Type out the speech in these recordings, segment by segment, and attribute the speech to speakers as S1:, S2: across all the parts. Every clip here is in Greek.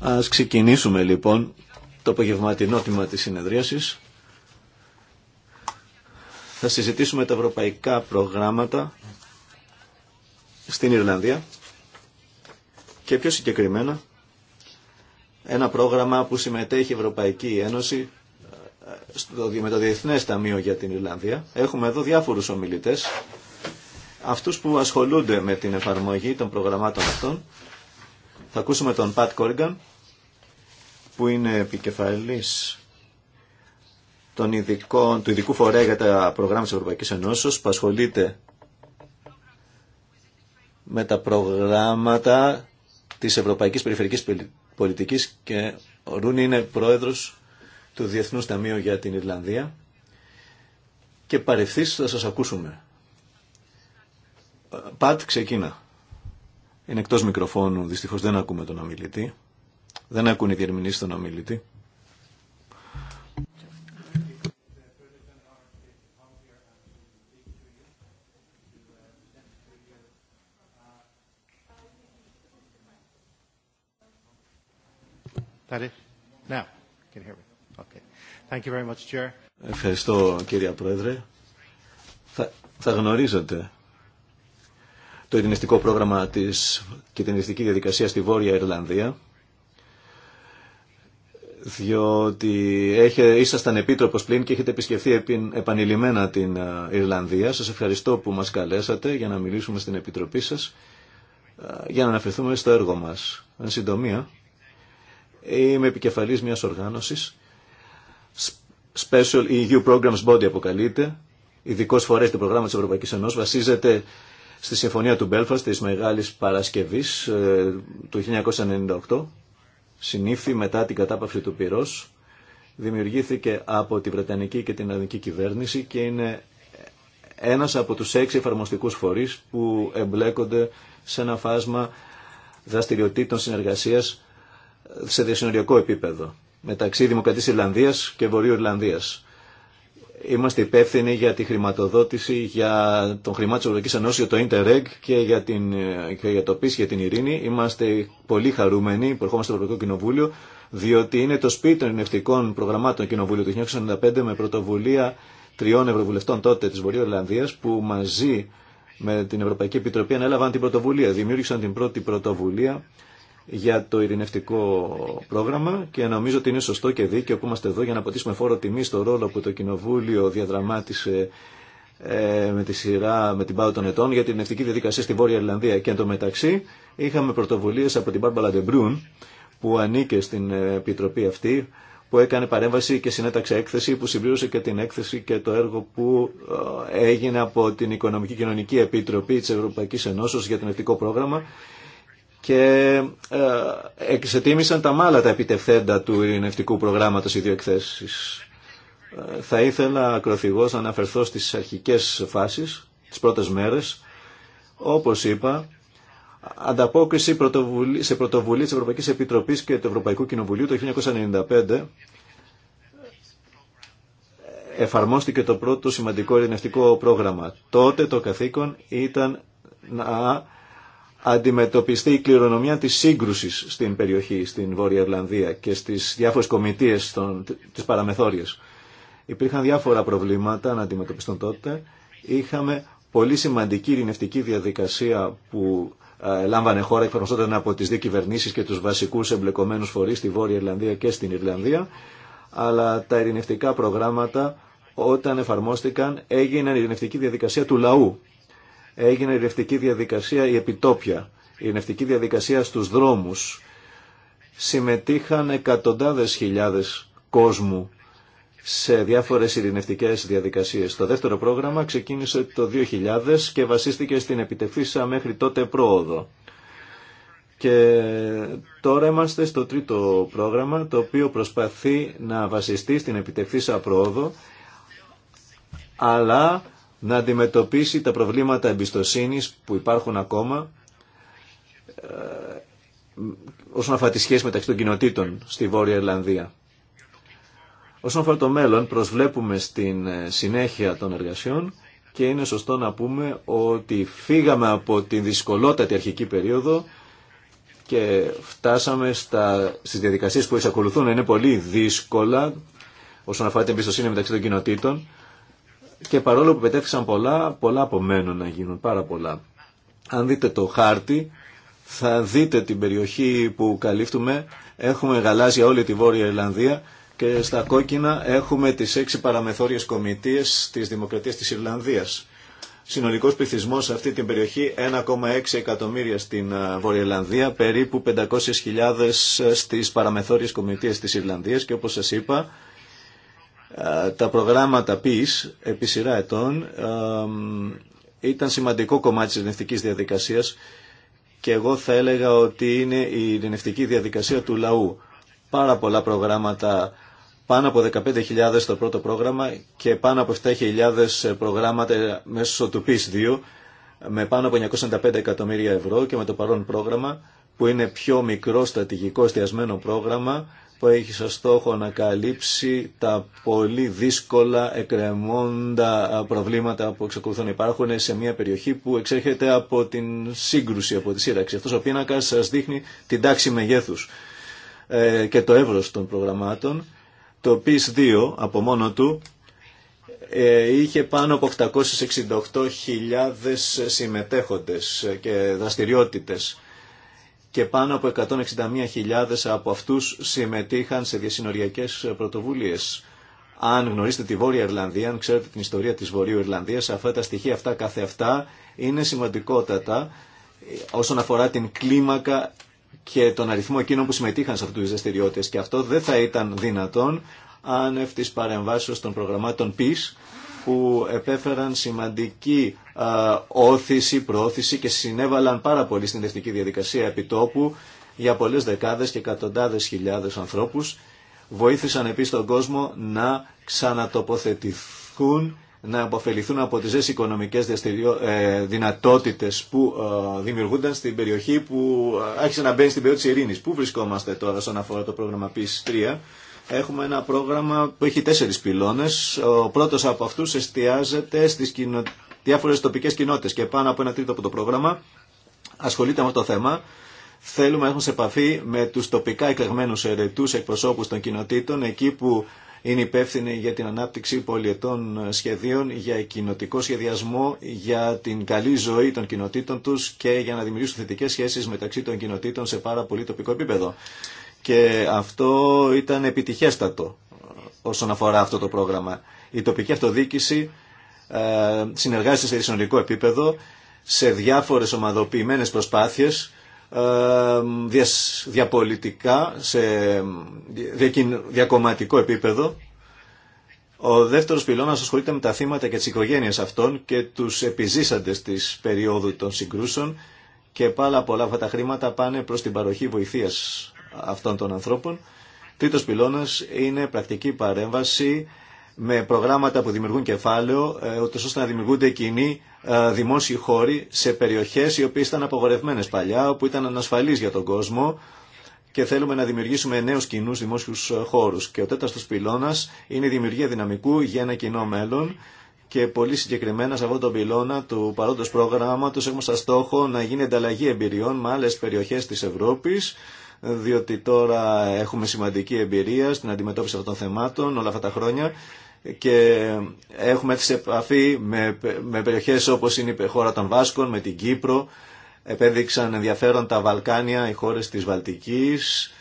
S1: Ας ξεκινήσουμε λοιπόν το απογευματινό τμήμα της συνεδρίασης. Θα συζητήσουμε τα ευρωπαϊκά προγράμματα στην Ιρλανδία και πιο συγκεκριμένα ένα πρόγραμμα που συμμετέχει η Ευρωπαϊκή Ένωση ε, με το Διεθνές Ταμείο για την Ιρλανδία. Έχουμε εδώ διάφορους ομιλητές αυτούς που ασχολούνται με την εφαρμογή των προγραμμάτων αυτών. Θα ακούσουμε τον Πατ Κόργαν, που είναι επικεφαλής των ειδικών, του ειδικού φορέα για τα προγράμματα της Ευρωπαϊκής Ενώσεως, που ασχολείται με τα προγράμματα της Ευρωπαϊκής Περιφερικής Πολιτικής και ο Ρούνι είναι πρόεδρος του Διεθνούς Ταμείου για την Ιρλανδία και παρευθύνσεις θα σας ακούσουμε. Πατ, ξεκίνα. Είναι εκτός μικροφώνου, δυστυχώς δεν ακούμε τον ομιλητή. Δεν ακούνε οι διερμηνείς τον ομιλητή.
S2: Okay. Thank you very much, Chair.
S1: Ευχαριστώ, κύριε Πρόεδρε. Θα, θα γνωρίζετε το ειρηνιστικό πρόγραμμα της, και την ειρηνιστική διαδικασία στη Βόρεια Ιρλανδία διότι ήσασταν επίτροπος πλήν και έχετε επισκεφθεί επανειλημμένα την Ιρλανδία. Σας ευχαριστώ που μας καλέσατε για να μιλήσουμε στην Επιτροπή σας για να αναφερθούμε στο έργο μας. Εν συντομία, είμαι επικεφαλής μιας οργάνωσης Special EU Programs Body αποκαλείται, ειδικό φορέ του προγράμμα τη Ευρωπαϊκή Ένωσης βασίζεται στη Συμφωνία του Μπέλφαστ της Μεγάλης Παρασκευής ε, του 1998, συνήφθη μετά την κατάπαυση του πυρός, δημιουργήθηκε από τη Βρετανική και την Ελληνική Κυβέρνηση και είναι ένας από τους έξι εφαρμοστικούς φορείς που εμπλέκονται σε ένα φάσμα δραστηριοτήτων συνεργασίας σε διασυνοριακό επίπεδο μεταξύ Δημοκρατής Ιρλανδίας και Βορείου Ιρλανδίας. Είμαστε υπεύθυνοι για τη χρηματοδότηση για τον χρημάτων της Ευρωπαϊκής Ενώσης, το Interreg και για, την, και για το PIS, για την ειρήνη. Είμαστε πολύ χαρούμενοι που ερχόμαστε στο Ευρωπαϊκό Κοινοβούλιο, διότι είναι το σπίτι των ενευτικών προγραμμάτων Κοινοβούλιο του 1995 με πρωτοβουλία τριών ευρωβουλευτών τότε της Βορειοελλανδίας που μαζί με την Ευρωπαϊκή Επιτροπή ανέλαβαν την πρωτοβουλία, δημιούργησαν την πρώτη πρωτοβουλία για το ειρηνευτικό πρόγραμμα και νομίζω ότι είναι σωστό και δίκαιο που είμαστε εδώ για να αποτίσουμε φόρο τιμή στο ρόλο που το Κοινοβούλιο διαδραμάτισε ε, με τη σειρά με την πάω των ετών για την ειρηνευτική διαδικασία στη Βόρεια Ιρλανδία. Και εντωμεταξύ είχαμε πρωτοβουλίε από την Μπάρμπαλα Ντεμπρούν που ανήκε στην επιτροπή αυτή που έκανε παρέμβαση και συνέταξε έκθεση που συμπλήρωσε και την έκθεση και το έργο που ε, έγινε από την Οικονομική Κοινωνική Επιτροπή της Ευρωπαϊκής Ενώσεως για το Ειρηνευτικό Πρόγραμμα και ε, εξετίμησαν τα μάλα τα επιτευθέντα του ειρηνευτικού προγράμματος οι δύο εκθέσεις. Ε, θα ήθελα ακροθυγώς να αναφερθώ στις αρχικές φάσεις, τις πρώτες μέρες. Όπως είπα, ανταπόκριση σε πρωτοβουλή της Ευρωπαϊκής Επιτροπής και του Ευρωπαϊκού Κοινοβουλίου το 1995 εφαρμόστηκε το πρώτο σημαντικό ειρηνευτικό πρόγραμμα. Τότε το καθήκον ήταν να αντιμετωπιστεί η κληρονομιά της σύγκρουσης στην περιοχή, στην Βόρεια Ιρλανδία και στις διάφορες κομιτείες των, της παραμεθόριας. Υπήρχαν διάφορα προβλήματα να αντιμετωπιστούν τότε. Είχαμε πολύ σημαντική ειρηνευτική διαδικασία που ε, λάμβανε χώρα, εκφραζόταν από τις δύο κυβερνήσεις και τους βασικούς εμπλεκομένους φορείς στη Βόρεια Ιρλανδία και στην Ιρλανδία, αλλά τα ειρηνευτικά προγράμματα όταν εφαρμόστηκαν έγιναν ειρηνευτική διαδικασία του λαού έγινε η ρευτική διαδικασία, η επιτόπια, η ρευτική διαδικασία στους δρόμους. Συμμετείχαν εκατοντάδες χιλιάδες κόσμου σε διάφορες ειρηνευτικές διαδικασίες. Το δεύτερο πρόγραμμα ξεκίνησε το 2000 και βασίστηκε στην επιτεφίσα μέχρι τότε πρόοδο. Και τώρα είμαστε στο τρίτο πρόγραμμα, το οποίο προσπαθεί να βασιστεί στην επιτεφίσα πρόοδο, αλλά να αντιμετωπίσει τα προβλήματα εμπιστοσύνης που υπάρχουν ακόμα ε, όσον αφορά τις σχέσεις μεταξύ των κοινοτήτων στη Βόρεια Ιρλανδία. Όσον αφορά το μέλλον, προσβλέπουμε στην ε, συνέχεια των εργασιών και είναι σωστό να πούμε ότι φύγαμε από τη δυσκολότατη αρχική περίοδο και φτάσαμε στα, στις διαδικασίες που εξακολουθούν να είναι πολύ δύσκολα όσον αφορά την εμπιστοσύνη μεταξύ των κοινοτήτων και παρόλο που πετέχσαν πολλά, πολλά απομένουν να γίνουν, πάρα πολλά. Αν δείτε το χάρτη, θα δείτε την περιοχή που καλύπτουμε. Έχουμε γαλάζια όλη τη Βόρεια Ιρλανδία και στα κόκκινα έχουμε τις έξι παραμεθόριες κομιτείες της Δημοκρατίας της Ιρλανδίας. Συνολικός πληθυσμός σε αυτή την περιοχή 1,6 εκατομμύρια στην Βόρεια Ιρλανδία, περίπου 500.000 ε, στις παραμεθόριες κομιτείες της Ιρλανδίας και όπως σας είπα ε, τα προγράμματα PIS επί σειρά ετών ε, ήταν σημαντικό κομμάτι της ειρηνευτικής διαδικασίας και εγώ θα έλεγα ότι είναι η ειρηνευτική διαδικασία του λαού. Πάρα πολλά προγράμματα, πάνω από 15.000 το πρώτο πρόγραμμα και πάνω από 7.000 προγράμματα μέσω του PIS 2 με πάνω από 995 εκατομμύρια ευρώ και με το παρόν πρόγραμμα που είναι πιο μικρό στρατηγικό εστιασμένο πρόγραμμα που έχει ως στόχο να καλύψει τα πολύ δύσκολα εκκρεμώντα προβλήματα που εξακολουθούν να υπάρχουν σε μια περιοχή που εξέρχεται από την σύγκρουση, από τη σύραξη. Αυτός ο πίνακας σας δείχνει την τάξη μεγέθους ε, και το εύρος των προγραμμάτων. Το PIS2 από μόνο του ε, είχε πάνω από 868.000 συμμετέχοντες και δραστηριότητες και πάνω από 161.000 από αυτούς συμμετείχαν σε διασυνοριακές πρωτοβουλίες. Αν γνωρίζετε τη Βόρεια Ιρλανδία, αν ξέρετε την ιστορία της Βορείου Ιρλανδίας, αυτά τα στοιχεία αυτά αυτά, είναι σημαντικότατα όσον αφορά την κλίμακα και τον αριθμό εκείνων που συμμετείχαν σε αυτού τις δραστηριότητε. Και αυτό δεν θα ήταν δυνατόν αν ευθύ παρεμβάσεω των προγραμμάτων PIS που επέφεραν σημαντική όθηση, πρόθεση και συνέβαλαν πάρα πολύ στην δευτική διαδικασία επιτόπου για πολλές δεκάδες και εκατοντάδες χιλιάδες ανθρώπους. Βοήθησαν επίσης τον κόσμο να ξανατοποθετηθούν, να αποφεληθούν από τις οικονομικές ε, δυνατότητες που ε, δημιουργούνταν στην περιοχή που ε, άρχισε να μπαίνει στην περιοχή της ειρήνης. Πού βρισκόμαστε τώρα στον αφορά το πρόγραμμα PIS 3 Έχουμε ένα πρόγραμμα που έχει τέσσερις πυλώνες. Ο πρώτος από αυτούς εστιάζεται στις κοινο... διάφορες τοπικές κοινότητες και πάνω από ένα τρίτο από το πρόγραμμα ασχολείται με αυτό το θέμα. Θέλουμε να έχουμε σε επαφή με τους τοπικά εκλεγμένους ερετούς εκπροσώπους των κοινοτήτων εκεί που είναι υπεύθυνοι για την ανάπτυξη πολιετών σχεδίων, για κοινοτικό σχεδιασμό, για την καλή ζωή των κοινοτήτων τους και για να δημιουργήσουν θετικές σχέσεις μεταξύ των κοινοτήτων σε πάρα πολύ τοπικό επίπεδο και αυτό ήταν επιτυχέστατο όσον αφορά αυτό το πρόγραμμα. Η τοπική αυτοδιοίκηση ε, συνεργάζεται σε συνολικό επίπεδο σε διάφορες ομαδοποιημένες προσπάθειες ε, διαπολιτικά, σε διακομματικό επίπεδο. Ο δεύτερος πυλώνας ασχολείται με τα θύματα και τις οικογένειες αυτών και τους επιζήσαντες της περίοδου των συγκρούσεων και πάρα πολλά αυτά τα χρήματα πάνε προς την παροχή βοηθείας αυτών των ανθρώπων. Τρίτος πυλώνας είναι πρακτική παρέμβαση με προγράμματα που δημιουργούν κεφάλαιο, ε, ώστε να δημιουργούνται κοινοί ε, δημόσιοι χώροι σε περιοχές οι οποίες ήταν απογορευμένες παλιά, όπου ήταν ανασφαλείς για τον κόσμο και θέλουμε να δημιουργήσουμε νέους κοινούς δημόσιους χώρους. Και ο τέταρτος πυλώνας είναι η δημιουργία δυναμικού για ένα κοινό μέλλον και πολύ συγκεκριμένα σε αυτόν τον πυλώνα του παρόντος προγράμματος έχουμε σαν στόχο να γίνει ανταλλαγή εμπειριών με άλλε περιοχές τη Ευρώπη διότι τώρα έχουμε σημαντική εμπειρία στην αντιμετώπιση αυτών των θεμάτων όλα αυτά τα χρόνια και έχουμε έρθει σε επαφή με, με περιοχές όπως είναι η χώρα των Βάσκων, με την Κύπρο, επέδειξαν ενδιαφέρον τα Βαλκάνια, οι χώρες της Βαλτικής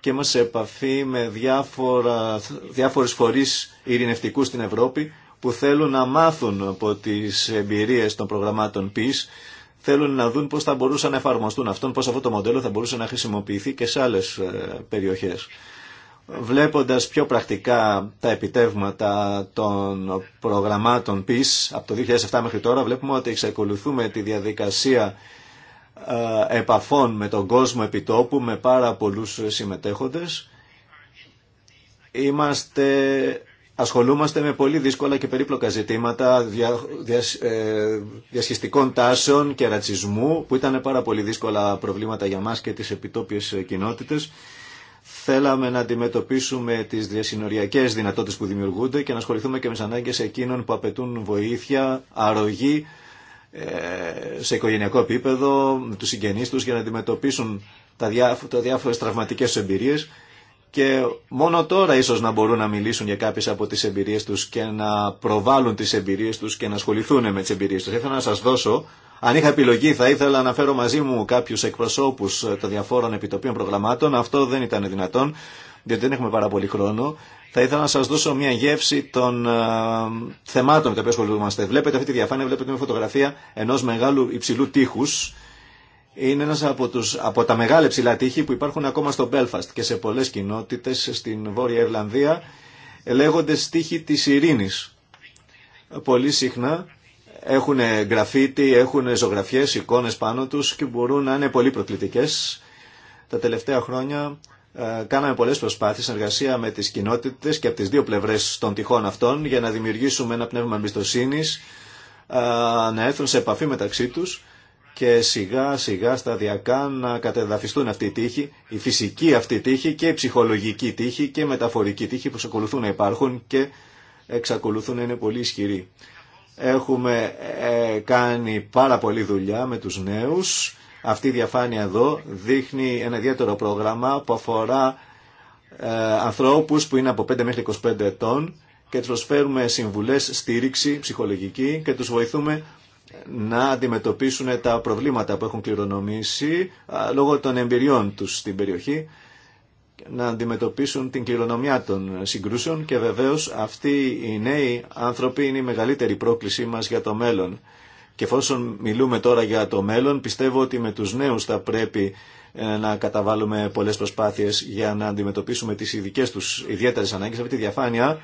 S1: και είμαστε σε επαφή με διάφορα, διάφορες φορείς ειρηνευτικού στην Ευρώπη που θέλουν να μάθουν από τις εμπειρίες των προγραμμάτων PIS θέλουν να δουν πώς θα μπορούσαν να εφαρμοστούν αυτόν, πώς αυτό το μοντέλο θα μπορούσε να χρησιμοποιηθεί και σε άλλες ε, περιοχές. Βλέποντας πιο πρακτικά τα επιτεύγματα των προγραμμάτων PIS από το 2007 μέχρι τώρα, βλέπουμε ότι εξακολουθούμε τη διαδικασία ε, επαφών με τον κόσμο επιτόπου, με πάρα πολλούς συμμετέχοντες. Είμαστε ασχολούμαστε με πολύ δύσκολα και περίπλοκα ζητήματα δια, δια, ε, διασχιστικών τάσεων και ρατσισμού που ήταν πάρα πολύ δύσκολα προβλήματα για μας και τις επιτόπιες κοινότητες. Θέλαμε να αντιμετωπίσουμε τις διασυνοριακές δυνατότητες που δημιουργούνται και να ασχοληθούμε και με τις ανάγκες εκείνων που απαιτούν βοήθεια, αρρωγή ε, σε οικογενειακό επίπεδο, με τους συγγενείς τους για να αντιμετωπίσουν τα, διά, τα διάφορες τραυματικές εμπειρίες και μόνο τώρα ίσως να μπορούν να μιλήσουν για κάποιες από τις εμπειρίες τους και να προβάλλουν τις εμπειρίες τους και να ασχοληθούν με τις εμπειρίες τους. Ήθελα να σας δώσω, αν είχα επιλογή θα ήθελα να φέρω μαζί μου κάποιους εκπροσώπους των διαφόρων επιτοπίων προγραμμάτων, αυτό δεν ήταν δυνατόν, διότι δεν έχουμε πάρα πολύ χρόνο. Θα ήθελα να σας δώσω μια γεύση των ε, θεμάτων με τα οποία ασχολούμαστε. Βλέπετε αυτή τη διαφάνεια, βλέπετε μια φωτογραφία ενός μεγάλου υψηλού τείχους, είναι ένας από, τους, από τα μεγάλα ψηλά τείχη που υπάρχουν ακόμα στο Belfast και σε πολλές κοινότητες στην Βόρεια Ιρλανδία λέγονται στίχοι της ειρήνης. Πολύ συχνά έχουν γραφίτι, έχουν ζωγραφιές, εικόνες πάνω τους και μπορούν να είναι πολύ προκλητικές. Τα τελευταία χρόνια ε, κάναμε πολλές προσπάθειες εργασία με τις κοινότητες και από τις δύο πλευρές των τυχών αυτών για να δημιουργήσουμε ένα πνεύμα εμπιστοσύνη ε, να έρθουν σε επαφή μεταξύ τους και σιγά σιγά σταδιακά να κατεδαφιστούν αυτή η τύχη, η φυσική αυτή τύχη και η ψυχολογική τύχη και η μεταφορική τύχη που εξακολουθούν να υπάρχουν και εξακολουθούν να είναι πολύ ισχυροί. Έχουμε ε, κάνει πάρα πολλή δουλειά με τους νέους. Αυτή η διαφάνεια εδώ δείχνει ένα ιδιαίτερο πρόγραμμα που αφορά ε, ανθρώπους που είναι από 5 μέχρι 25 ετών και τους προσφέρουμε συμβουλές, στήριξη ψυχολογική και τους βοηθούμε να αντιμετωπίσουν τα προβλήματα που έχουν κληρονομήσει λόγω των εμπειριών τους στην περιοχή να αντιμετωπίσουν την κληρονομιά των συγκρούσεων και βεβαίως αυτοί οι νέοι άνθρωποι είναι η μεγαλύτερη πρόκλησή μας για το μέλλον. Και εφόσον μιλούμε τώρα για το μέλλον, πιστεύω ότι με τους νέους θα πρέπει ε, να καταβάλουμε πολλές προσπάθειες για να αντιμετωπίσουμε τις ειδικές τους ιδιαίτερες ανάγκες. Αυτή τη διαφάνεια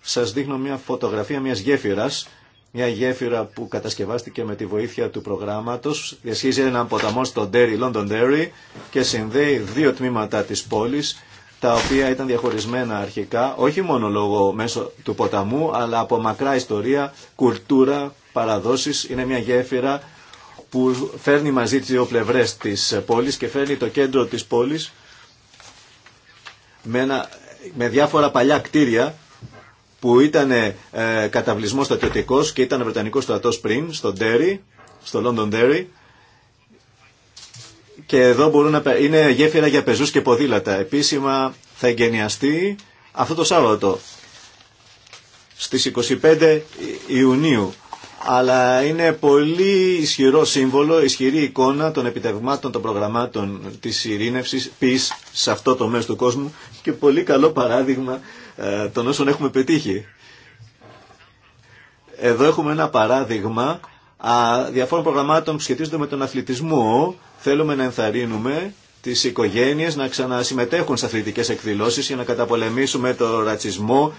S1: σας δείχνω μια φωτογραφία μιας γέφυρας μια γέφυρα που κατασκευάστηκε με τη βοήθεια του προγράμματος, διασχίζει έναν ποταμό στο Derry, London Derry και συνδέει δύο τμήματα της πόλης, τα οποία ήταν διαχωρισμένα αρχικά, όχι μόνο λόγω μέσω του ποταμού, αλλά από μακρά ιστορία, κουλτούρα, παραδόσεις. Είναι μια γέφυρα που φέρνει μαζί τις δύο πλευρές της πόλης και φέρνει το κέντρο της πόλης με, με διάφορα παλιά κτίρια που ήταν ε, καταβλισμός στρατιωτικός και ήταν Βρετανικός στρατός πριν, στο Derry, στο London Derry. Και εδώ να, είναι γέφυρα για πεζούς και ποδήλατα. Επίσημα θα εγκαινιαστεί αυτό το Σάββατο στις 25 Ιουνίου. Αλλά είναι πολύ ισχυρό σύμβολο, ισχυρή εικόνα των επιτευγμάτων, των προγραμμάτων της ειρήνευσης, πεις σε αυτό το μέσο του κόσμου και πολύ καλό παράδειγμα ε, των όσων έχουμε πετύχει. Εδώ έχουμε ένα παράδειγμα διαφόρων προγραμμάτων που σχετίζονται με τον αθλητισμό. Θέλουμε να ενθαρρύνουμε τι οικογένειε να ξανασυμμετέχουν σε αθλητικές εκδηλώσει για να καταπολεμήσουμε το ρατσισμό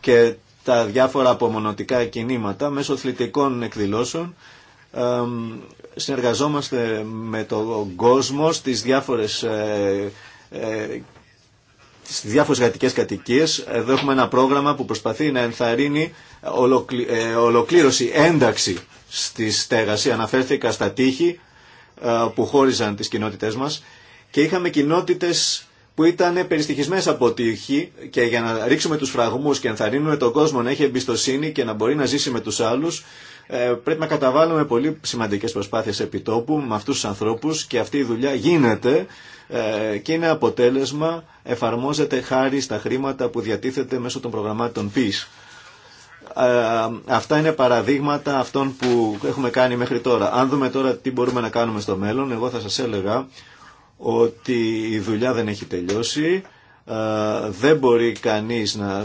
S1: και τα διάφορα απομονωτικά κινήματα μέσω αθλητικών εκδηλώσεων. Ε, συνεργαζόμαστε με τον κόσμο στις διάφορες ε, στις διάφορες γατικές κατοικίες. Εδώ έχουμε ένα πρόγραμμα που προσπαθεί να ενθαρρύνει ε, ολοκλήρωση, ένταξη στη στέγαση. Αναφέρθηκα στα τείχη ε, που χώριζαν τις κοινότητές μας και είχαμε κοινότητες που ήταν περιστοιχισμένες από τείχη και για να ρίξουμε τους φραγμούς και ενθαρρύνουμε τον κόσμο να έχει εμπιστοσύνη και να μπορεί να ζήσει με τους άλλους ε, πρέπει να καταβάλουμε πολύ σημαντικές προσπάθειες επιτόπου με αυτούς τους ανθρώπους και αυτή η δουλειά γίνεται ε, και είναι αποτέλεσμα, εφαρμόζεται χάρη στα χρήματα που διατίθεται μέσω των προγραμμάτων PIS. E ε, αυτά είναι παραδείγματα αυτών που έχουμε κάνει μέχρι τώρα. Αν δούμε τώρα τι μπορούμε να κάνουμε στο μέλλον, εγώ θα σας έλεγα ότι η δουλειά δεν έχει τελειώσει, ε, δεν μπορεί κανείς να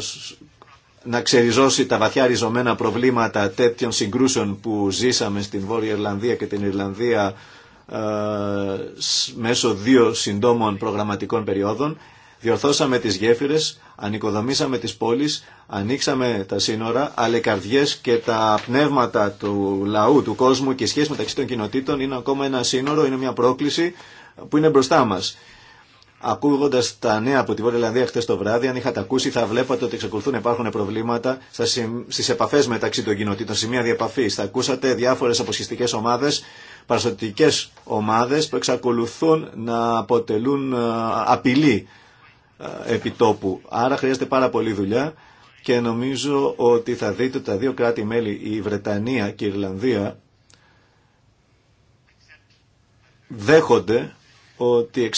S1: να ξεριζώσει τα βαθιά ριζωμένα προβλήματα τέτοιων συγκρούσεων που ζήσαμε στην Βόρεια Ιρλανδία και την Ιρλανδία ε, μέσω δύο συντόμων προγραμματικών περιόδων, διορθώσαμε τις γέφυρες, ανοικοδομήσαμε τις πόλεις, ανοίξαμε τα σύνορα, αλλά οι καρδιές και τα πνεύματα του λαού, του κόσμου και οι σχέσεις μεταξύ των κοινοτήτων είναι ακόμα ένα σύνορο, είναι μια πρόκληση που είναι μπροστά μας. Ακούγοντα τα νέα από τη Βόρεια Ελλανδία χτε το βράδυ, αν είχατε ακούσει, θα βλέπατε ότι εξακολουθούν να υπάρχουν προβλήματα στι επαφέ μεταξύ των κοινοτήτων, σημεία διαπαφή. Θα ακούσατε διάφορε αποσχιστικέ ομάδε παραστατικές ομάδες που εξακολουθούν να αποτελούν ε, απειλή ε, επιτόπου. Άρα χρειάζεται πάρα πολλή δουλειά και νομίζω ότι θα δείτε τα δύο κράτη-μέλη, η Βρετανία και η Ιρλανδία, δέχονται ότι,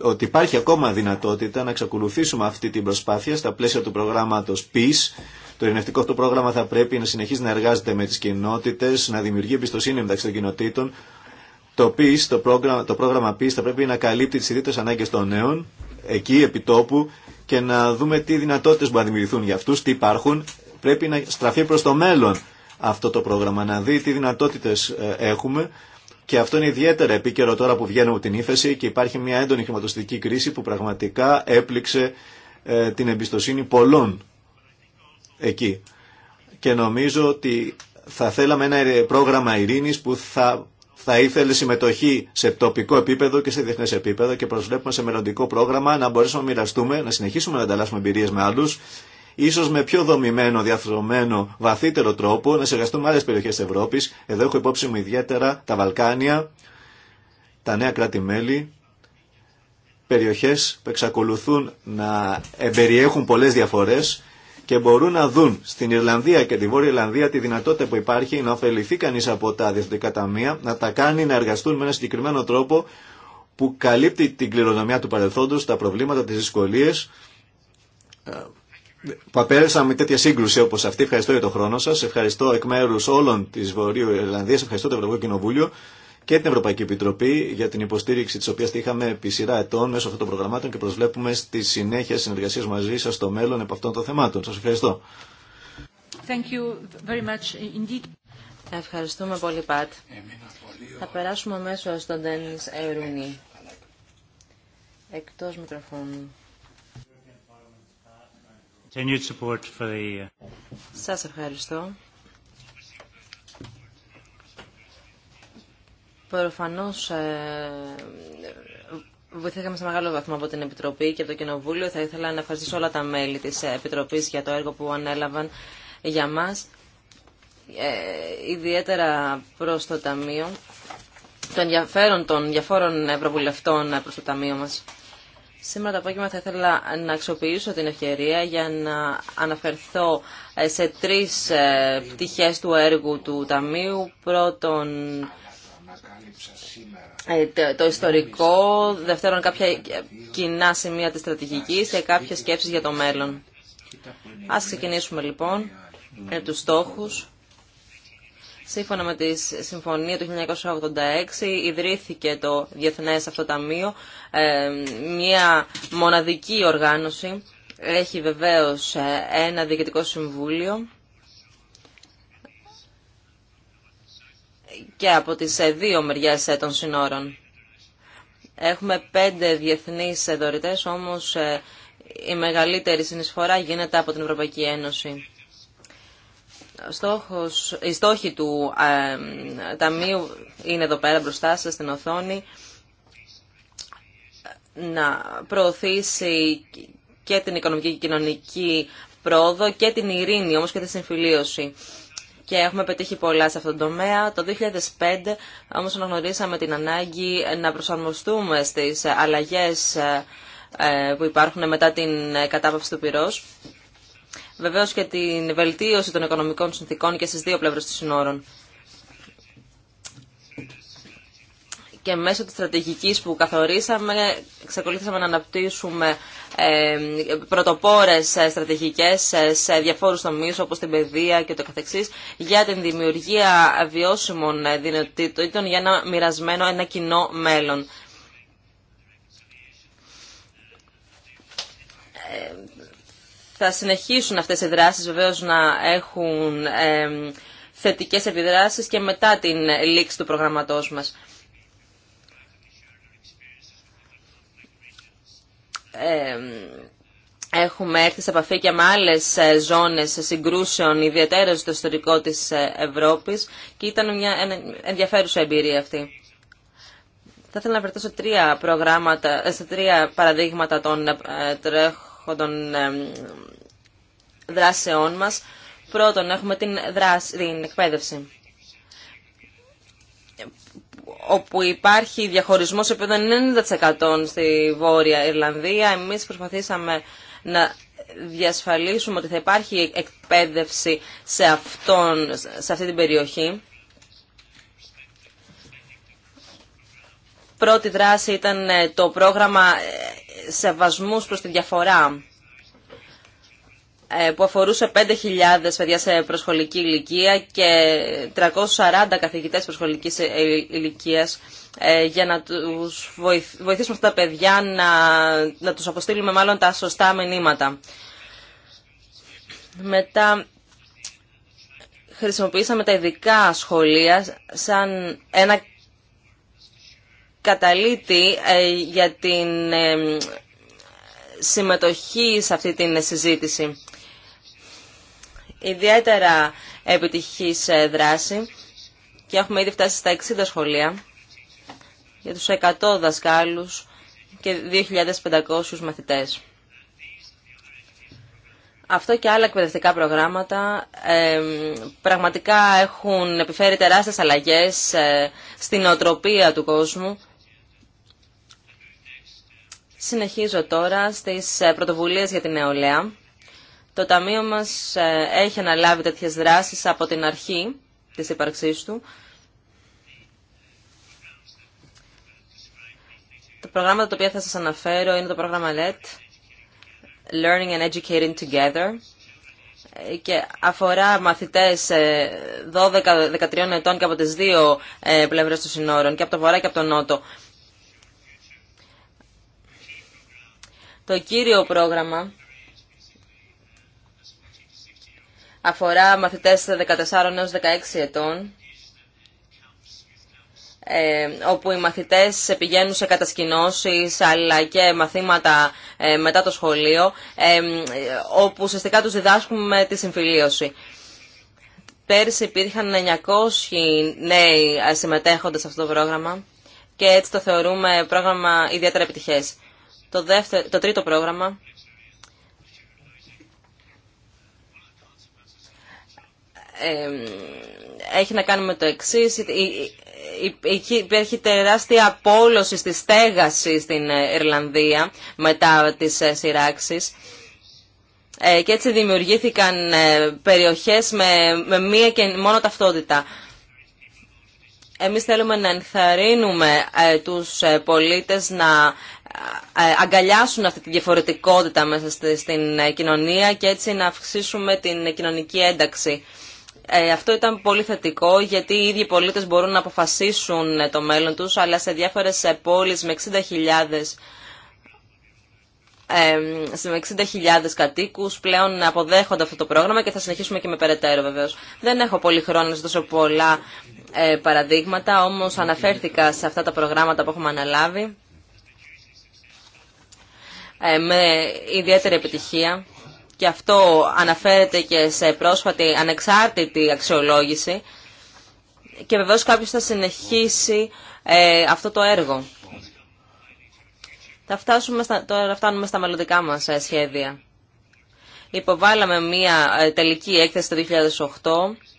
S1: ότι υπάρχει ακόμα δυνατότητα να εξακολουθήσουμε αυτή την προσπάθεια στα πλαίσια του προγράμματος Peace. Το ειρηνευτικό αυτό πρόγραμμα θα πρέπει να συνεχίζει να εργάζεται με τις κοινότητες, να δημιουργεί εμπιστοσύνη μεταξύ των κοινοτήτων, το, PIS, το, πρόγραμμα, το πρόγραμμα PIS θα πρέπει να καλύπτει τι ιδιαίτερες ανάγκε των νέων, εκεί επί τόπου, και να δούμε τι δυνατότητε που να δημιουργηθούν για αυτού, τι υπάρχουν. Πρέπει να στραφεί προ το μέλλον αυτό το πρόγραμμα, να δει τι δυνατότητε ε, έχουμε και αυτό είναι ιδιαίτερα επίκαιρο τώρα που βγαίνουμε από την ύφεση και υπάρχει μια έντονη χρηματοστική κρίση που πραγματικά έπληξε ε, την εμπιστοσύνη πολλών εκεί. Και νομίζω ότι θα θέλαμε ένα ε, πρόγραμμα ειρήνης που θα θα ήθελε συμμετοχή σε τοπικό επίπεδο και σε διεθνέ επίπεδο και προσβλέπουμε σε μελλοντικό πρόγραμμα να μπορέσουμε να μοιραστούμε, να συνεχίσουμε να ανταλλάσσουμε εμπειρίε με άλλου, ίσω με πιο δομημένο, διαθρωμένο, βαθύτερο τρόπο, να συνεργαστούμε με άλλε περιοχέ τη Ευρώπη. Εδώ έχω υπόψη μου ιδιαίτερα τα Βαλκάνια, τα νέα κράτη-μέλη, περιοχέ που εξακολουθούν να εμπεριέχουν πολλέ διαφορέ και μπορούν να δουν στην Ιρλανδία και τη Βόρεια Ιρλανδία τη δυνατότητα που υπάρχει να ωφεληθεί κανεί από τα διευθυντικά ταμεία, να τα κάνει να εργαστούν με ένα συγκεκριμένο τρόπο που καλύπτει την κληρονομιά του παρελθόντο, τα προβλήματα, τι δυσκολίε. Ε, που απέρεσαν με τέτοια σύγκρουση όπω αυτή. Ευχαριστώ για τον χρόνο σα. ευχαριστώ εκ μέρου όλων τη Βορείου Ιρλανδία. ευχαριστώ το Ευρωπαϊκό Κοινοβούλιο και την Ευρωπαϊκή Επιτροπή για την υποστήριξη τη οποία τη είχαμε επί σειρά ετών μέσω αυτών των προγραμμάτων και προσβλέπουμε στη συνέχεια συνεργασία μαζί σα στο μέλλον επ' αυτών των θεμάτων. Σα ευχαριστώ.
S3: Thank you very much indeed.
S4: Ευχαριστούμε πολύ, Πατ. Θα περάσουμε αμέσω στον Τένι Ευρυνή. Εκτό μικροφώνου. Uh, σα ευχαριστώ. Προφανώς ε, βοηθήκαμε σε μεγάλο βαθμό από την Επιτροπή και από το Κοινοβούλιο. Θα ήθελα να ευχαριστήσω όλα τα μέλη της ε, Επιτροπής για το έργο που ανέλαβαν για μας. Ε, ιδιαίτερα προς το Ταμείο, το ενδιαφέρον των διαφόρων Ευρωβουλευτών ε, προ το Ταμείο μας. Σήμερα το απόγευμα θα ήθελα να αξιοποιήσω την ευκαιρία για να αναφερθώ σε τρεις πτυχές του έργου του Ταμείου. Πρώτον, ε, το ιστορικό, δεύτερον κάποια κοινά σημεία της στρατηγικής και κάποιες σκέψεις για το μέλλον. Ας ξεκινήσουμε λοιπόν με τους στόχους. Σύμφωνα με τη συμφωνία του 1986 ιδρύθηκε το Διεθνές Αυτοταμείο, ε, μια μοναδική οργάνωση. Έχει βεβαίως ε, ένα διοικητικό συμβούλιο και από τις ε, δύο μεριές ε, των συνόρων. Έχουμε πέντε διεθνείς δωρητές, όμως ε, η μεγαλύτερη συνεισφορά γίνεται από την Ευρωπαϊκή Ένωση. στόχος, οι στόχοι του Ταμείου είναι εδώ πέρα μπροστά σας στην οθόνη να προωθήσει και την οικονομική και κοινωνική πρόοδο και την ειρήνη όμως και τη συμφιλίωση και έχουμε πετύχει πολλά σε αυτόν τον τομέα. Το 2005 όμως αναγνωρίσαμε την ανάγκη να προσαρμοστούμε στις αλλαγές ε, ε, που υπάρχουν μετά την κατάπαυση του πυρός. Βεβαίως και την βελτίωση των οικονομικών συνθήκων και στις δύο πλευρές των συνόρων. και μέσω της στρατηγικής που καθορίσαμε εξακολουθήσαμε να αναπτύσσουμε πρωτοπόρες ε, στρατηγικές ε, σε διαφόρους τομείς όπως την παιδεία και το καθεξής για την δημιουργία βιώσιμων ε, δυνατήτων για ένα μοιρασμένο, ένα κοινό μέλλον. Θα συνεχίσουν αυτές οι δράσεις βεβαίως να έχουν θετικές επιδράσεις και μετά την λήξη του προγραμματός μας. έχουμε έρθει σε επαφή και με άλλε ζώνε συγκρούσεων, ιδιαίτερα στο ιστορικό της ε, Ευρώπης και ήταν μια ενδιαφέρουσα εμπειρία αυτή. Θα ήθελα να βρεθώ σε τρία, προγράμματα, ε, σε τρία παραδείγματα των ε, τρέχοντων δράσεών μας. Πρώτον, έχουμε την, δράση, την εκπαίδευση όπου υπάρχει διαχωρισμός σε επίπεδο 90% στη Βόρεια Ιρλανδία. Εμείς προσπαθήσαμε να διασφαλίσουμε ότι θα υπάρχει εκπαίδευση σε, αυτόν, σε αυτή την περιοχή. Πρώτη δράση ήταν το πρόγραμμα ε, σεβασμούς προς τη διαφορά ε, που αφορούσε 5.000 παιδιά σε προσχολική ηλικία και 340 καθηγητές προσχολικής ε, ηλικίας ε, για να τους βοηθήσουμε αυτά τα παιδιά να, να τους αποστείλουμε μάλλον τα σωστά μηνύματα. Μετά χρησιμοποιήσαμε τα ειδικά σχολεία σαν ένα καταλήτη για την συμμετοχή σε αυτή την συζήτηση ιδιαίτερα επιτυχής ε, δράση και έχουμε ήδη φτάσει στα 60 σχολεία για τους 100 δασκάλους και 2.500 μαθητές. Αυτό και άλλα εκπαιδευτικά προγράμματα ε, πραγματικά έχουν επιφέρει τεράστιες αλλαγές ε, στην οτροπία του κόσμου. Συνεχίζω τώρα στις πρωτοβουλίες για την νεολαία. Το Ταμείο μας ε, έχει αναλάβει τέτοιες δράσεις από την αρχή της ύπαρξής του. Το πρόγραμμα το οποίο θα σας αναφέρω είναι το πρόγραμμα LET, Learning and Educating Together, και αφορά μαθητές 12-13 ε, ετών και από τις δύο ε, πλευρές των συνόρων, και από το βορρά και από το νότο. Το κύριο πρόγραμμα αφορά μαθητές 14 έως 16 ετών, ε, όπου οι μαθητές πηγαίνουν σε κατασκηνώσεις αλλά και μαθήματα ε, μετά το σχολείο, ε, όπου ουσιαστικά τους διδάσκουμε τη συμφιλίωση. Πέρσι υπήρχαν 900 νέοι συμμετέχοντες σε αυτό το πρόγραμμα και έτσι το θεωρούμε πρόγραμμα ιδιαίτερα επιτυχές. Το, δεύτερο, το τρίτο πρόγραμμα έχει να κάνει με το εξή. Υπήρχε τεράστια απόλωση στη στέγαση στην ε, Ιρλανδία μετά τις ε, σειράξεις ε, και έτσι δημιουργήθηκαν περιοχές με μία και μόνο ταυτότητα. Εμείς θέλουμε να ενθαρρύνουμε τους πολίτες να αγκαλιάσουν αυτή τη διαφορετικότητα μέσα στην κοινωνία και έτσι να αυξήσουμε την κοινωνική ένταξη. Ε, αυτό ήταν πολύ θετικό γιατί οι ίδιοι πολίτες μπορούν να αποφασίσουν ε, το μέλλον τους αλλά σε διάφορες ε, πόλεις με 60.000 σε 60.000 κατοίκους πλέον αποδέχονται αυτό το πρόγραμμα και θα συνεχίσουμε και με περαιτέρω βεβαίως. Δεν έχω πολύ χρόνο να δώσω πολλά παραδείγματα, όμως αναφέρθηκα σε αυτά τα προγράμματα που έχουμε αναλάβει με ιδιαίτερη επιτυχία και αυτό αναφέρεται και σε πρόσφατη ανεξάρτητη αξιολόγηση και βεβαίως κάποιος θα συνεχίσει ε, αυτό το έργο. Θα φτάσουμε στα, τώρα φτάνουμε στα μελλοντικά μας ε, σχέδια. Υποβάλαμε μία ε, τελική έκθεση το 2008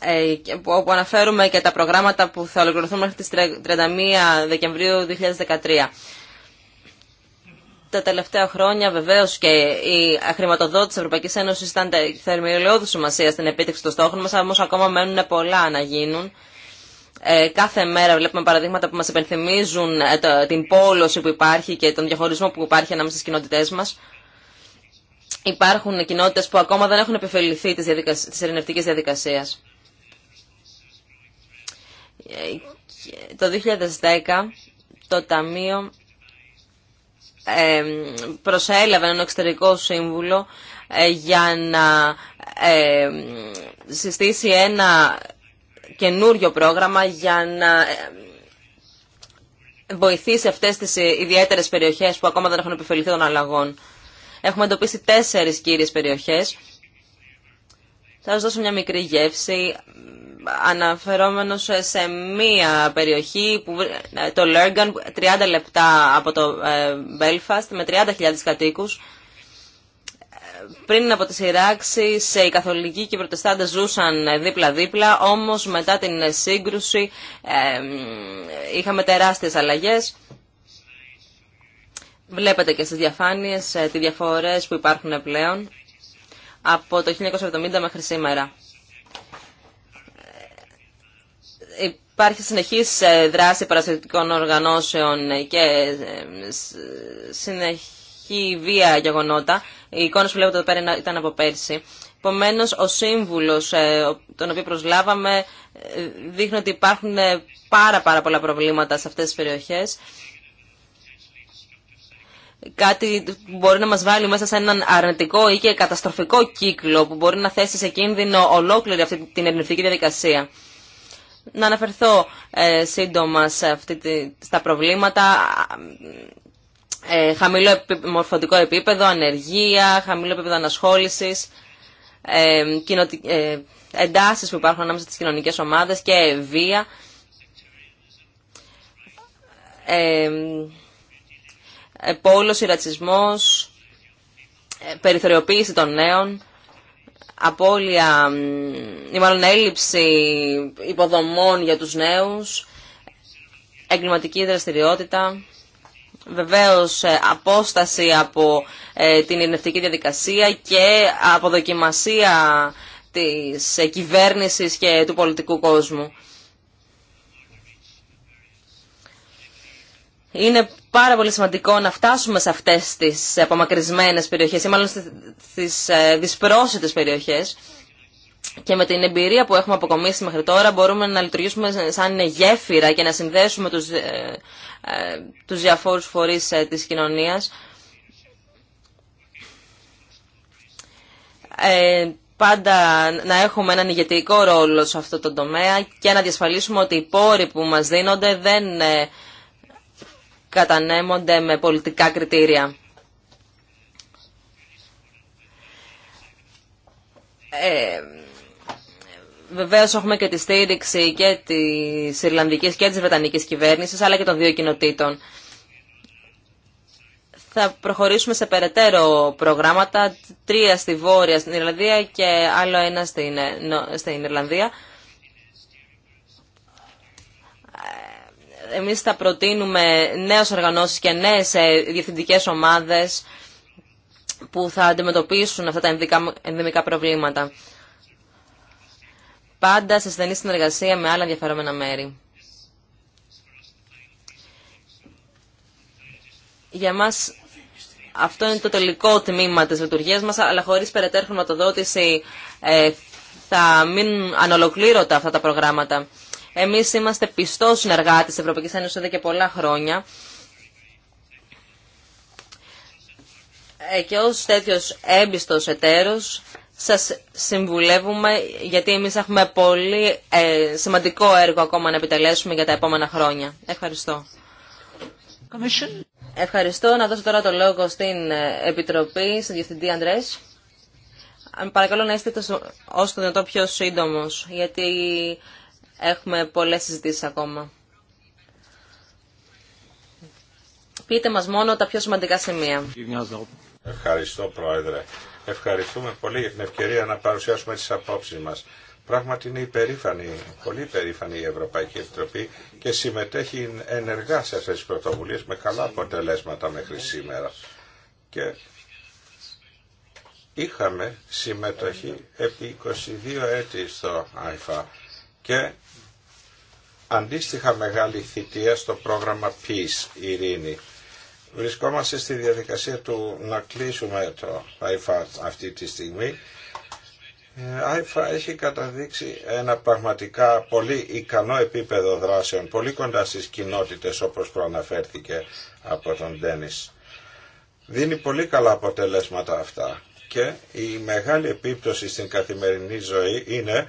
S4: Ε, όπου αναφέρουμε και τα προγράμματα που θα ολοκληρωθούν μέχρι τις 31 Δεκεμβρίου 2013. Τα τελευταία χρόνια βεβαίως και η χρηματοδότηση της Ευρωπαϊκής Ένωσης ήταν θερμιολαιόδου σημασία στην επίτευξη των στόχων μας, όμως ακόμα μένουν πολλά να γίνουν. Ε, κάθε μέρα βλέπουμε παραδείγματα που μας επενθυμίζουν ε, την πόλωση που υπάρχει και τον διαχωρισμό που υπάρχει ανάμεσα στις κοινότητές μας. Υπάρχουν κοινότητε που ακόμα δεν έχουν επιφεληθεί τη της ειρηνευτική διαδικασία. Ε, το 2010 το Ταμείο ε, προσέλαβε έναν εξωτερικό σύμβουλο ε, για να συστήσει ένα καινούριο πρόγραμμα για να βοηθήσει αυτές τις ιδιαίτερες περιοχές που ακόμα δεν έχουν επιφεληθεί των αλλαγών. Έχουμε εντοπίσει τέσσερις κύριες περιοχές. Θα σας δώσω μια μικρή γεύση αναφερόμενος σε μία περιοχή, που, ε, το Λέργαν, 30 λεπτά από το ε, Belfast, με 30.000 κατοίκους. Ε, πριν από τις Ιράξεις, οι Καθολικοί και οι Προτεστάντες ζούσαν δίπλα-δίπλα, όμως μετά την σύγκρουση είχαμε τεράστιες αλλαγές. Βλέπετε και στις διαφάνειες τις διαφορές που υπάρχουν πλέον από το 1970 μέχρι σήμερα. Υπάρχει συνεχής ε, δράση παραστατικών οργανώσεων και ε, συνεχή βία γεγονότα. Οι εικόνες που βλέπετε εδώ πέρα ήταν από πέρσι. Επομένω, ο σύμβουλος ε, τον οποίο προσλάβαμε δείχνει ότι υπάρχουν πάρα, πάρα πολλά προβλήματα σε αυτές τις περιοχές. Κάτι που μπορεί να μας βάλει μέσα σε έναν αρνητικό ή και καταστροφικό κύκλο που μπορεί να θέσει σε κίνδυνο ολόκληρη αυτή την ερνητική διαδικασία να αναφερθώ ε, σύντομα σε αυτή τη, στα προβλήματα. Ε, χαμηλό μορφωτικό επίπεδο, ανεργία, χαμηλό επίπεδο ανασχόλησης, ε, ε, εντάσεις που υπάρχουν ανάμεσα στις κοινωνικές ομάδες και βία. Ε, ε πόλωση, ρατσισμός, περιθωριοποίηση των νέων απώλεια ή μάλλον έλλειψη υποδομών για τους νέους, εγκληματική δραστηριότητα, βεβαίως ε, απόσταση από ε, την ειρηνευτική διαδικασία και αποδοκιμασία της ε, κυβέρνησης και του πολιτικού κόσμου. Είναι πάρα πολύ σημαντικό να φτάσουμε σε αυτές τις απομακρυσμένες περιοχές ή μάλλον στις ε, δυσπρόσιτες περιοχές και με την εμπειρία που έχουμε αποκομίσει μέχρι τώρα μπορούμε να λειτουργήσουμε σαν γέφυρα και να συνδέσουμε τους, ε, ε, τους διαφόρους φορείς ε, της κοινωνίας. Ε, πάντα να έχουμε έναν ηγετικό ρόλο σε αυτό το τομέα και να διασφαλίσουμε ότι οι πόροι που μας δίνονται δεν κατανέμονται με πολιτικά κριτήρια. Ε, βεβαίως έχουμε και τη στήριξη και της Ιρλανδικής και της Βρετανικής κυβέρνησης, αλλά και των δύο κοινοτήτων. Θα προχωρήσουμε σε περαιτέρω προγράμματα, τρία στη Βόρεια στην Ιρλανδία και άλλο ένα στην, ε, στην Ιρλανδία. Εμείς θα προτείνουμε νέες οργανώσεις και νέες ε, διευθυντικές ομάδες που θα αντιμετωπίσουν αυτά τα ενδυμικά προβλήματα. Πάντα σε στενή συνεργασία με άλλα ενδιαφερόμενα μέρη. Για μας αυτό είναι το τελικό τμήμα της λειτουργίας μας, αλλά χωρίς περαιτέρω χρηματοδότηση ε, θα μείνουν ανολοκλήρωτα αυτά τα προγράμματα. Εμείς είμαστε πιστός συνεργάτης της Ευρωπαϊκής Ένωσης εδώ και πολλά χρόνια. Ε, και ω τέτοιο έμπιστος εταίρος σας συμβουλεύουμε γιατί εμείς έχουμε πολύ ε, σημαντικό έργο ακόμα να επιτελέσουμε για τα επόμενα χρόνια. Ευχαριστώ. Commission. Ευχαριστώ. Να δώσω τώρα το λόγο στην ε, Επιτροπή, στην Διευθυντή Αντρές. Παρακαλώ να είστε όσο το πιο σύντομος, γιατί Έχουμε πολλές συζητήσεις ακόμα. Πείτε μας μόνο τα πιο σημαντικά σημεία.
S2: Ευχαριστώ Πρόεδρε. Ευχαριστούμε πολύ για την ευκαιρία να παρουσιάσουμε τις απόψεις μας. Πράγματι είναι υπερήφανη, πολύ υπερήφανη η Ευρωπαϊκή Επιτροπή και συμμετέχει ενεργά σε αυτές τις πρωτοβουλίες με καλά αποτελέσματα μέχρι σήμερα. Και είχαμε συμμετοχή επί 22 έτη στο ΑΙΦΑ και αντίστοιχα μεγάλη θητεία στο πρόγραμμα Peace, Ειρήνη. Βρισκόμαστε στη διαδικασία του να κλείσουμε το ΆΙΦΑ αυτή τη στιγμή. ΆΙΦΑ ε, έχει καταδείξει ένα πραγματικά πολύ ικανό επίπεδο δράσεων, πολύ κοντά στις κοινότητες όπως προαναφέρθηκε από τον Ντένις. Δίνει πολύ καλά αποτελέσματα αυτά και η μεγάλη επίπτωση στην καθημερινή ζωή είναι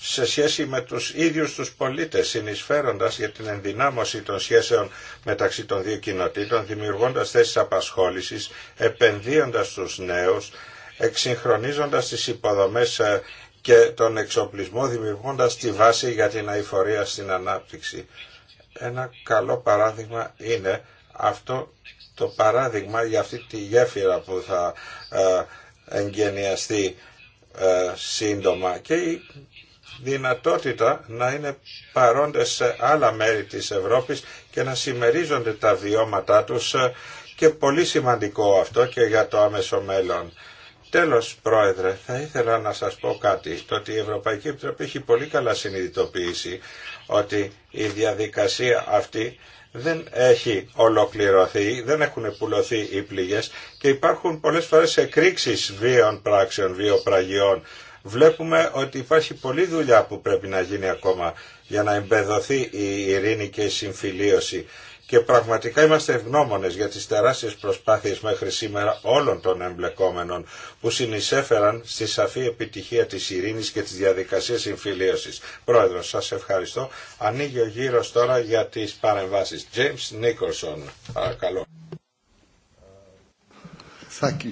S2: σε σχέση με τους ίδιους τους πολίτες, συνεισφέροντας για την ενδυνάμωση των σχέσεων μεταξύ των δύο κοινοτήτων, δημιουργώντας θέσεις απασχόλησης, επενδύοντας τους νέους, εξυγχρονίζοντας τις υποδομές ε, και τον εξοπλισμό, δημιουργώντας τη βάση για την αηφορία στην ανάπτυξη. Ένα καλό παράδειγμα είναι αυτό το παράδειγμα για αυτή τη γέφυρα που θα ε, εγγενιαστεί ε, σύντομα και δυνατότητα να είναι παρόντες σε άλλα μέρη της Ευρώπης και να συμμερίζονται τα βιώματά τους και πολύ σημαντικό αυτό και για το άμεσο μέλλον. Τέλος, Πρόεδρε, θα ήθελα να σας πω κάτι, το ότι η Ευρωπαϊκή Επιτροπή έχει πολύ καλά συνειδητοποιήσει ότι η διαδικασία αυτή δεν έχει ολοκληρωθεί, δεν έχουν πουλωθεί οι πληγές και υπάρχουν πολλές φορές εκρήξεις βίων πράξεων, βιοπραγιών βλέπουμε ότι υπάρχει πολλή δουλειά που πρέπει να γίνει ακόμα για να εμπεδοθεί η ειρήνη και η συμφιλίωση. Και πραγματικά είμαστε ευγνώμονες για τις τεράστιες προσπάθειες μέχρι σήμερα όλων των εμπλεκόμενων που συνεισέφεραν στη σαφή επιτυχία της ειρήνης και της διαδικασίας συμφιλίωσης. Πρόεδρος, σας ευχαριστώ. Ανοίγει ο γύρος τώρα για τις παρεμβάσεις. James Nicholson, παρακαλώ.
S5: Thank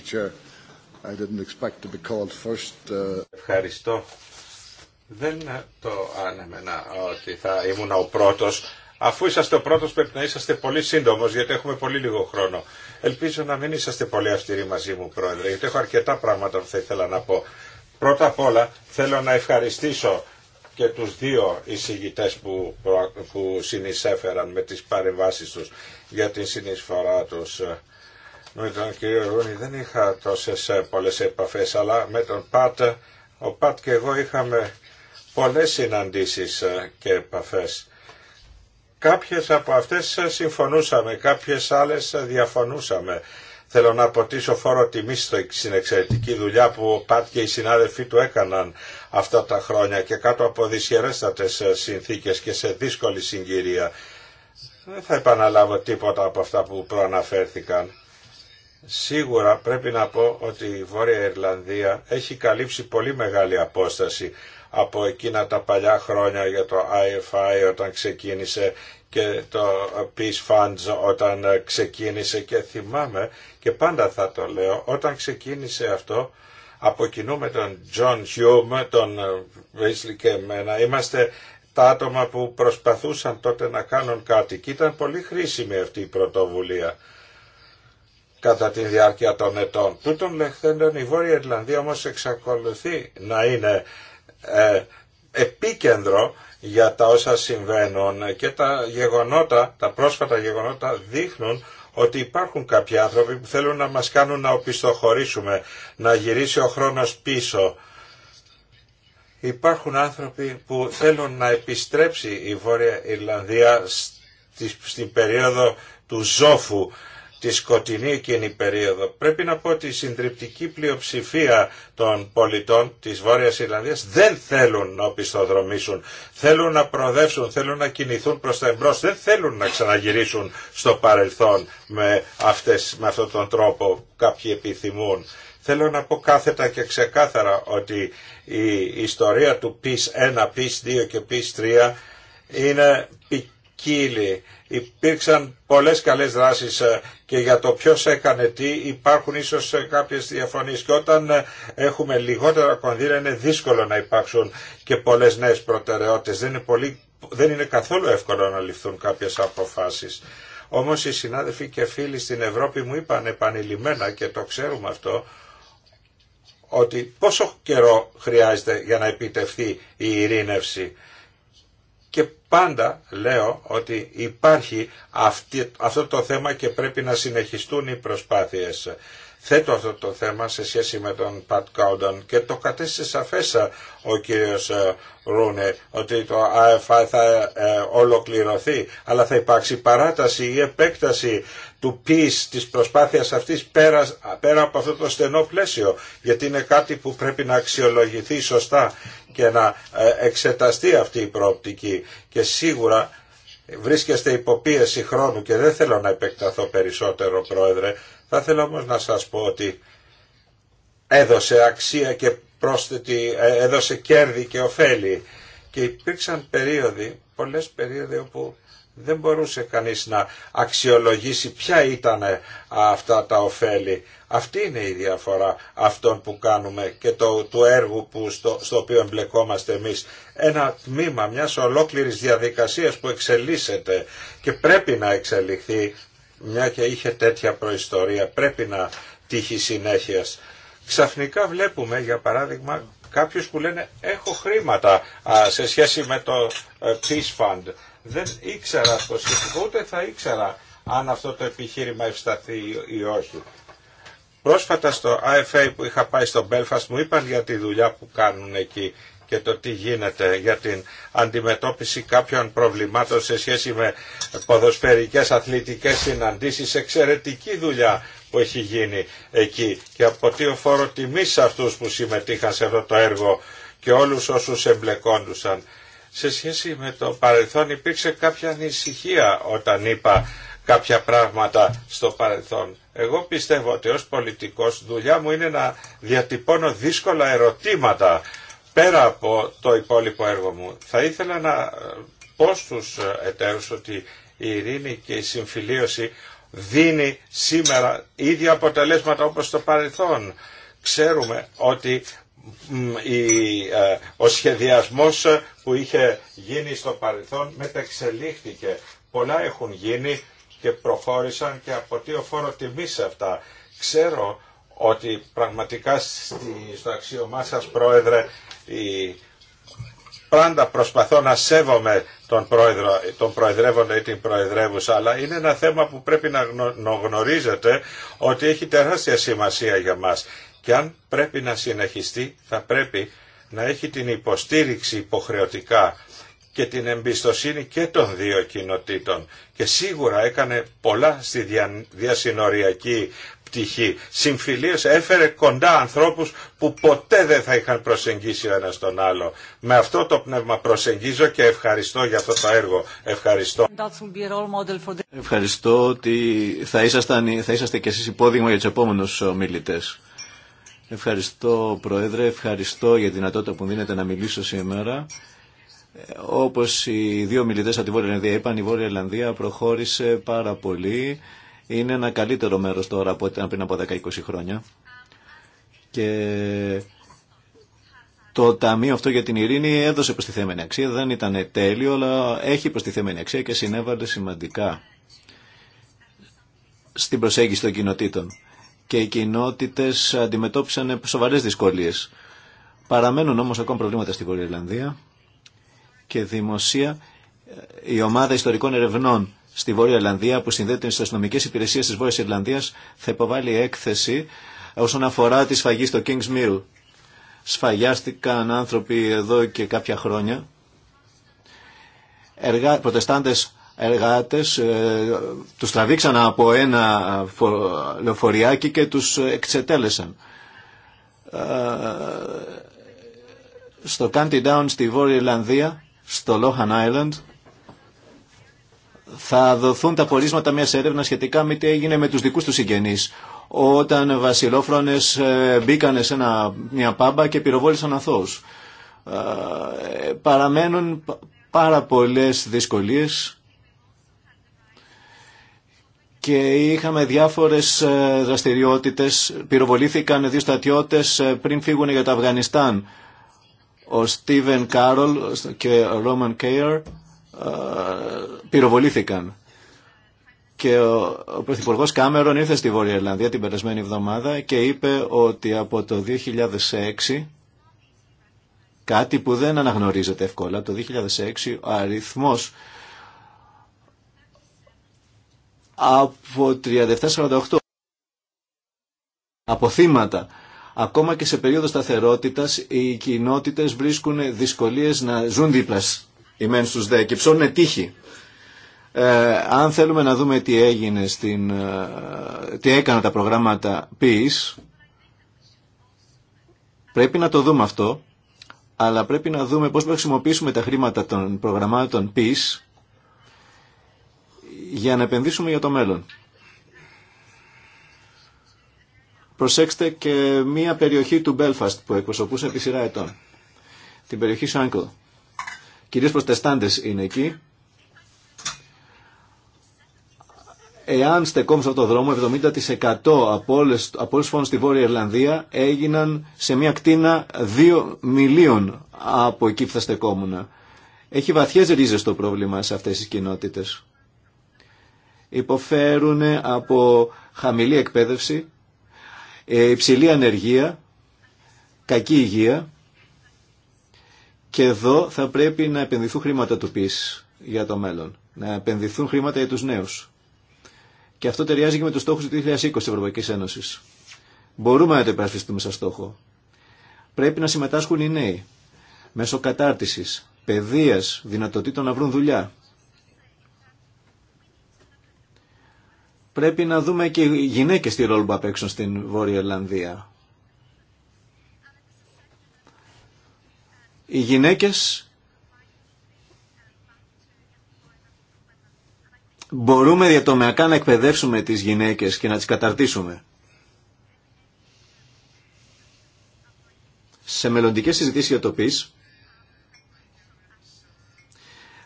S5: Uh,
S2: Ευχαριστώ. Δεν το άνεμενα ότι θα ήμουν ο πρώτος. Αφού είσαστε ο πρώτος πρέπει να είσαστε πολύ σύντομος γιατί έχουμε πολύ λίγο χρόνο. Ελπίζω να μην είσαστε πολύ αυστηροί μαζί μου πρόεδρε γιατί έχω αρκετά πράγματα που θα ήθελα να πω. Πρώτα απ' όλα θέλω να ευχαριστήσω και τους δύο εισηγητές που, που συνεισέφεραν με τις παρεμβάσεις τους για την συνεισφορά τους με τον κύριο Ρούνη δεν είχα τόσες ε, πολλές επαφές, αλλά με τον Πατ, ο Πατ και εγώ είχαμε πολλές συναντήσεις ε, και επαφές. Κάποιες από αυτές ε, συμφωνούσαμε, κάποιες άλλες διαφωνούσαμε. Θέλω να αποτίσω φόρο τιμή στην εξαιρετική δουλειά που ο Πατ και οι συνάδελφοί του έκαναν αυτά τα χρόνια και κάτω από δυσχερέστατες συνθήκες και σε δύσκολη συγκυρία. Δεν θα επαναλάβω τίποτα από αυτά που προαναφέρθηκαν. Σίγουρα πρέπει να πω ότι η Βόρεια Ιρλανδία έχει καλύψει πολύ μεγάλη απόσταση από εκείνα τα παλιά χρόνια για το IFI όταν ξεκίνησε και το Peace Funds όταν ξεκίνησε και θυμάμαι και πάντα θα το λέω όταν ξεκίνησε αυτό από κοινού με τον John Hume, τον Wesley και εμένα είμαστε τα άτομα που προσπαθούσαν τότε να κάνουν κάτι και ήταν πολύ χρήσιμη αυτή η πρωτοβουλία κατά τη διάρκεια των ετών. Τούτων λεχθέντων η Βόρεια Ιρλανδία όμως εξακολουθεί να είναι ε, επίκεντρο για τα όσα συμβαίνουν και τα γεγονότα, τα πρόσφατα γεγονότα δείχνουν ότι υπάρχουν κάποιοι άνθρωποι που θέλουν να μας κάνουν να οπισθοχωρήσουμε, να γυρίσει ο χρόνος πίσω. Υπάρχουν άνθρωποι που θέλουν να επιστρέψει η Βόρεια Ιρλανδία στην περίοδο του ζόφου τη σκοτεινή εκείνη περίοδο. Πρέπει να πω ότι η συντριπτική πλειοψηφία των πολιτών της Βόρειας Ιρλανδίας δεν θέλουν να οπισθοδρομήσουν. Θέλουν να προοδεύσουν, θέλουν να κινηθούν προς τα εμπρός, δεν θέλουν να ξαναγυρίσουν στο παρελθόν με, αυτές, με αυτόν τον τρόπο που κάποιοι επιθυμούν. Θέλω να πω κάθετα και ξεκάθαρα ότι η ιστορία του PIS 1, PIS 2 και PIS 3 είναι ποικίλη υπήρξαν πολλές καλές δράσεις ε, και για το ποιος έκανε τι υπάρχουν ίσως ε, κάποιες διαφωνίες και όταν ε, έχουμε λιγότερα κονδύλια είναι δύσκολο να υπάρξουν και πολλές νέες προτεραιότητες. Δεν είναι, πολύ, δεν είναι καθόλου εύκολο να ληφθούν κάποιες αποφάσεις. Όμως οι συνάδελφοι και φίλοι στην Ευρώπη μου είπαν επανειλημμένα και το ξέρουμε αυτό ότι πόσο καιρό χρειάζεται για να επιτευχθεί η ειρήνευση. Και πάντα λέω ότι υπάρχει αυτή, αυτό το θέμα και πρέπει να συνεχιστούν οι προσπάθειες. Θέτω αυτό το θέμα σε σχέση με τον Πατ Κάουντον και το κατέστησε σαφές ε, ο κύριος ε, Ρούνε ότι το ΑΕΦΑ θα ε, ολοκληρωθεί αλλά θα υπάρξει παράταση ή επέκταση του peace, της προσπάθειας αυτής πέρα, από αυτό το στενό πλαίσιο γιατί είναι κάτι που πρέπει να αξιολογηθεί σωστά και να ε, εξεταστεί αυτή η προοπτική και σίγουρα βρίσκεστε υποπίεση χρόνου και δεν θέλω να επεκταθώ περισσότερο πρόεδρε θα θέλω όμως να σας πω ότι έδωσε αξία και πρόσθετη, ε, έδωσε κέρδη και ωφέλη και υπήρξαν περίοδοι, πολλές περίοδοι όπου δεν μπορούσε κανείς να αξιολογήσει ποια ήταν ε, αυτά τα ωφέλη. Αυτή είναι η διαφορά αυτών που κάνουμε και το, του έργου που στο, στο οποίο εμπλεκόμαστε εμείς. Ένα τμήμα μιας ολόκληρης διαδικασίας που εξελίσσεται και πρέπει να εξελιχθεί, μια και είχε τέτοια προϊστορία, πρέπει να τύχει συνέχεια. Ξαφνικά βλέπουμε, για παράδειγμα, κάποιους που λένε έχω χρήματα σε σχέση με το ε, Peace Fund δεν ήξερα αυτό σχετικό, ούτε θα ήξερα αν αυτό το επιχείρημα ευσταθεί ή όχι. Πρόσφατα στο IFA που είχα πάει στο Belfast μου είπαν για τη δουλειά που κάνουν εκεί και το τι γίνεται για την αντιμετώπιση κάποιων προβλημάτων σε σχέση με ποδοσφαιρικές αθλητικές συναντήσεις. Εξαιρετική δουλειά που έχει γίνει εκεί και τι φόρο τιμής σε αυτούς που συμμετείχαν σε αυτό το έργο και όλους όσους εμπλεκόντουσαν σε σχέση με το παρελθόν υπήρξε κάποια ανησυχία όταν είπα κάποια πράγματα στο παρελθόν. Εγώ πιστεύω ότι ως πολιτικός δουλειά μου είναι να διατυπώνω δύσκολα ερωτήματα πέρα από το υπόλοιπο έργο μου. Θα ήθελα να ε, πω στους εταίρους ότι η ειρήνη και η συμφιλίωση δίνει σήμερα ίδια αποτελέσματα όπως στο παρελθόν. Ξέρουμε ότι ε, ο σχεδιασμός που είχε γίνει στο παρελθόν μεταξελίχθηκε. Πολλά έχουν γίνει και προχώρησαν και τι φόρο τιμή σε αυτά. Ξέρω ότι πραγματικά στο αξίωμά σα πρόεδρε η... Πάντα προσπαθώ να σέβομαι τον, πρόεδρο, τον προεδρεύοντα ή την προεδρεύουσα, αλλά είναι ένα θέμα που πρέπει να γνωρίζετε ότι έχει τεράστια σημασία για μας και αν πρέπει να συνεχιστεί θα πρέπει να έχει την υποστήριξη υποχρεωτικά και την εμπιστοσύνη και των δύο κοινοτήτων και σίγουρα έκανε πολλά στη διασυνοριακή πτυχή. Συμφιλίως έφερε κοντά ανθρώπους που ποτέ δεν θα είχαν προσεγγίσει ο ένας τον άλλο. Με αυτό το πνεύμα προσεγγίζω και ευχαριστώ για αυτό το έργο. Ευχαριστώ.
S1: Ευχαριστώ ότι θα, θα είσαστε και εσείς υπόδειγμα για τους επόμενους ομιλητές. Ευχαριστώ Πρόεδρε, ευχαριστώ για την δυνατότητα που δίνετε να μιλήσω σήμερα. Όπως οι δύο μιλητές από τη Βόρεια Ιρλανδία είπαν, η Βόρεια Ιρλανδία προχώρησε πάρα πολύ. Είναι ένα καλύτερο μέρος τώρα από ό,τι ήταν πριν από 10-20 χρόνια. Και το Ταμείο αυτό για την Ειρήνη έδωσε προστιθέμενη αξία. Δεν ήταν τέλειο, αλλά έχει προστιθέμενη αξία και συνέβαλε σημαντικά στην προσέγγιση των κοινοτήτων και οι κοινότητε αντιμετώπισαν σοβαρές δυσκολίες. Παραμένουν όμως ακόμα προβλήματα στη Βόρεια Ιρλανδία και δημοσία ε, η ομάδα ιστορικών ερευνών στη Βόρεια Ιρλανδία που συνδέεται με τι αστυνομικέ υπηρεσίες της Βόρειας Ιρλανδίας θα υποβάλει έκθεση όσον αφορά τη σφαγή στο Kings Mill. Σφαγιάστηκαν άνθρωποι εδώ και κάποια χρόνια. Εργα εργάτες, ε, τους τραβήξαν από ένα λεωφοριάκι και τους εξετέλεσαν. Ε, στο County Down στη Βόρεια Ιρλανδία, στο Lohan Island, θα δοθούν τα πορίσματα μιας έρευνας σχετικά με τι έγινε με τους δικούς τους συγγενείς όταν βασιλόφρονες ε, μπήκανε σε μια πάμπα και πυροβόλησαν αθώους. Παραμένουν πάρα πολλές δυσκολίες και είχαμε διάφορες ε, δραστηριότητες. Πυροβολήθηκαν δύο στρατιώτες ε, πριν φύγουν για το Αφγανιστάν. Ο Στίβεν Κάρολ και ο Ρόμαν Κέιρ ε, πυροβολήθηκαν. Και ο, ο Πρωθυπουργό Κάμερον ήρθε στη Βόρεια Ιρλανδία την περασμένη εβδομάδα και είπε ότι από το 2006 κάτι που δεν αναγνωρίζεται εύκολα. Το 2006 ο αριθμός από 37-48 αποθήματα. Ακόμα και σε περίοδο σταθερότητας οι κοινότητες βρίσκουν δυσκολίες να ζουν δίπλα ημέν στους δε και ψώνουν τύχη. Ε, αν θέλουμε να δούμε τι έγινε στην, ε, τι έκαναν τα προγράμματα ποιης, e πρέπει να το δούμε αυτό, αλλά πρέπει να δούμε πώς να χρησιμοποιήσουμε τα χρήματα των προγραμμάτων ποιης για να επενδύσουμε για το μέλλον. Προσέξτε και μία περιοχή του Belfast που εκπροσωπούσε επί σειρά ετών. Την περιοχή Σάνκλ. Κυρίως προτεστάντες είναι εκεί. Εάν στεκόμαστε αυτόν τον δρόμο, 70% από όλες, από όλες φόνους στη Βόρεια Ιρλανδία έγιναν σε μια κτίνα 2 μιλίων από εκεί που θα στεκόμουν. Έχει βαθιές ρίζες το πρόβλημα σε αυτές τις κοινότητες υποφέρουν από χαμηλή εκπαίδευση, ε, υψηλή ανεργία, κακή υγεία και εδώ θα πρέπει να επενδυθούν χρήματα του ΠΙΣ για το μέλλον, να επενδυθούν χρήματα για τους νέους. Και αυτό ταιριάζει και με τους στόχους του 2020 της Ευρωπαϊκής Ένωσης. Μπορούμε να το υπερασπιστούμε σαν στόχο. Πρέπει να συμμετάσχουν οι νέοι μέσω κατάρτισης, παιδείας, δυνατοτήτων να βρουν δουλειά, Πρέπει να δούμε και οι γυναίκες τι ρόλο που απέξουν στην Βόρεια Ιρλανδία. Οι γυναίκες μπορούμε διατομιακά να εκπαιδεύσουμε τις γυναίκες και να τις καταρτήσουμε. Σε μελλοντικές συζητήσεις για το ΠΙΣ,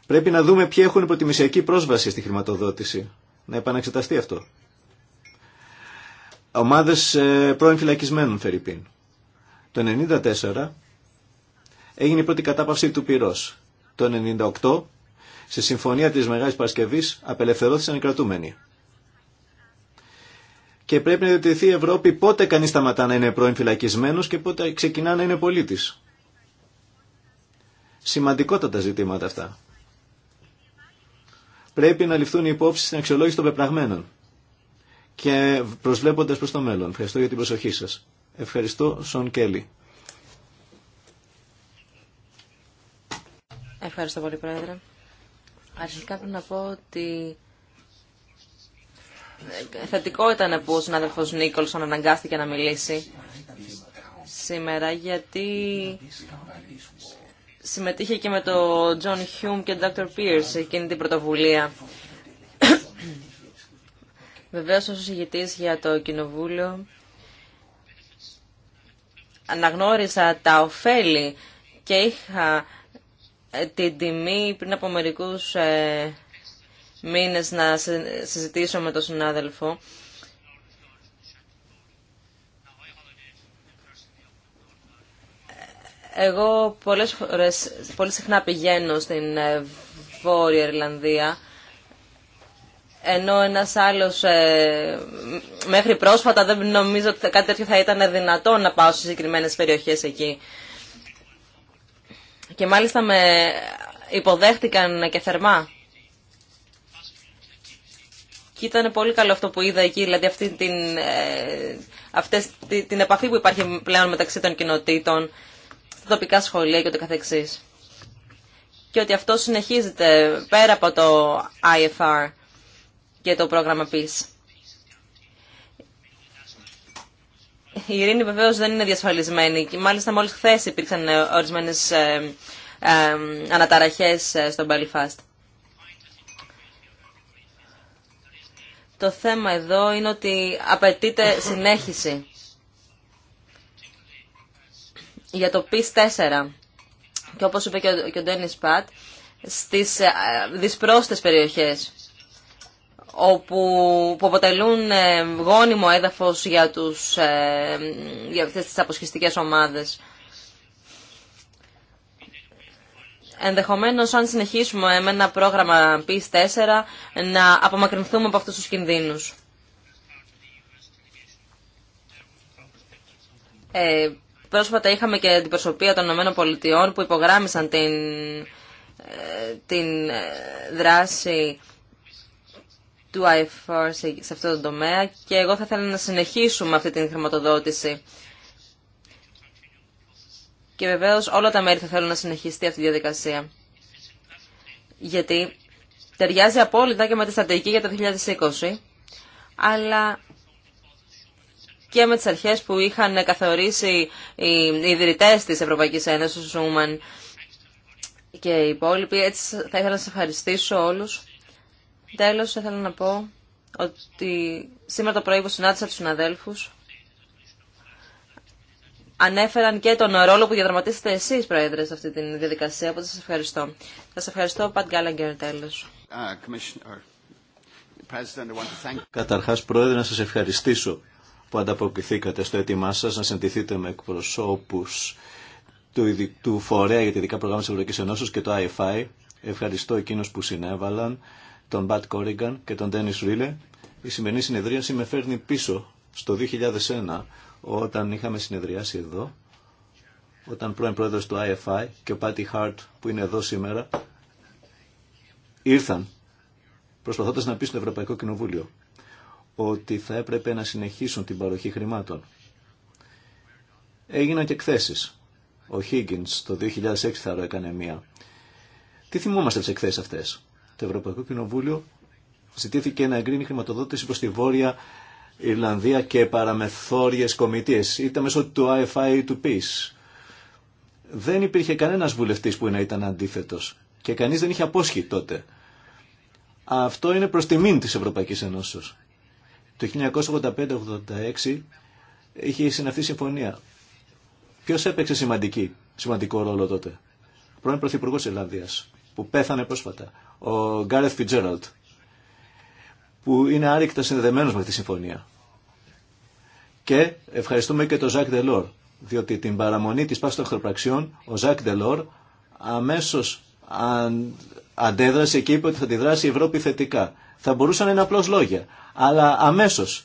S1: πρέπει να δούμε ποιοι έχουν υποτιμησιακή πρόσβαση στη χρηματοδότηση να επαναξεταστεί αυτό. Ομάδες ε, πρώην φυλακισμένων, Φερρυπίν. Το 1994 έγινε η πρώτη κατάπαυση του πυρός. Το 1998, σε συμφωνία της Μεγάλης Παρασκευής, απελευθερώθησαν οι κρατούμενοι. Και πρέπει να διατηρηθεί η Ευρώπη πότε κανεί σταματά να είναι πρώην φυλακισμένος και πότε ξεκινά να είναι πολίτης. Σημαντικότατα ζητήματα αυτά πρέπει να ληφθούν οι υπόψη στην αξιολόγηση των πεπραγμένων και προσβλέποντα προ το μέλλον. Ευχαριστώ για την προσοχή σα. Ευχαριστώ, Σον Κέλλη.
S4: Ευχαριστώ πολύ, Πρόεδρε. Αρχικά πρέπει να πω ότι θετικό ήταν που ο συνάδελφο Νίκολσον αναγκάστηκε να μιλήσει σήμερα, γιατί συμμετείχε και με τον John Hume και τον Dr. Pierce εκείνη την πρωτοβουλία. Βεβαίως ως ηγητής για το Κοινοβούλιο αναγνώρισα τα ωφέλη και είχα ε, την τιμή πριν από μερικούς ε, μήνες να συζητήσω με τον συνάδελφο Εγώ πολλές φορές, πολύ συχνά πηγαίνω στην ε, Βόρεια Ιρλανδία, ενώ ένας άλλος ε, μέχρι πρόσφατα δεν νομίζω ότι κάτι τέτοιο θα ήταν δυνατό να πάω σε συγκεκριμένε περιοχές εκεί. Και μάλιστα με υποδέχτηκαν και θερμά. Και ήταν πολύ καλό αυτό που είδα εκεί, δηλαδή αυτή την, ε, αυτές, την επαφή που υπάρχει πλέον μεταξύ των κοινοτήτων τοπικά σχολεία και ούτε καθεξής. Και ότι αυτό συνεχίζεται πέρα από το IFR και το πρόγραμμα Peace. Η ειρήνη βεβαίως δεν είναι διασφαλισμένη και μάλιστα μόλις χθε υπήρξαν ε, ορισμένες ε, ε, αναταραχές στον Παλιφάστ. Το θέμα εδώ είναι ότι απαιτείται συνέχιση για το PIS4. Και όπως είπε και ο Ντένις Πατ, στις ε, δυσπρόσθετες περιοχές όπου, που αποτελούν ε, γόνιμο έδαφος για, τους, ε, για αυτές τις αποσχιστικές ομάδες. Ενδεχομένως, αν συνεχίσουμε με ένα πρόγραμμα PIS4, να απομακρυνθούμε από αυτούς τους κινδύνους. Ε, Πρόσφατα είχαμε και την προσωπία των ΗΠΑ που υπογράμμισαν την, ε, την ε, δράση του IFR σε αυτό το τομέα και εγώ θα ήθελα να συνεχίσουμε αυτή την χρηματοδότηση. Και βεβαίως όλα τα μέρη θα θέλουν να συνεχιστεί αυτή τη διαδικασία. Γιατί ταιριάζει απόλυτα και με τη στρατηγική για το 2020, αλλά και με τις αρχές που είχαν καθορίσει οι ιδρυτές της Ευρωπαϊκής Ένωσης, ο Σούμαν και οι υπόλοιποι. Έτσι θα ήθελα να σας ευχαριστήσω όλους. Τέλος, ήθελα να πω ότι σήμερα το πρωί που συνάντησα τους συναδέλφους, ανέφεραν και τον ρόλο που διαδραματίσετε εσείς, Πρόεδρε, σε αυτή τη διαδικασία, οπότε σας ευχαριστώ. Σας ευχαριστώ, Πατ Γκάλαγκερ, τέλος. Uh,
S1: Καταρχάς, Πρόεδρε, να σας ευχαριστήσω που ανταποκριθήκατε στο έτοιμά σα να συντηθείτε με εκπροσώπου του, του Φορέα για τα Ειδικά Προγράμματα τη Ευρωπαϊκή Ενώση και το IFI. Ευχαριστώ εκείνου που συνέβαλαν, τον Μπατ Κόριγκαν και τον Ντένι Ρίλε. Η σημερινή συνεδρίαση με φέρνει πίσω στο 2001 όταν είχαμε συνεδριάσει εδώ όταν πρώην πρόεδρος του IFI και ο Πάτι Χάρτ που είναι εδώ σήμερα ήρθαν προσπαθώντας να πείσουν το Ευρωπαϊκό Κοινοβούλιο ότι θα έπρεπε να συνεχίσουν την παροχή χρημάτων. Έγιναν και εκθέσεις. Ο Higgins το 2006 θα έκανε μία. Τι θυμόμαστε τις εκθέσεις αυτές. Το Ευρωπαϊκό Κοινοβούλιο ζητήθηκε να εγκρίνει χρηματοδότηση προς τη Βόρεια Ιρλανδία και παραμεθόριες κομιτείες, είτε μέσω του IFI ή του PIS. E δεν υπήρχε κανένας βουλευτής που να ήταν αντίθετος και κανείς δεν είχε απόσχει τότε. Αυτό είναι προς τιμήν της Ευρωπαϊκής Ενώσεως. Το 1985-86 είχε συναυθεί συμφωνία. Ποιο έπαιξε σημαντική, σημαντικό ρόλο τότε. πρώην Πρωθυπουργό Ελλανδία, που πέθανε πρόσφατα, ο Γκάρεθ Φιτζέραλτ, που είναι άρρηκτα συνδεδεμένο με αυτή τη συμφωνία. Και ευχαριστούμε και τον Ζακ Δελόρ. διότι την παραμονή της πάσης των εχθροπραξιών ο Ζακ Δελόρ αμέσως αν, αντέδρασε και είπε ότι θα τη δράσει η Ευρώπη θετικά. Θα μπορούσαν να είναι απλώς λόγια, αλλά αμέσως.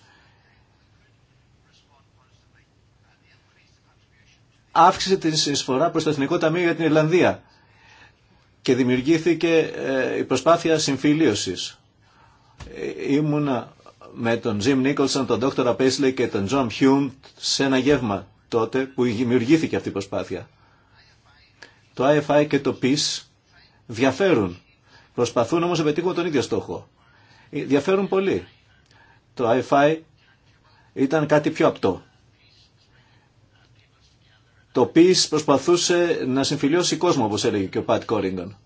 S1: Αύξησε την εισφορά προς το Εθνικό Ταμείο για την Ιρλανδία και δημιουργήθηκε ε, η προσπάθεια συμφιλίωσης. Ε, ήμουνα με τον Jim Nicholson, τον Dr. Paisley και τον John Hume σε ένα γεύμα τότε που δημιουργήθηκε αυτή η προσπάθεια. Το IFI και το PIS διαφέρουν. Προσπαθούν όμως να πετύχουν τον ίδιο στόχο. Ε, διαφέρουν πολύ. Το Wi-Fi ήταν κάτι πιο απτό. Το PIS προσπαθούσε να συμφιλιώσει κόσμο, όπως έλεγε και ο Πατ Κόριγκον.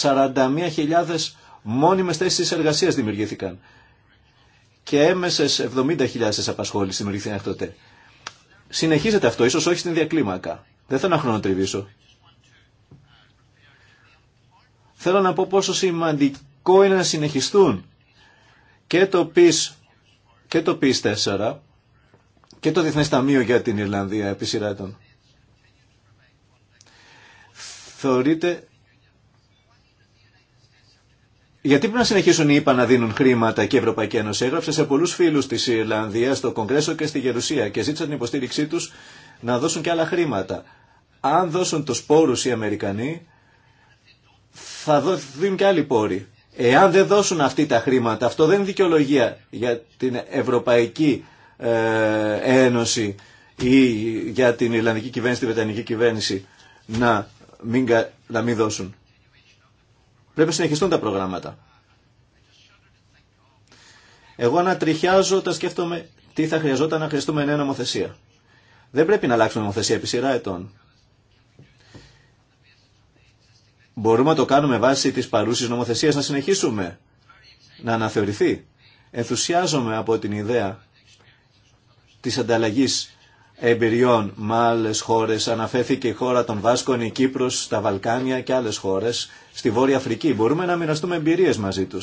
S1: 41.000 μόνιμες θέσεις εργασίας δημιουργήθηκαν και έμεσες 70.000 απασχόλησης δημιουργήθηκαν τότε. Συνεχίζεται αυτό, ίσως όχι στην διακλίμακα. Δεν θέλω να χρονοτριβήσω. Θέλω να πω πόσο σημαντικό είναι να συνεχιστούν και το PIS, και το 4 και το Διεθνές Ταμείο για την Ιρλανδία επί σειρά Θεωρείται γιατί πρέπει να συνεχίσουν οι ΗΠΑ να δίνουν χρήματα και η Ευρωπαϊκή Ένωση. Έγραψε σε πολλού φίλου τη Ιρλανδία, στο Κογκρέσο και στη Γερουσία και ζήτησαν την υποστήριξή του να δώσουν και άλλα χρήματα. Αν δώσουν του πόρου οι Αμερικανοί, θα δίνουν και άλλοι πόροι. Εάν δεν δώσουν αυτοί τα χρήματα, αυτό δεν είναι δικαιολογία για την Ευρωπαϊκή ε, Ένωση ή για την Ιρλανδική κυβέρνηση, την Βρετανική κυβέρνηση να μην, να μην δώσουν. Πρέπει να συνεχιστούν τα προγράμματα. Εγώ ανατριχιάζω όταν σκέφτομαι τι θα χρειαζόταν να χρειαστούμε νέα νομοθεσία. Δεν πρέπει να αλλάξουμε νομοθεσία επί σειρά ετών. Μπορούμε να το κάνουμε βάσει της παρούσης νομοθεσίας να συνεχίσουμε να αναθεωρηθεί. Ενθουσιάζομαι από την ιδέα της ανταλλαγής εμπειριών με άλλε χώρε. Αναφέρθηκε η χώρα των Βάσκων, η Κύπρο, τα Βαλκάνια και άλλε χώρε. Στη Βόρεια Αφρική μπορούμε να μοιραστούμε εμπειρίε μαζί του.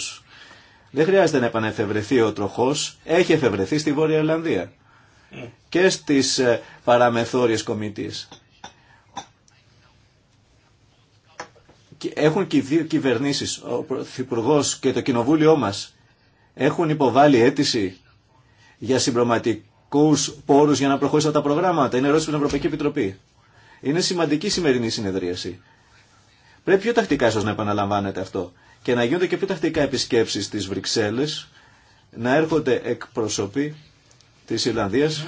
S1: Δεν χρειάζεται να επανεφευρεθεί ο τροχό. Έχει εφευρεθεί στη Βόρεια Ιρλανδία mm. και στι ε, παραμεθόριες έχουν και οι δύο κυβερνήσεις, ο Πρωθυπουργό και το Κοινοβούλιο μας, έχουν υποβάλει αίτηση για συμπροματικούς πόρους για να προχωρήσουν τα προγράμματα. Είναι ερώτηση από την Ευρωπαϊκή Επιτροπή. Είναι σημαντική η σημερινή συνεδρίαση. Πρέπει πιο τακτικά ίσως να επαναλαμβάνεται αυτό και να γίνονται και πιο τακτικά επισκέψεις στις Βρυξέλλες, να έρχονται εκπροσωποί της Ιρλανδίας,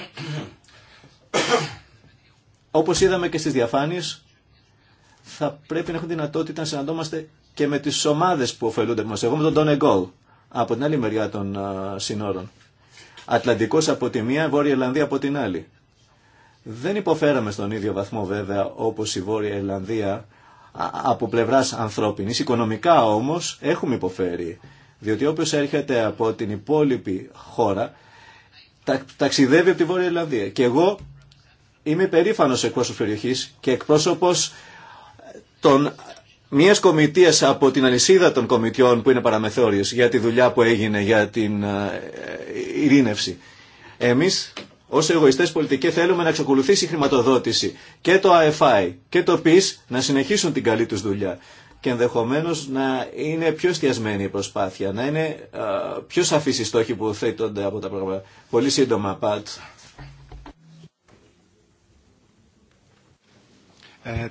S1: όπως είδαμε και στις διαφάνειες θα πρέπει να έχουν δυνατότητα να συναντώμαστε και με τι ομάδε που ωφελούνται από μας. Εγώ με τον Τόνε Γκόλ από την άλλη μεριά των συνόρων. Ατλαντικό από τη μία, Βόρεια Ιρλανδία από την άλλη. Δεν υποφέραμε στον ίδιο βαθμό βέβαια όπω η Βόρεια Ιρλανδία από πλευρά ανθρώπινη, Οικονομικά όμω, έχουμε υποφέρει. Διότι όποιο έρχεται από την υπόλοιπη χώρα ταξιδεύει από τη Βόρεια Ιρλανδία. Και εγώ είμαι υπερήφανο εκπρόσωπο περιοχή και εκπρόσωπο των μια κομιτεία από την αλυσίδα των κομιτιών που είναι παραμεθόριος για τη δουλειά που έγινε για την ε, ε, ειρήνευση. Εμεί ω εγωιστέ πολιτικοί θέλουμε να εξακολουθήσει η χρηματοδότηση και το ΑΕΦΑΙ και το ΠΙΣ να συνεχίσουν την καλή τους δουλειά και ενδεχομένω να είναι πιο εστιασμένη η προσπάθεια, να είναι ε, πιο σαφεί οι που θέτονται από τα προγράμματα. Πολύ σύντομα, Πατ.
S2: Ε,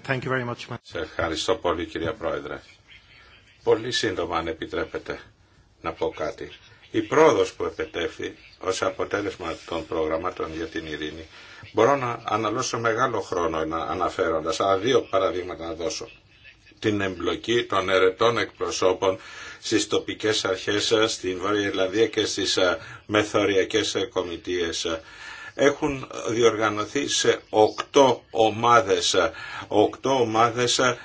S2: Σε ευχαριστώ πολύ κυρία Πρόεδρε. Πολύ σύντομα αν επιτρέπετε να πω κάτι. Η πρόοδος που επετέφθη ως αποτέλεσμα των προγραμμάτων για την ειρήνη μπορώ να αναλώσω μεγάλο χρόνο αναφέροντας, αλλά δύο παραδείγματα να δώσω. Την εμπλοκή των ερετών εκπροσώπων στις τοπικές αρχές στην Βόρεια Ιρλανδία και στις ε, μεθοριακές ε, κομιτείες έχουν διοργανωθεί σε οκτώ ομάδες, οκτώ ομάδες ε,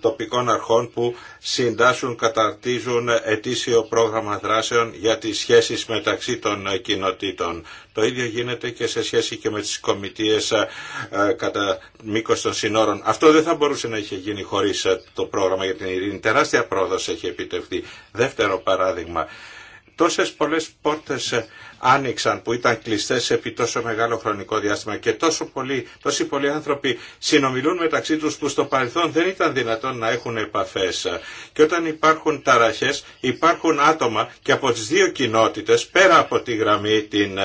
S2: τοπικών αρχών που συντάσσουν, καταρτίζουν ετήσιο πρόγραμμα δράσεων για τις σχέσεις μεταξύ των κοινοτήτων. Το ίδιο γίνεται και σε σχέση και με τις κομιτείες ε, κατά μήκο των συνόρων. Αυτό δεν θα μπορούσε να είχε γίνει χωρίς ε, το πρόγραμμα για την ειρήνη. Τεράστια πρόοδος έχει επιτευχθεί. Δεύτερο παράδειγμα. Τόσες πολλές πόρτες άνοιξαν, που ήταν κλειστέ επί τόσο μεγάλο χρονικό διάστημα και τόσο πολλοί, τόσοι πολλοί άνθρωποι συνομιλούν μεταξύ του που στο παρελθόν δεν ήταν δυνατόν να έχουν επαφέ Και όταν υπάρχουν ταραχε, υπάρχουν άτομα και από τι δύο κοινότητε, πέρα από τη γραμμή, την,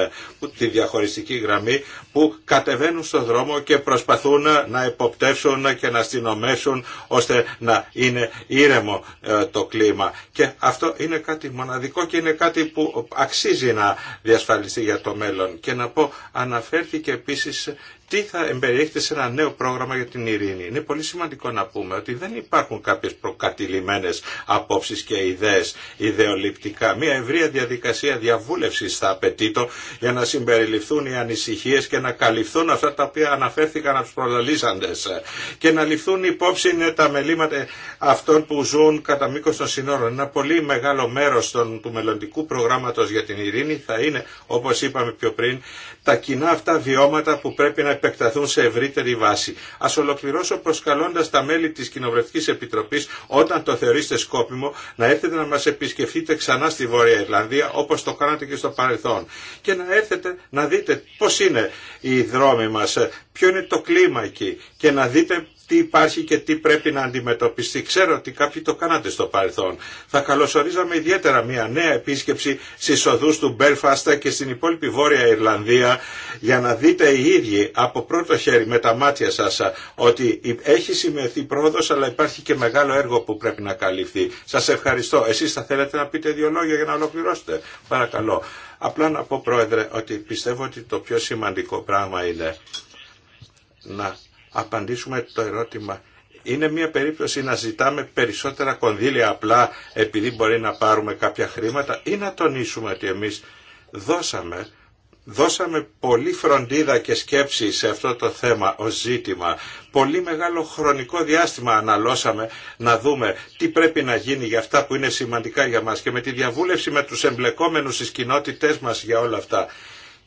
S2: τη διαχωριστική γραμμή που κατεβαίνουν στον δρόμο και προσπαθούν να υποπτεύσουν και να αστυνομέσουν ώστε να είναι ήρεμο ε, το κλίμα. Και αυτό είναι κάτι μοναδικό και είναι κάτι που αξίζει να διασφαλιστεί για το μέλλον. Και να πω, αναφέρθηκε επίσης τι θα εμπεριέχεται σε ένα νέο πρόγραμμα για την ειρήνη. Είναι πολύ σημαντικό να πούμε ότι δεν υπάρχουν κάποιες προκατηλημένες απόψεις και ιδέες ιδεολειπτικά. Μια ευρεία διαδικασία διαβούλευσης θα απαιτεί για να συμπεριληφθούν οι ανησυχίες και να καλυφθούν αυτά τα οποία αναφέρθηκαν από τους προλαλήσαντες και να ληφθούν υπόψη τα μελήματα αυτών που ζουν κατά μήκος των συνόρων. Ένα πολύ μεγάλο μέρος του μελλοντικού προγράμματο για την ειρήνη θα είναι, όπως είπαμε πιο πριν, τα κοινά αυτά βιώματα που πρέπει να επεκταθούν σε ευρύτερη βάση. Α ολοκληρώσω προσκαλώντα τα μέλη τη Κοινοβουλευτική Επιτροπή, όταν το θεωρήσετε σκόπιμο, να έρθετε να μα επισκεφτείτε ξανά στη Βόρεια Ιρλανδία, όπω το κάνατε και στο παρελθόν. Και να έρθετε να δείτε πώ είναι οι δρόμοι μα, ποιο είναι το κλίμα εκεί και να δείτε τι υπάρχει και τι πρέπει να αντιμετωπιστεί. Ξέρω ότι κάποιοι το κάνατε στο παρελθόν. Θα καλωσορίζαμε ιδιαίτερα μια νέα επίσκεψη στι οδού του Μπέλφαστα και στην υπόλοιπη Βόρεια Ιρλανδία για να δείτε οι ίδιοι από πρώτο χέρι με τα μάτια σα ότι έχει σημειωθεί πρόοδο αλλά υπάρχει και μεγάλο έργο που πρέπει να καλυφθεί. Σα ευχαριστώ. Εσεί θα θέλετε να πείτε δύο λόγια για να ολοκληρώσετε. Παρακαλώ. Απλά να πω πρόεδρε ότι πιστεύω ότι το πιο σημαντικό πράγμα είναι να απαντήσουμε το ερώτημα είναι μια περίπτωση να ζητάμε περισσότερα κονδύλια απλά επειδή μπορεί να πάρουμε κάποια χρήματα ή να τονίσουμε ότι εμείς δώσαμε δώσαμε πολύ φροντίδα και σκέψη σε αυτό το θέμα ως ζήτημα. Πολύ μεγάλο χρονικό διάστημα αναλώσαμε να δούμε τι πρέπει να γίνει για αυτά που είναι σημαντικά για μας και με τη διαβούλευση με τους εμπλεκόμενους στις κοινότητές μας για όλα αυτά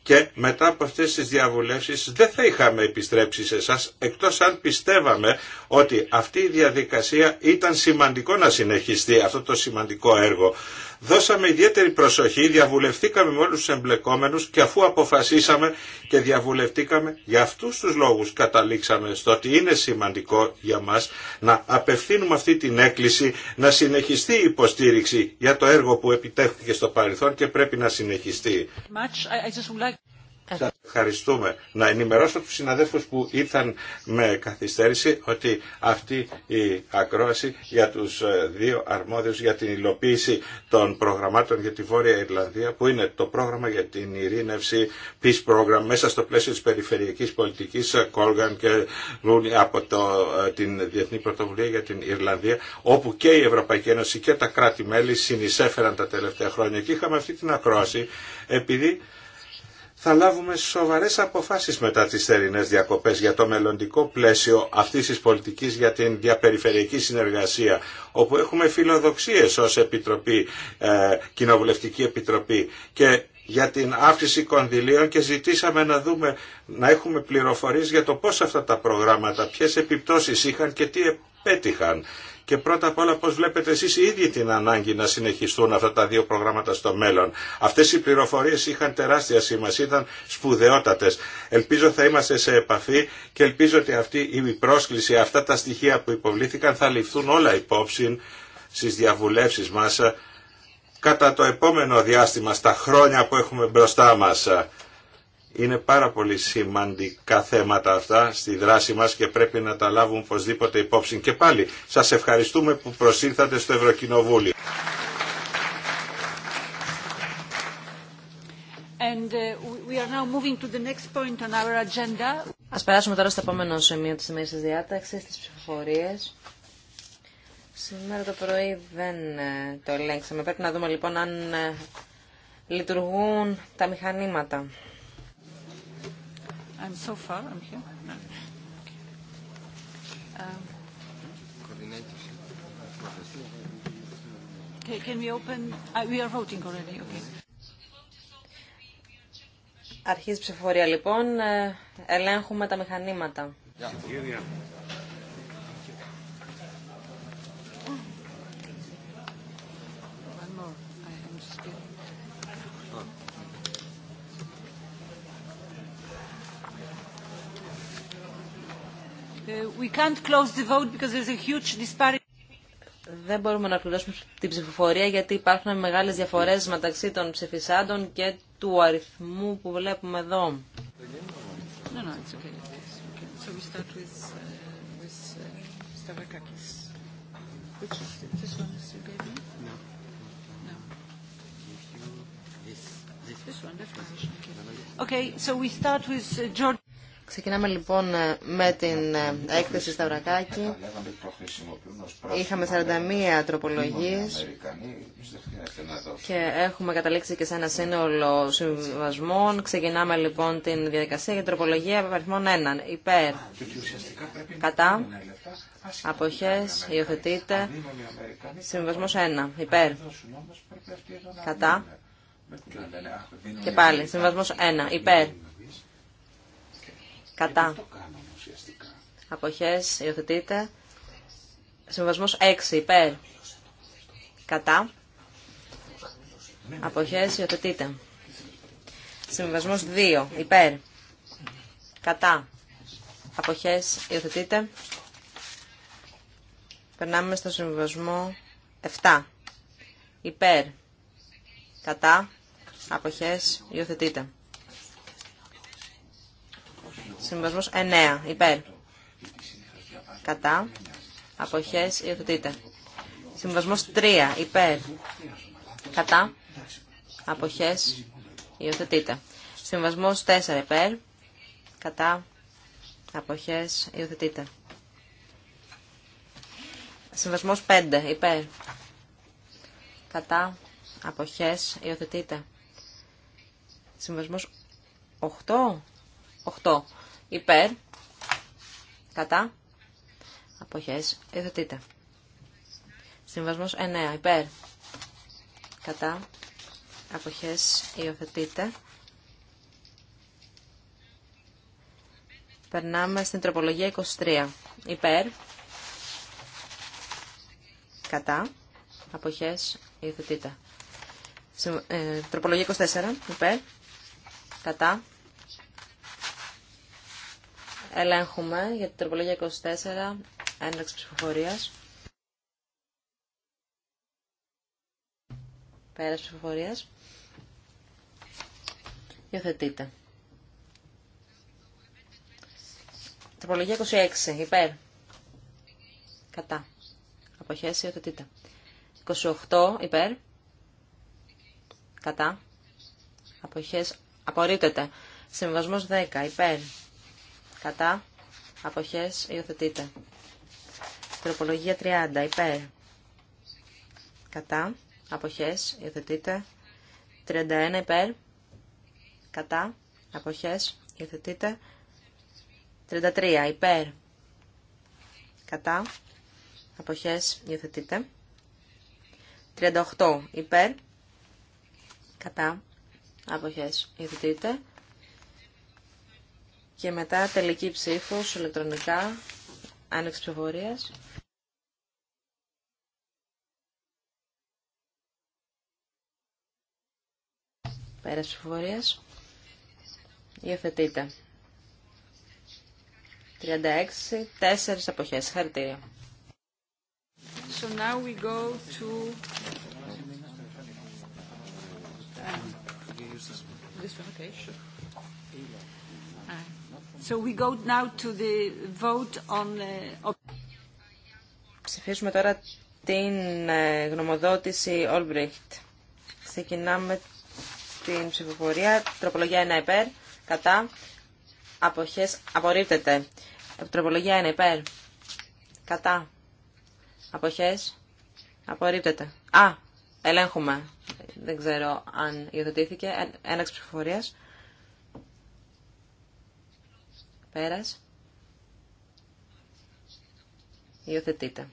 S2: και μετά από αυτές τις διαβουλεύσεις δεν θα είχαμε επιστρέψει σε εσά εκτός αν πιστεύαμε ότι αυτή η διαδικασία ήταν σημαντικό να συνεχιστεί αυτό το σημαντικό έργο δώσαμε ιδιαίτερη προσοχή, διαβουλευτήκαμε με όλους τους εμπλεκόμενους και αφού αποφασίσαμε και διαβουλευτήκαμε για αυτούς τους λόγους καταλήξαμε στο ότι είναι σημαντικό για μας να απευθύνουμε αυτή την έκκληση να συνεχιστεί η υποστήριξη για το έργο που επιτέχθηκε στο παρελθόν και πρέπει να συνεχιστεί. Ε. Σα ευχαριστούμε. Να ενημερώσω του συναδέλφου που ήρθαν με καθυστέρηση ότι αυτή η ακρόαση για του ε, δύο αρμόδιους για την υλοποίηση των προγραμμάτων για τη Βόρεια Ιρλανδία που είναι το πρόγραμμα για την ειρήνευση Peace Program μέσα στο πλαίσιο τη περιφερειακή πολιτική Κόλγαν ε, και Ρούνι από την Διεθνή Πρωτοβουλία για την Ιρλανδία όπου και η Ευρωπαϊκή Ένωση και τα κράτη-μέλη συνεισέφεραν τα τελευταία χρόνια και είχαμε αυτή την ακρόαση επειδή θα λάβουμε σοβαρές αποφάσεις μετά τις θερινές διακοπές για το μελλοντικό πλαίσιο αυτής της πολιτικής για την διαπεριφερειακή συνεργασία, όπου έχουμε φιλοδοξίες ως επιτροπή, ε, Κοινοβουλευτική Επιτροπή και για την αύξηση κονδυλίων και ζητήσαμε να δούμε, να έχουμε πληροφορίες για το πώς αυτά τα προγράμματα, ποιες επιπτώσεις είχαν και τι επέτυχαν και πρώτα απ' όλα πώ βλέπετε εσείς ίδιοι την ανάγκη να συνεχιστούν αυτά τα δύο προγράμματα στο μέλλον. Αυτές οι πληροφορίες είχαν τεράστια σημασία, ήταν σπουδαιότατε. Ελπίζω θα είμαστε σε επαφή και ελπίζω ότι αυτή η πρόσκληση, αυτά τα στοιχεία που υποβλήθηκαν θα ληφθούν όλα υπόψη στις διαβουλεύσεις μα ε, κατά το επόμενο διάστημα, στα χρόνια που έχουμε μπροστά μας είναι πάρα πολύ σημαντικά θέματα αυτά στη δράση μας και πρέπει να τα λάβουν οπωσδήποτε υπόψη. Και πάλι σας ευχαριστούμε που προσήλθατε στο Ευρωκοινοβούλιο.
S3: And
S4: Ας περάσουμε τώρα στο επόμενο σημείο της σημερινής τη διάταξης, στις ψηφοφορίες. Σήμερα το πρωί δεν ε, το ελέγξαμε. Πρέπει να δούμε λοιπόν αν ε, λειτουργούν τα μηχανήματα.
S3: I'm so far. I'm here. Okay, can we open? Uh, We are voting already. Okay. Αρχίζει η ψηφοφορία λοιπόν.
S4: Ελέγχουμε τα μηχανήματα. Yeah. Δεν μπορούμε να κλειδώσουμε την ψηφοφορία γιατί υπάρχουν μεγάλες διαφορές μεταξύ των ψηφισάντων και του αριθμού που βλέπουμε εδώ. Ξεκινάμε λοιπόν ε, με την ε, έκθεση στα βρακάκι. Είχαμε 41 τροπολογίες και έχουμε καταλήξει και σε ένα σύνολο συμβασμών. Ξεκινάμε λοιπόν την διαδικασία για την τροπολογία αριθμών 1. Υπέρ. Κατά. Αποχές. Υιοθετείται. Συμβασμός 1. Υπέρ. Κατά.
S2: Και πάλι. Συμβασμός 1. Υπέρ.
S4: Κατά. Αποχές υιοθετείτε. Συμβασμό 6 υπέρ. Κατά. Αποχές υιοθετείτε. Συμβασμό 2 υπέρ. Κατά. Αποχές υιοθετείτε. Περνάμε στο συμβασμό 7. Υπέρ. Κατά. Αποχές υιοθετείτε. Συμβασμός 9. Ε, υπέρ. Κατά. Αποχές. Υιοθετείτε. Συμβασμός 3. Υπέρ. Κατά. Αποχές. Υιοθετείτε. Συμβασμό 4. Υπέρ. Κατά. Αποχές. Υιοθετείτε. Συμβασμό 5. Υπέρ. Κατά. Αποχές. Υιοθετείτε. Συμβασμό 8. 8 υπέρ, κατά, αποχές, υιοθετείτε. Συμβασμός 9, υπέρ, κατά, αποχές, υιοθετείτε. Περνάμε στην τροπολογία 23, υπέρ, κατά, αποχές, Ε, Τροπολογία 24, υπέρ, κατά, Ελέγχουμε για την τροπολογία 24, ένταξη ψηφοφορίας. Πέρας ψηφοφορίας. Υιοθετείτε. Τροπολογία 26, υπέρ. Κατά. Αποχές, υιοθετείτε. 28, υπέρ. Κατά. Αποχές, απορρίπτεται. Συμβασμός 10, υπέρ κατά, αποχές, υιοθετείτε. Τροπολογία 30, υπέρ, κατά, αποχές, υιοθετείτε, 31 υπέρ, κατά, αποχές, υιοθετείτε, 33 υπέρ, κατά, αποχές, υιοθετείτε. 38 υπέρ, κατά, αποχές, υιοθετείτε. Και μετά τελική ψήφος ηλεκτρονικά, άνοιξη ψηφοφορίας. Πέρας ψηφοφορίας. Υιοθετείτε. 36, 4 αποχές. Χαρητήρια.
S3: So now we go to... This one, okay, sure. So uh,
S4: Ψηφίσουμε τώρα την ε, γνωμοδότηση Olbricht. Ξεκινάμε την ψηφοφορία. Τροπολογία 1 υπέρ. Κατά. Αποχές. Απορρίπτεται. Τροπολογία 1 υπέρ. Κατά. Αποχές. Απορρίπτεται. Α, ελέγχουμε. Δεν ξέρω αν υιοθετήθηκε. Ε, Έναξη ψηφοφορίας. Πέρας. Υιοθετείτε.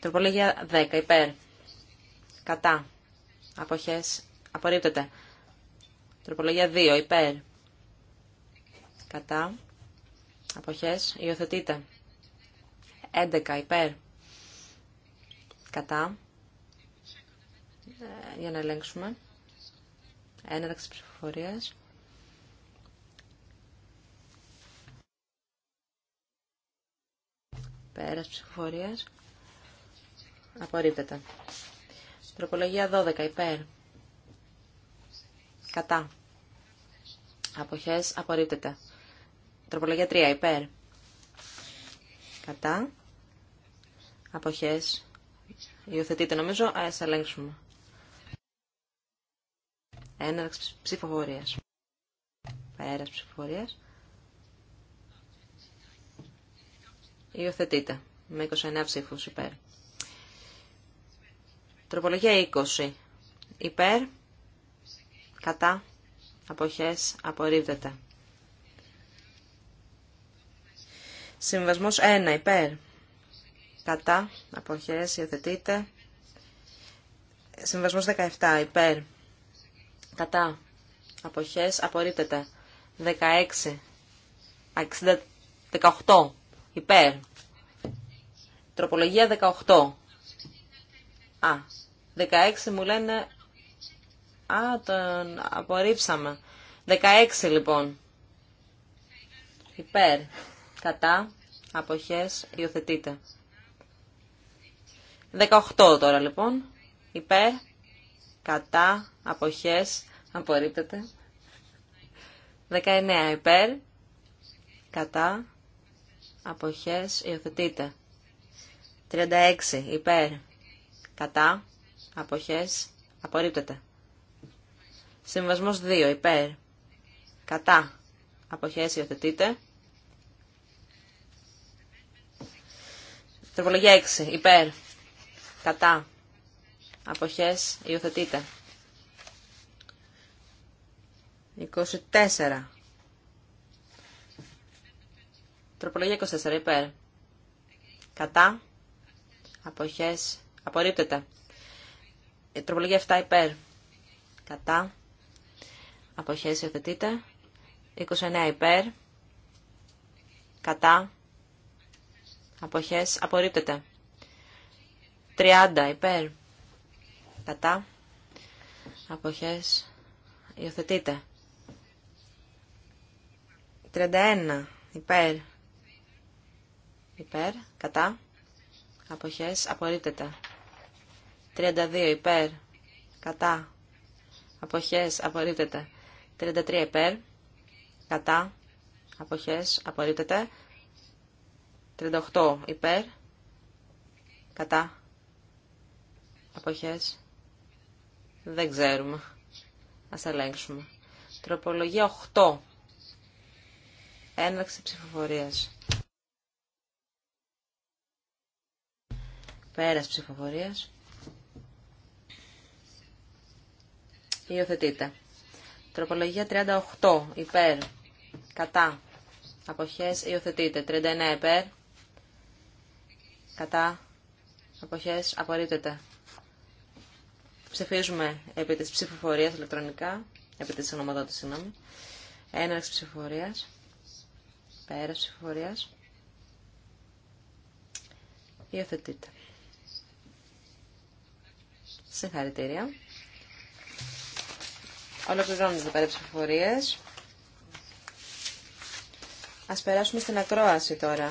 S4: Τροπολογία 10. Υπέρ. Κατά. Αποχές. Απορρίπτεται. Τροπολογία 2. Υπέρ. Κατά. Αποχές. Υιοθετείτε. 11. Υπέρ. Κατά. Ε, για να ελέγξουμε. Έναρξη ψηφοφορίας. Πέρας ψηφοφορίας. Απορρίπτεται. Τροπολογία 12 υπέρ. Κατά. Αποχές απορρίπτεται. Τροπολογία 3 υπέρ. Κατά. Αποχές. Υιοθετείται νομίζω. Ας ελέγξουμε. Έναρξη ψηφοφορίας. Πέρας ψηφοφορίας. Υιοθετείτε. Με 29 ψήφους υπέρ. Τροπολογία 20. Υπέρ. Κατά. Αποχές. Απορρίπτεται. Συμβασμός 1. Υπέρ. Κατά. Αποχές. Υιοθετείτε. Συμβασμός 17. Υπέρ. Κατά. Αποχές. Απορρίπτεται. 16. 60, 18. Υπέρ. Τροπολογία 18. Α, 16 μου λένε... Α, τον απορρίψαμε. 16 λοιπόν. Υπέρ. Κατά. Αποχές. Υιοθετείτε. 18 τώρα λοιπόν. Υπέρ. Κατά. Αποχές. Απορρίπτεται. 19 υπέρ. Κατά αποχές Υιοθετείτε. 36 υπέρ κατά αποχές απορρίπτεται. Συμβασμός 2 υπέρ κατά αποχές Υιοθετείτε. Τροπολογία 6 υπέρ κατά αποχές Υιοθετείτε. 24 Τροπολογία 24 υπέρ. Κατά. Αποχές. Απορρίπτεται. Ε, τροπολογία 7 υπέρ. Κατά. Αποχές υιοθετείται. 29 υπέρ. Κατά. Αποχές. Απορρίπτεται. 30 υπέρ. Κατά. Αποχές. Υιοθετείται. 31 υπέρ υπέρ, κατά, αποχές, απορρίπτεται. 32 υπέρ, κατά, αποχές, απορρίπτεται. 33 υπέρ, κατά, αποχές, απορρίπτεται. 38 υπέρ, κατά, αποχές, δεν ξέρουμε. Ας ελέγξουμε. Τροπολογία 8. Έναρξη ψηφοφορίας. Πέρας ψηφοφορίας. Υιοθετείτε. Τροπολογία 38 υπέρ. Κατά. Αποχές υιοθετείτε. 39 υπέρ. Κατά. Αποχές απορρίπτεται. Ψηφίζουμε επί της ψηφοφορίας ηλεκτρονικά. Επί της ονοματότητας, συγγνώμη. Έναρξη ψηφοφορίας. Πέρας ψηφοφορίας. Υιοθετείτε. Συγχαρητήρια. Ολοκληρώνονται πέρα ψηφοφορίες. Ας περάσουμε στην ακρόαση τώρα.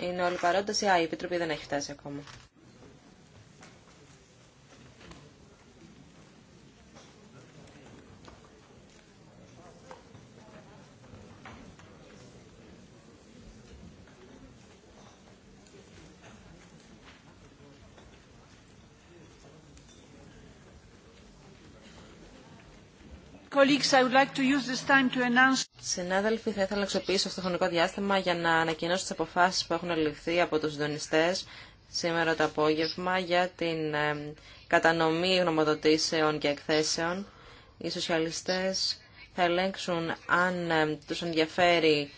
S4: Είναι όλοι παρόντες ή η Επιτροπή δεν έχει φτάσει ακόμα. Συνάδελφοι, θα ήθελα να αξιοποιήσω αυτό το χρονικό διάστημα για να ανακοινώσω τις αποφάσεις που έχουν ληφθεί από τους συντονιστέ σήμερα το απόγευμα για την ε, κατανομή γνωμοδοτήσεων και εκθέσεων. Οι σοσιαλιστές θα ελέγξουν αν ε, τους ενδιαφέρει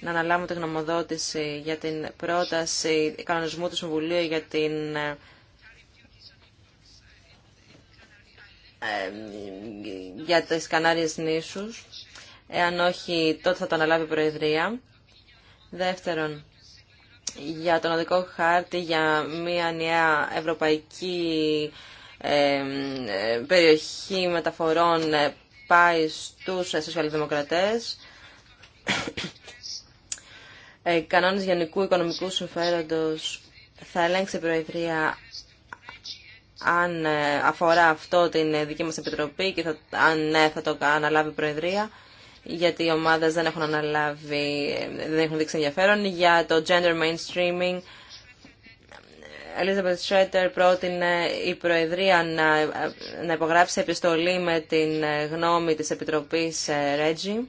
S4: να αναλάβουν τη γνωμοδότηση για την πρόταση κανονισμού του Συμβουλίου για την ε, Ε, για τις Κανάριες νήσους. Εάν όχι, τότε θα το αναλάβει η Προεδρία. Δεύτερον, για τον οδικό χάρτη για μια νέα ευρωπαϊκή ε, ε, περιοχή μεταφορών πάει στους σοσιαλδημοκρατές. Ε, κανόνες γενικού οικονομικού συμφέροντος θα ελέγξει η Προεδρία αν ε, αφορά αυτό την ε, δική μας επιτροπή και αν ναι θα το αναλάβει η Προεδρία γιατί οι ομάδες δεν έχουν αναλάβει, ε, δεν έχουν δείξει ενδιαφέρον. Για το gender mainstreaming, Elizabeth Schroeder πρότεινε η Προεδρία να, να υπογράψει επιστολή με την γνώμη της Επιτροπής Reggie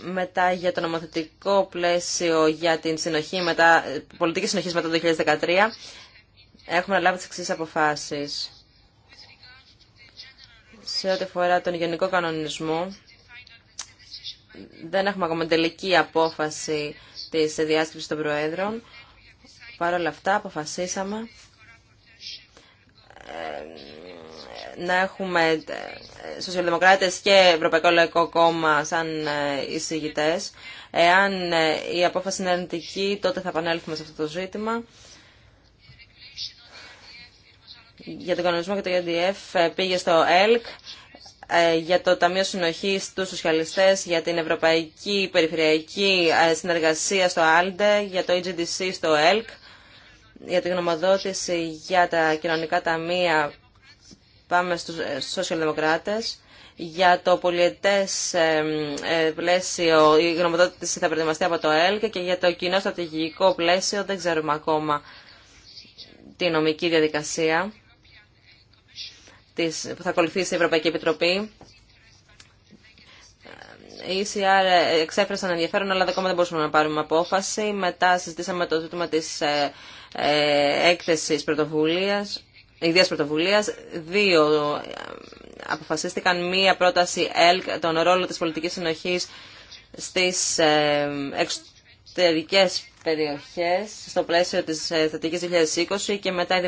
S4: μετά για το νομοθετικό πλαίσιο για την συνοχή μετά, πολιτική συνοχή μετά το 2013 έχουμε λάβει τις εξής αποφάσεις. Σε ό,τι αφορά τον γενικό κανονισμό δεν έχουμε ακόμα τελική απόφαση της διάσκεψης των Προέδρων. Παρ' όλα αυτά αποφασίσαμε ε, να έχουμε ε, σοσιαλδημοκράτες και Ευρωπαϊκό Λαϊκό Κόμμα σαν ε, εισηγητές. Εάν ε, η απόφαση είναι αρνητική, τότε θα επανέλθουμε σε αυτό το ζήτημα. Για τον κανονισμό και το EDF πήγε στο ΕΛΚ για το Ταμείο Συνοχή του Σοσιαλιστέ, για την Ευρωπαϊκή Περιφερειακή Συνεργασία στο Άλντε, για το EGDC στο ΕΛΚ, για την γνωμοδότηση για τα κοινωνικά ταμεία Πάμε ε, στους σοσιαλδημοκράτες. Για το πολιετές ε, ε, πλαίσιο η γνωμοδότηση θα προετοιμαστεί από το ΕΛΚ και για το κοινό στρατηγικό πλαίσιο δεν ξέρουμε ακόμα τη νομική διαδικασία που θα ακολουθήσει η Ευρωπαϊκή Επιτροπή. Οι ECR εξέφρασαν ενδιαφέρον, αλλά ακόμα δεν μπορούσαμε να πάρουμε απόφαση. Μετά συζητήσαμε το ζήτημα της έκθεσης πρωτοβουλίας Ιδία πρωτοβουλία, Δύο ε, αποφασίστηκαν. Μία πρόταση ΕΛΚ, τον ρόλο της πολιτικής συνοχής στις ε, εξωτερικές περιοχές στο πλαίσιο της ε, θετικής 2020 και μετά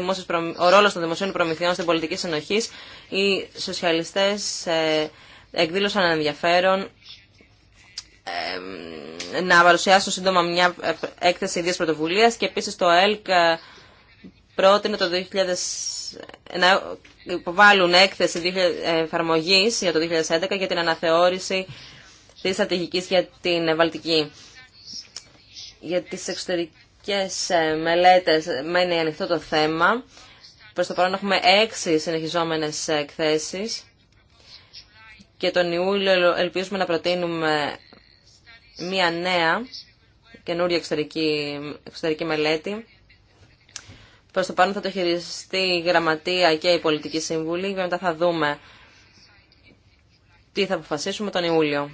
S4: ο ρόλος των δημοσίων προμηθειών στην πολιτική συνοχή. Οι σοσιαλιστές εκδήλωσαν ενδιαφέρον να παρουσιάσουν σύντομα μια έκθεση ιδίας πρωτοβουλίας και επίσης το ΕΛΚ πρότεινε το 2000 να υποβάλουν έκθεση ε, εφαρμογή για το 2011 για την αναθεώρηση της στρατηγικής για την Βαλτική. Για τις εξωτερικές ε, μελέτες ε, μένει ανοιχτό το θέμα. Προς το παρόν έχουμε έξι συνεχιζόμενες εκθέσεις και τον Ιούλιο ελπίζουμε να προτείνουμε μία νέα καινούρια εξωτερική, εξωτερική μελέτη Προς το πάνω θα το χειριστεί η Γραμματεία και η Πολιτική Συμβουλή και μετά θα δούμε τι θα αποφασίσουμε τον Ιούλιο.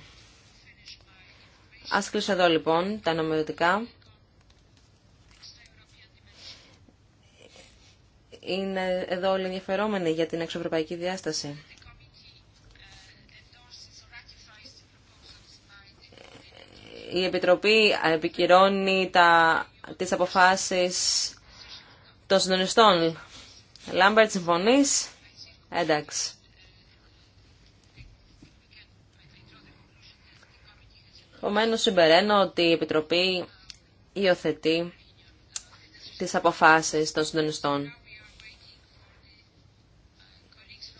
S4: Ας κλείσω εδώ λοιπόν τα νομιωτικά. Είναι εδώ όλοι ενδιαφερόμενοι για την εξωευρωπαϊκή διάσταση. Η Επιτροπή επικυρώνει τα, τις αποφάσεις των συντονιστών. Λάμπερτ, συμφωνεί. Εντάξει. Επομένω, συμπεραίνω ότι η Επιτροπή υιοθετεί τις αποφάσεις των συντονιστών.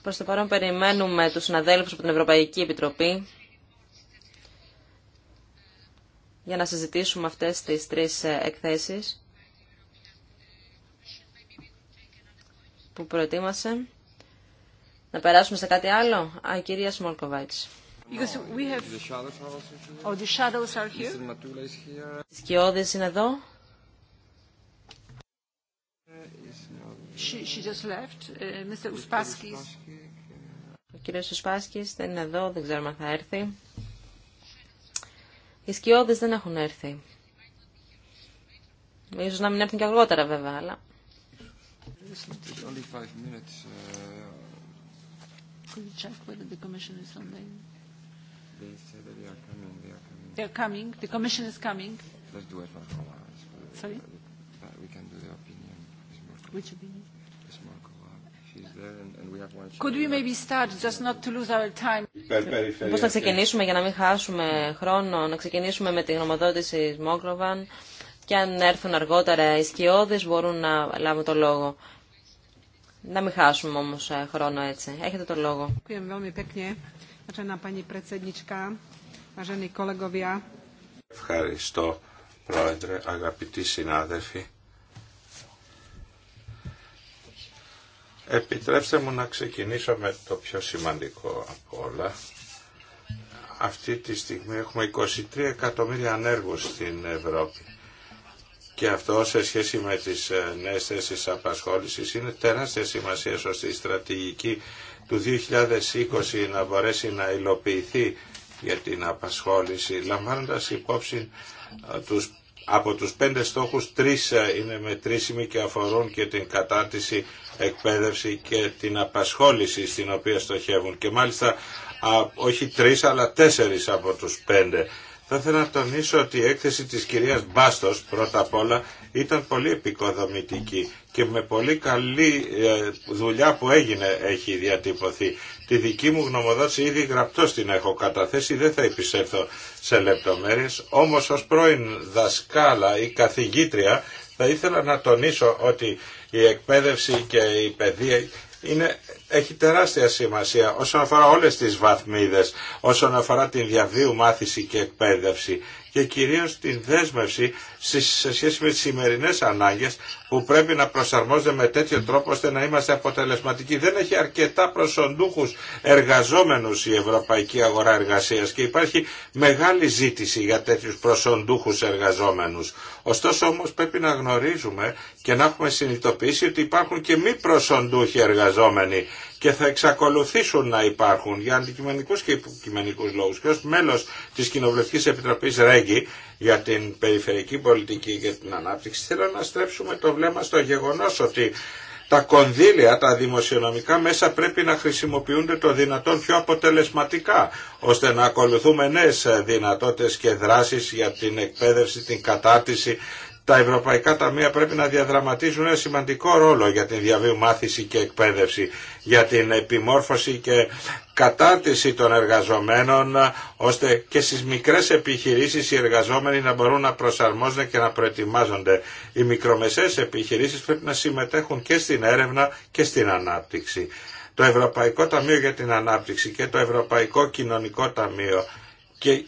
S4: Προς το παρόν περιμένουμε τους συναδέλφους από την Ευρωπαϊκή Επιτροπή για να συζητήσουμε αυτές τις τρεις ε, εκθέσεις. που προετοίμασε. Να περάσουμε σε κάτι άλλο. Α, η κυρία Σμολκοβάιτς. Οι σκιώδες είναι εδώ. Uh, Ο κύριος Ουσπάσκης δεν είναι εδώ, δεν ξέρουμε αν θα έρθει. Οι σκιώδες δεν έχουν έρθει. Ίσως να μην έρθουν και αργότερα βέβαια, αλλά...
S3: Listen, it's only five minutes. Could you check whether the Commission is online? They said that they are coming. They are coming. They are coming. The Commission is coming. Let's do it for Sorry. We can do the opinion. Which opinion? Could we maybe start just not to lose our time.
S4: Πώς να ξεκινήσουμε για να μην χάσουμε χρόνο, να ξεκινήσουμε με τη γνωμοδότηση Μόκροβαν και αν έρθουν αργότερα οι σκιώδες μπορούν να λάβουν το λόγο. Να μην χάσουμε όμως ε, χρόνο έτσι. Έχετε το λόγο.
S2: Ευχαριστώ, Πρόεδρε, αγαπητοί συνάδελφοι. Επιτρέψτε μου να ξεκινήσω με το πιο σημαντικό από όλα. Αυτή τη στιγμή έχουμε 23 εκατομμύρια ανέργους στην Ευρώπη και αυτό σε σχέση με τις ε, νέες θέσεις απασχόλησης είναι τεράστια σημασία ώστε η στρατηγική του 2020 να μπορέσει να υλοποιηθεί για την απασχόληση λαμβάνοντας υπόψη ε, τους από τους πέντε στόχους τρεις ε, είναι μετρήσιμοι και αφορούν και την κατάρτιση, εκπαίδευση και την απασχόληση στην οποία στοχεύουν. Και μάλιστα όχι τρεις αλλά τέσσερις από τους πέντε. Θα ήθελα να τονίσω ότι η έκθεση της κυρίας Μπάστος πρώτα απ' όλα ήταν πολύ επικοδομητική και με πολύ καλή ε, δουλειά που έγινε έχει διατυπωθεί. Τη δική μου γνωμοδότηση ήδη γραπτός την έχω καταθέσει, δεν θα επισέλθω σε λεπτομέρειες, όμως ως πρώην δασκάλα ή καθηγήτρια θα ήθελα να τονίσω ότι η εκπαίδευση και η παιδεία είναι έχει τεράστια σημασία όσον αφορά όλες τις βαθμίδες, όσον αφορά την διαβίου μάθηση και εκπαίδευση και κυρίως την δέσμευση σε σχέση με τις σημερινές ανάγκες που πρέπει να προσαρμόζεται με τέτοιο τρόπο ώστε να είμαστε αποτελεσματικοί. Δεν έχει αρκετά προσοντούχους εργαζόμενους η ευρωπαϊκή αγορά εργασίας και υπάρχει μεγάλη ζήτηση για τέτοιους προσοντούχους εργαζόμενους. Ωστόσο όμως πρέπει να γνωρίζουμε και να έχουμε συνειδητοποιήσει ότι υπάρχουν και μη προσοντούχοι εργαζόμενοι και θα εξακολουθήσουν να υπάρχουν για αντικειμενικούς και υποκειμενικούς λόγους. Και ως μέλος της Κοινοβουλευτικής Επιτροπής ΡΕΓΙ για την περιφερειακή πολιτική και την ανάπτυξη, θέλω να στρέψουμε το βλέμμα στο γεγονός ότι τα κονδύλια, τα δημοσιονομικά μέσα πρέπει να χρησιμοποιούνται το δυνατόν πιο αποτελεσματικά, ώστε να ακολουθούμε νέες δυνατότητες και δράσεις για την εκπαίδευση, την κατάρτιση, τα ευρωπαϊκά ταμεία πρέπει να διαδραματίζουν ένα σημαντικό ρόλο για την διαβίου μάθηση και εκπαίδευση, για την επιμόρφωση και κατάρτιση των εργαζομένων, ώστε και στις μικρές επιχειρήσεις οι εργαζόμενοι να μπορούν να προσαρμόζονται και να προετοιμάζονται. Οι μικρομεσαίες επιχειρήσεις πρέπει να συμμετέχουν και στην έρευνα και στην ανάπτυξη. Το Ευρωπαϊκό Ταμείο για την Ανάπτυξη και το Ευρωπαϊκό Κοινωνικό Ταμείο και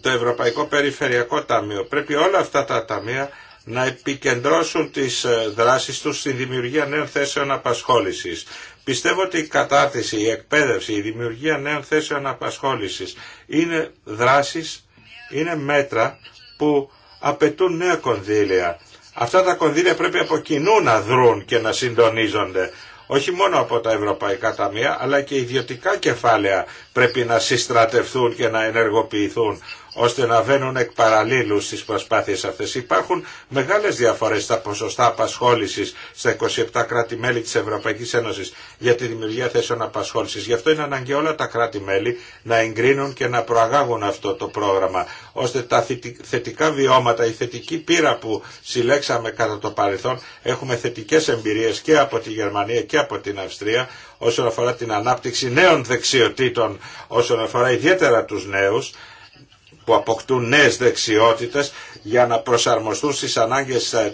S2: το Ευρωπαϊκό Περιφερειακό Ταμείο. Πρέπει όλα αυτά τα ταμεία να επικεντρώσουν τις ε, δράσεις τους στη δημιουργία νέων θέσεων απασχόλησης. Πιστεύω ότι η κατάρτιση, η εκπαίδευση, η δημιουργία νέων θέσεων απασχόλησης είναι δράσεις, είναι μέτρα που απαιτούν νέα κονδύλια. Αυτά τα κονδύλια πρέπει από κοινού να δρουν και να συντονίζονται όχι μόνο από τα ευρωπαϊκά ταμεία αλλά και ιδιωτικά κεφάλαια πρέπει να συστρατευτούν και να ενεργοποιηθούν ώστε να βαίνουν εκ παραλίλου στις προσπάθειες αυτές. Υπάρχουν μεγάλες διαφορές στα ποσοστά απασχόλησης στα 27 κράτη-μέλη της Ευρωπαϊκής Ένωσης για τη δημιουργία θέσεων απασχόλησης. Γι' αυτό είναι αναγκαίο όλα τα κράτη-μέλη να εγκρίνουν και να προαγάγουν αυτό το πρόγραμμα, ώστε τα θετικά βιώματα, η θετική πείρα που συλλέξαμε κατά το παρελθόν, έχουμε θετικές εμπειρίες και από τη Γερμανία και από την Αυστρία, όσον αφορά την ανάπτυξη νέων δεξιοτήτων, όσον αφορά ιδιαίτερα τους νέους, που αποκτούν νέες δεξιότητες για να προσαρμοστούν στις ανάγκες ε,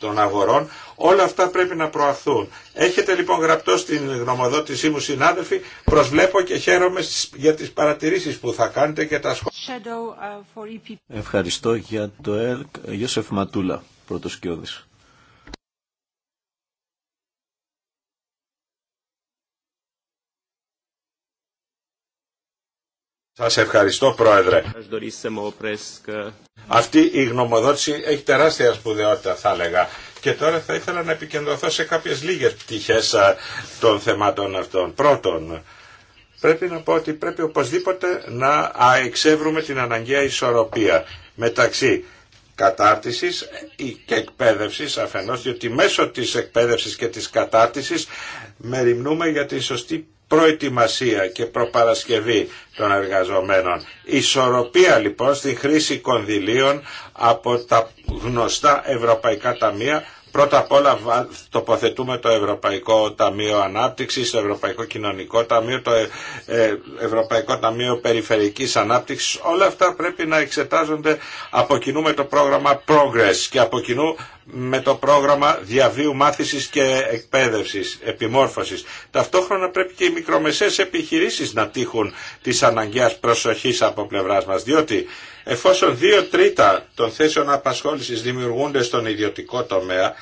S2: των, αγορών, όλα αυτά πρέπει να προαχθούν. Έχετε λοιπόν γραπτό στην γνωμοδότησή μου συνάδελφοι, προσβλέπω και χαίρομαι για τις παρατηρήσεις που θα κάνετε και τα
S3: σχόλια. Uh, e
S1: Ευχαριστώ για το ΕΛΚ, Γιώσεφ Ματούλα, πρώτος
S2: Σας ευχαριστώ Πρόεδρε. Αυτή η γνωμοδότηση έχει τεράστια σπουδαιότητα θα έλεγα. Και τώρα θα ήθελα να επικεντρωθώ σε κάποιες λίγες πτυχές των θεμάτων αυτών. Πρώτον, πρέπει να πω ότι πρέπει οπωσδήποτε να αεξεύρουμε την αναγκαία ισορροπία μεταξύ κατάρτισης και εκπαίδευσης αφενός, διότι μέσω της εκπαίδευσης και της κατάρτισης μεριμνούμε για τη σωστή προετοιμασία και προπαρασκευή των εργαζομένων. Ισορροπία λοιπόν στη χρήση κονδυλίων από τα γνωστά ευρωπαϊκά ταμεία Πρώτα απ' όλα τοποθετούμε το Ευρωπαϊκό Ταμείο Ανάπτυξης, το Ευρωπαϊκό Κοινωνικό Ταμείο, το ε, ε, Ευρωπαϊκό Ταμείο Περιφερικής Ανάπτυξης. Όλα αυτά πρέπει να εξετάζονται από κοινού με το πρόγραμμα Progress και από κοινού με το πρόγραμμα διαβίου μάθησης και εκπαίδευσης, επιμόρφωσης. Ταυτόχρονα πρέπει και οι μικρομεσαίες επιχειρήσεις να τύχουν της αναγκαίας προσοχής από πλευράς μας, διότι εφόσον δύο τρίτα των θέσεων απασχόλησης δημιουργούνται στον ιδιωτικό τομέα,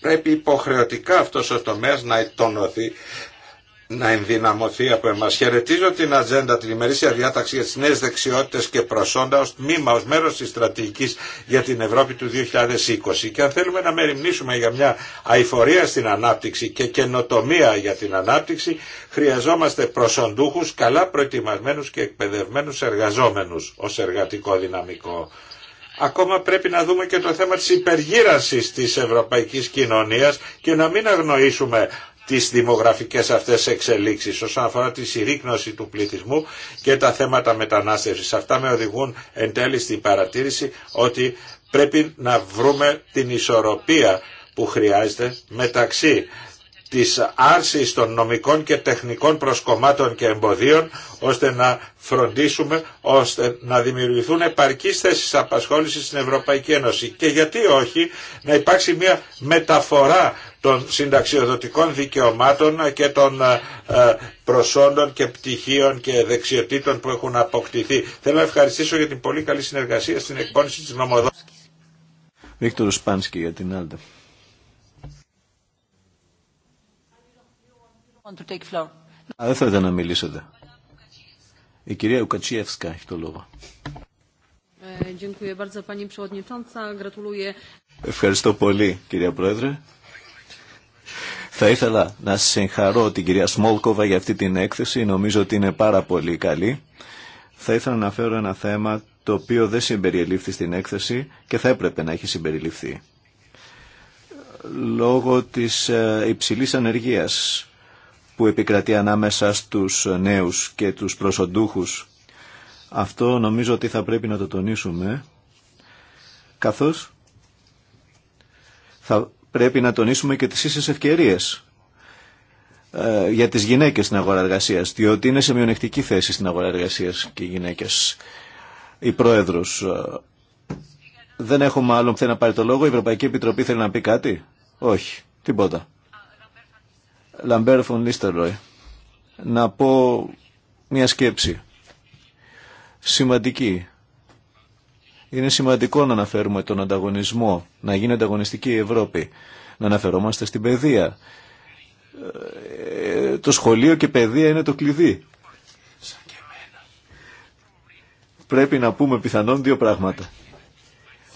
S2: πρέπει υποχρεωτικά αυτός ο τομέας να τονωθεί να ενδυναμωθεί από εμά. Χαιρετίζω την ατζέντα, την ημερήσια διάταξη για τι νέε δεξιότητε και προσόντα ω τμήμα, ω μέρο τη στρατηγική για την Ευρώπη του 2020. Και αν θέλουμε να μεριμνήσουμε για μια αηφορία στην ανάπτυξη και καινοτομία για την ανάπτυξη, χρειαζόμαστε προσοντούχου, καλά προετοιμασμένου και εκπαιδευμένου εργαζόμενου ω εργατικό δυναμικό. Ακόμα πρέπει να δούμε και το θέμα της υπεργύρασης της ευρωπαϊκής κοινωνίας και να μην αγνοήσουμε τις δημογραφικές αυτές εξελίξεις όσον αφορά τη συρρήκνωση του πληθυσμού και τα θέματα μετανάστευσης. Αυτά με οδηγούν εν τέλει στην παρατήρηση ότι πρέπει να βρούμε την ισορροπία που χρειάζεται μεταξύ της άρσης των νομικών και τεχνικών προσκομμάτων και εμποδίων ώστε να φροντίσουμε ώστε να δημιουργηθούν επαρκείς θέσεις απασχόλησης στην Ευρωπαϊκή Ένωση και γιατί όχι να υπάρξει μια μεταφορά των συνταξιοδοτικών δικαιωμάτων και των ε, προσόντων και πτυχίων και δεξιοτήτων που έχουν αποκτηθεί. Θέλω να ευχαριστήσω για την πολύ καλή συνεργασία στην εκπόνηση της νομοδότησης.
S1: Σπάνσκι για την δεν θέλετε να μιλήσετε. Η κυρία Ουκατσιεύσκα έχει το λόγο. Ε, Ευχαριστώ πολύ κυρία Πρόεδρε. Θα ήθελα να συγχαρώ την κυρία Σμόλκοβα για αυτή την έκθεση. Νομίζω ότι είναι πάρα πολύ καλή. Θα ήθελα να φέρω ένα θέμα το οποίο δεν συμπεριελήφθη στην έκθεση και θα έπρεπε να έχει συμπεριληφθεί. Λόγω της ε, υψηλής ανεργίας που επικρατεί ανάμεσα στους νέους και τους προσοντούχους. Αυτό νομίζω ότι θα πρέπει να το τονίσουμε, καθώς θα πρέπει να τονίσουμε και τις ίσες ευκαιρίες ε, για τις γυναίκες στην αγορά εργασίας, διότι είναι σε μειονεκτική θέση στην αγορά εργασίας και οι γυναίκες. Οι Πρόεδρος, ε, δεν έχουμε άλλον που θέλει να πάρει το λόγο, η Ευρωπαϊκή Επιτροπή θέλει να πει κάτι. Όχι, τίποτα. Λαμπέρ Φων Λίστερροι να πω μια σκέψη. Σημαντική. Είναι σημαντικό να αναφέρουμε τον ανταγωνισμό, να γίνει ανταγωνιστική η Ευρώπη, να αναφερόμαστε στην παιδεία. Ε, το σχολείο και παιδεία είναι το κλειδί. Πρέπει να πούμε πιθανόν δύο πράγματα.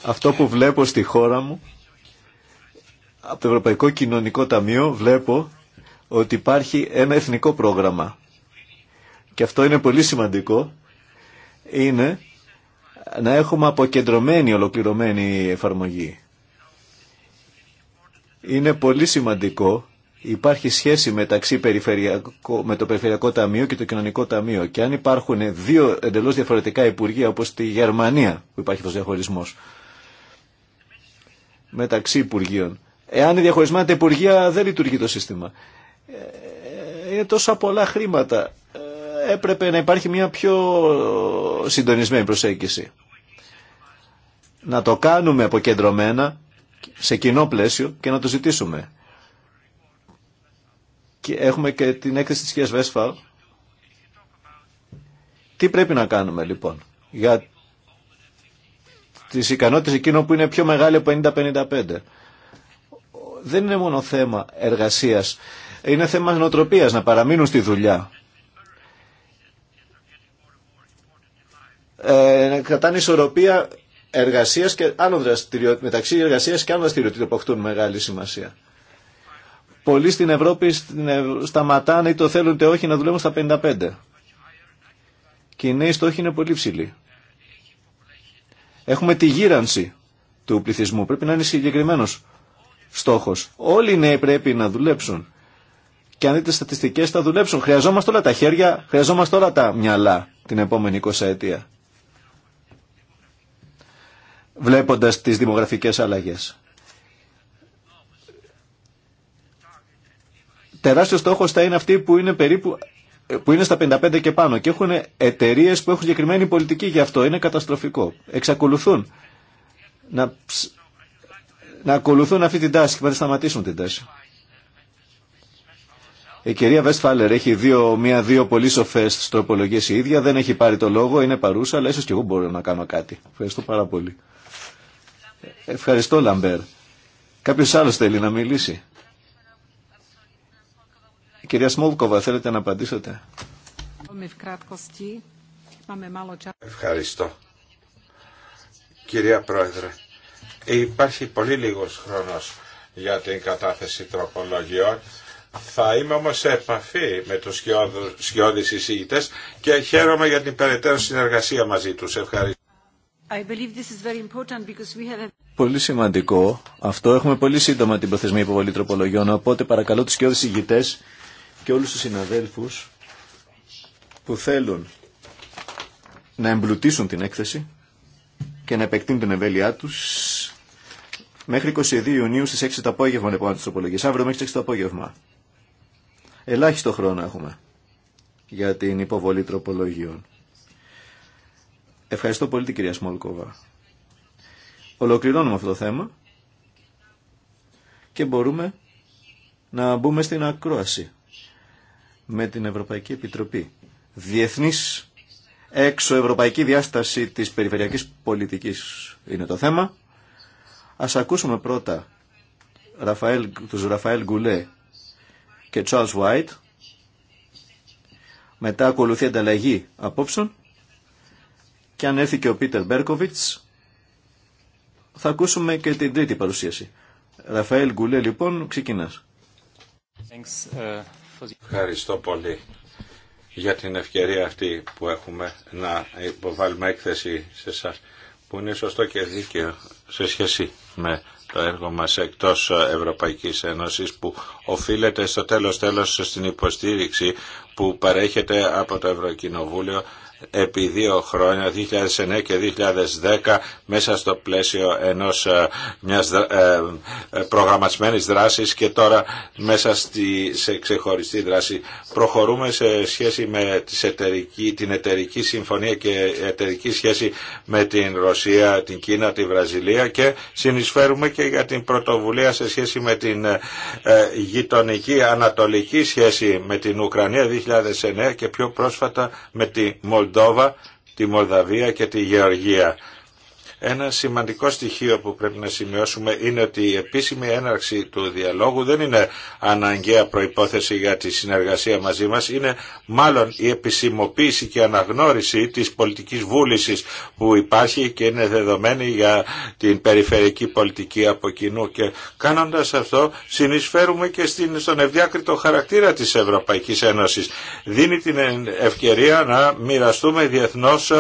S1: Αυτό που βλέπω στη χώρα μου, από το Ευρωπαϊκό Κοινωνικό Ταμείο, βλέπω ότι υπάρχει ένα εθνικό πρόγραμμα. Και αυτό είναι πολύ σημαντικό. Είναι να έχουμε αποκεντρωμένη, ολοκληρωμένη εφαρμογή. Είναι πολύ σημαντικό. Υπάρχει σχέση μεταξύ με το Περιφερειακό Ταμείο και το Κοινωνικό Ταμείο. Και αν υπάρχουν δύο εντελώς διαφορετικά υπουργεία, όπως τη Γερμανία που υπάρχει αυτός διαχωρισμός, μεταξύ υπουργείων. Εάν είναι διαχωρισμένα τα υπουργεία δεν λειτουργεί το σύστημα είναι ε, ε, τόσα πολλά χρήματα. Ε, έπρεπε να υπάρχει μια πιο συντονισμένη προσέγγιση. Να το κάνουμε αποκεντρωμένα, σε κοινό πλαίσιο και να το ζητήσουμε. Και έχουμε και την έκθεση της κυρίας Βέσφαλ. Τι πρέπει να κάνουμε λοιπόν για τις ικανότητες εκείνων που είναι πιο μεγάλη από 50-55. Δεν είναι μόνο θέμα εργασίας είναι θέμα νοοτροπίας να παραμείνουν στη δουλειά. Ε, να κρατάνε ισορροπία εργασίας και άλλων μεταξύ εργασίας και άλλων δραστηριοτήτων που έχουν μεγάλη σημασία. Πολλοί στην Ευρώπη σταματάνε ή το θέλουν ή όχι να δουλεύουν στα 55. Και οι νέοι στόχοι είναι πολύ ψηλοί. Έχουμε τη γύρανση του πληθυσμού. Πρέπει να είναι συγκεκριμένο στόχος. Όλοι οι νέοι πρέπει να δουλέψουν. Και αν δείτε στατιστικές θα δουλέψουν. Χρειαζόμαστε όλα τα χέρια, χρειαζόμαστε όλα τα μυαλά την επόμενη 20 αιτία. Βλέποντας τις δημογραφικές αλλαγές. Τεράστιος στόχο θα είναι αυτοί που είναι περίπου που είναι στα 55 και πάνω και έχουν εταιρείε που έχουν συγκεκριμένη πολιτική γι' αυτό. Είναι καταστροφικό. Εξακολουθούν να, να ακολουθούν αυτή την τάση και να σταματήσουν την τάση. Η κυρία Βέσφαλερ έχει δύο, μία, δύο πολύ σοφέ τροπολογίε η ίδια. Δεν έχει πάρει το λόγο, είναι παρούσα, αλλά ίσω και εγώ μπορώ να κάνω κάτι. Ευχαριστώ πάρα πολύ. Ευχαριστώ, Λαμπέρ. Κάποιο άλλο θέλει να μιλήσει. Η κυρία Σμόλκοβα, θέλετε να απαντήσετε.
S2: Ευχαριστώ. Κυρία Πρόεδρε, υπάρχει πολύ λίγος χρόνος για την κατάθεση τροπολογιών θα είμαι όμως σε επαφή με τους σκιώδεις εισηγητές και χαίρομαι για την περαιτέρω συνεργασία μαζί τους. Ευχαριστώ.
S3: I
S1: Πολύ σημαντικό. Αυτό έχουμε πολύ σύντομα την προθεσμία υποβολή τροπολογιών, οπότε παρακαλώ τους σκιώδεις ηγητές και όλους τους συναδέλφους που θέλουν να εμπλουτίσουν την έκθεση και να επεκτείνουν την εμβέλειά τους μέχρι 22 Ιουνίου στις 6 το απόγευμα λοιπόν τις τροπολογίες. Αύριο μέχρι τις 6 το απόγευμα. Ελάχιστο χρόνο έχουμε για την υποβολή τροπολογιών. Ευχαριστώ πολύ την κυρία Σμολκόβα. Ολοκληρώνουμε αυτό το θέμα και μπορούμε να μπούμε στην ακρόαση με την Ευρωπαϊκή Επιτροπή. Διεθνής έξω ευρωπαϊκή διάσταση της περιφερειακής πολιτικής είναι το θέμα. Ας ακούσουμε πρώτα Ραφαέλ, τους Ραφαέλ Γκουλέ και Charles White. Μετά ακολουθεί ανταλλαγή απόψεων και αν έρθει και ο Πίτερ Μπέρκοβιτς θα ακούσουμε και την τρίτη παρουσίαση. Ραφαέλ Γκουλέ λοιπόν ξεκινάς.
S2: Uh, Ευχαριστώ πολύ για την ευκαιρία αυτή που έχουμε να υποβάλουμε έκθεση σε εσά που είναι σωστό και δίκαιο σε σχέση με το έργο μας εκτός Ευρωπαϊκής Ένωσης που οφείλεται στο τέλος τέλος στην υποστήριξη που παρέχεται από το Ευρωκοινοβούλιο επί δύο χρόνια, 2009 και 2010, μέσα στο πλαίσιο ενός ε, μιας ε, ε, προγραμματισμένης δράσης και τώρα μέσα στη, σε ξεχωριστή δράση. Προχωρούμε σε σχέση με τις εταιρική, την εταιρική συμφωνία και εταιρική σχέση με την Ρωσία, την Κίνα, τη Βραζιλία και συνεισφέρουμε και για την πρωτοβουλία σε σχέση με την γειτονική ανατολική σχέση με την Ουκρανία 2009 και πιο πρόσφατα με τη Μολδία τη Μολδαβία και τη Γεωργία. Ένα σημαντικό στοιχείο που πρέπει να σημειώσουμε είναι ότι η επίσημη έναρξη του διαλόγου δεν είναι αναγκαία προϋπόθεση για τη συνεργασία μαζί μας, είναι μάλλον η επισημοποίηση και αναγνώριση της πολιτικής βούλησης που υπάρχει και είναι δεδομένη για την περιφερειακή πολιτική από κοινού και κάνοντας αυτό συνεισφέρουμε και στον ευδιάκριτο χαρακτήρα της Ευρωπαϊκής Ένωσης. Δίνει την ευκαιρία να μοιραστούμε διεθνώς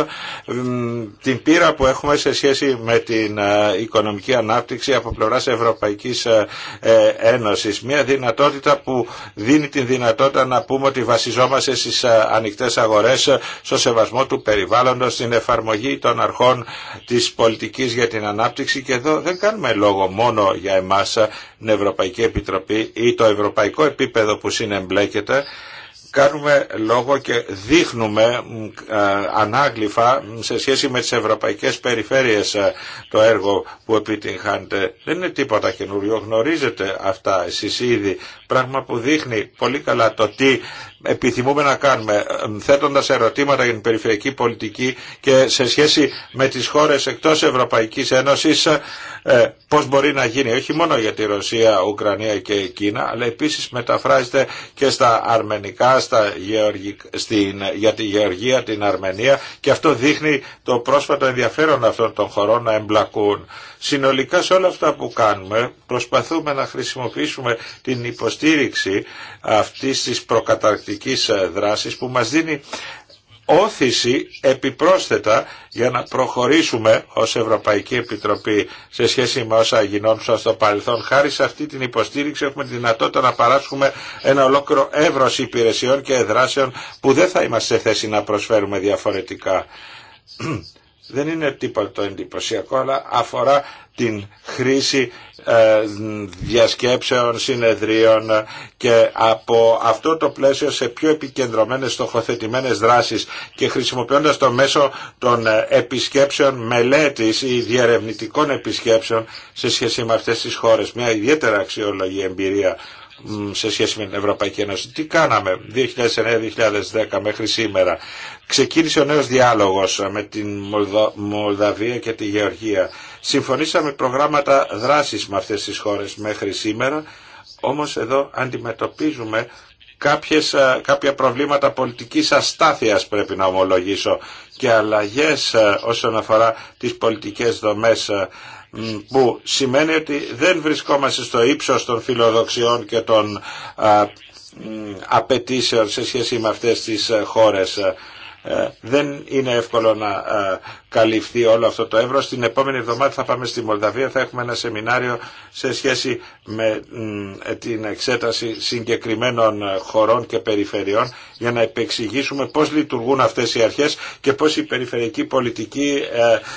S2: την πείρα που έχουμε σε σχέση με την ε, οικονομική ανάπτυξη από πλευράς Ευρωπαϊκής ε, ε, Ένωσης. Μια δυνατότητα που δίνει την δυνατότητα να πούμε ότι βασιζόμαστε στις ανοιχτές αγορές στο σεβασμό του περιβάλλοντος, στην εφαρμογή των αρχών της πολιτικής για την ανάπτυξη και εδώ δεν κάνουμε λόγο μόνο για εμάς την Ευρωπαϊκή Επιτροπή ή το ευρωπαϊκό επίπεδο που συνεμπλέκεται κάνουμε λόγο και δείχνουμε ε, ανάγλυφα σε σχέση με τις ευρωπαϊκές περιφέρειες ε, το έργο που επιτυγχάνεται. Δεν είναι τίποτα καινούριο, γνωρίζετε αυτά εσείς ήδη, πράγμα που δείχνει πολύ καλά το τι επιθυμούμε να κάνουμε, ε, θέτοντας ερωτήματα για την περιφερειακή πολιτική και σε σχέση με τις χώρες εκτός Ευρωπαϊκής Ένωσης ε, πώς μπορεί να γίνει όχι μόνο για τη Ρωσία, Ουκρανία και Κίνα αλλά επίσης μεταφράζεται και στα αρμενικά στα στην... για τη Γεωργία, την Αρμενία και αυτό δείχνει το πρόσφατο ενδιαφέρον αυτών των χωρών να εμπλακούν. Συνολικά σε όλα αυτά που κάνουμε προσπαθούμε να χρησιμοποιήσουμε την υποστήριξη αυτής της προκαταρκτικής ε, δράσης που μας δίνει όθηση επιπρόσθετα για να προχωρήσουμε ως Ευρωπαϊκή Επιτροπή σε σχέση με όσα γινόντουσαν στο παρελθόν. Χάρη σε αυτή την υποστήριξη έχουμε τη δυνατότητα να παράσχουμε ένα ολόκληρο εύρος υπηρεσιών και δράσεων που δεν θα είμαστε σε θέση να προσφέρουμε διαφορετικά. Δεν είναι τίποτα εντυπωσιακό, αλλά αφορά την χρήση ε, διασκέψεων, συνεδρίων και από αυτό το πλαίσιο σε πιο επικεντρωμένες στοχοθετημένες δράσεις και χρησιμοποιώντας το μέσο των επισκέψεων μελέτης ή διαρευνητικών επισκέψεων σε σχέση με αυτές τις χώρες. Μια ιδιαίτερα αξιόλογη εμπειρία σε σχέση με την Ευρωπαϊκή Ένωση. Τι κάναμε 2009-2010 μέχρι σήμερα. Ξεκίνησε ο νέος διάλογος με την Μολδαβία και τη Γεωργία Συμφωνήσαμε προγράμματα δράσης με αυτές τις χώρες μέχρι σήμερα, όμως εδώ αντιμετωπίζουμε κάποιες, κάποια προβλήματα πολιτικής αστάθειας πρέπει να ομολογήσω και αλλαγές όσον αφορά τις πολιτικές δομές που σημαίνει ότι δεν βρισκόμαστε στο ύψος των φιλοδοξιών και των απαιτήσεων σε σχέση με αυτές τις χώρες. Ε, δεν είναι εύκολο να ε, καλυφθεί όλο αυτό το εύρος. Την επόμενη εβδομάδα θα πάμε στη Μολδαβία, θα έχουμε ένα σεμινάριο σε σχέση με ε, την εξέταση συγκεκριμένων χωρών και περιφερειών για να επεξηγήσουμε πώς λειτουργούν αυτές οι αρχές και πώς η περιφερειακή πολιτική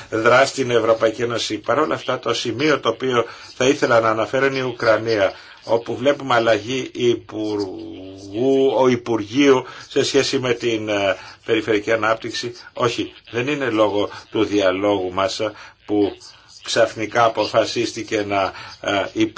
S2: δρά στην Ευρωπαϊκή Ένωση. Παρ' όλα αυτά το σημείο το οποίο θα ήθελα να αναφέρω είναι η Ουκρανία όπου βλέπουμε αλλαγή υπουργού, ο Υπουργείου σε σχέση με την ε, περιφερειακή ανάπτυξη. Όχι, δεν είναι λόγο του διαλόγου μας που ξαφνικά αποφασίστηκε, να, ε, ε,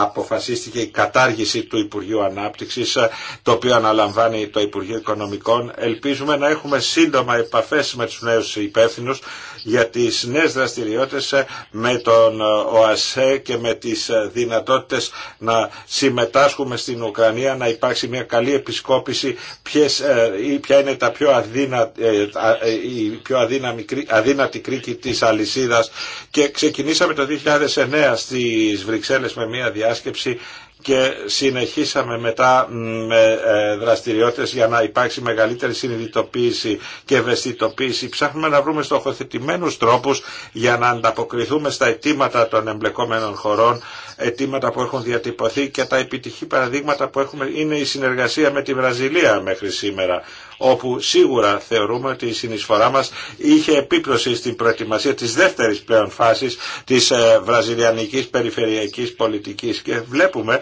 S2: αποφασίστηκε η κατάργηση του Υπουργείου Ανάπτυξης το οποίο αναλαμβάνει το Υπουργείο Οικονομικών. Ελπίζουμε να έχουμε σύντομα επαφές με τους νέους υπεύθυνους για τις νέες δραστηριότητες ε, με τον ε, ΟΑΣΕ και με τις ε, δυνατότητες να συμμετάσχουμε στην Ουκρανία, να υπάρξει μια καλή επισκόπηση ποιες, ποια είναι τα πιο αδύνα, η πιο αδύναμη, αδύνατη κρίκη της αλυσίδας και ξεκινήσαμε το 2009 στις Βρυξέλλες με μια διάσκεψη και συνεχίσαμε μετά με δραστηριότητες για να υπάρξει μεγαλύτερη συνειδητοποίηση και ευαισθητοποίηση. Ψάχνουμε να βρούμε στο συγκεκριμένους τρόπους για να ανταποκριθούμε στα αιτήματα των εμπλεκόμενων χωρών, αιτήματα που έχουν διατυπωθεί και τα επιτυχή παραδείγματα που έχουμε είναι η συνεργασία με τη Βραζιλία μέχρι σήμερα όπου σίγουρα θεωρούμε ότι η συνεισφορά μας είχε επίπτωση στην προετοιμασία της δεύτερης πλέον φάσης της ε, βραζιλιανικής περιφερειακής πολιτικής και βλέπουμε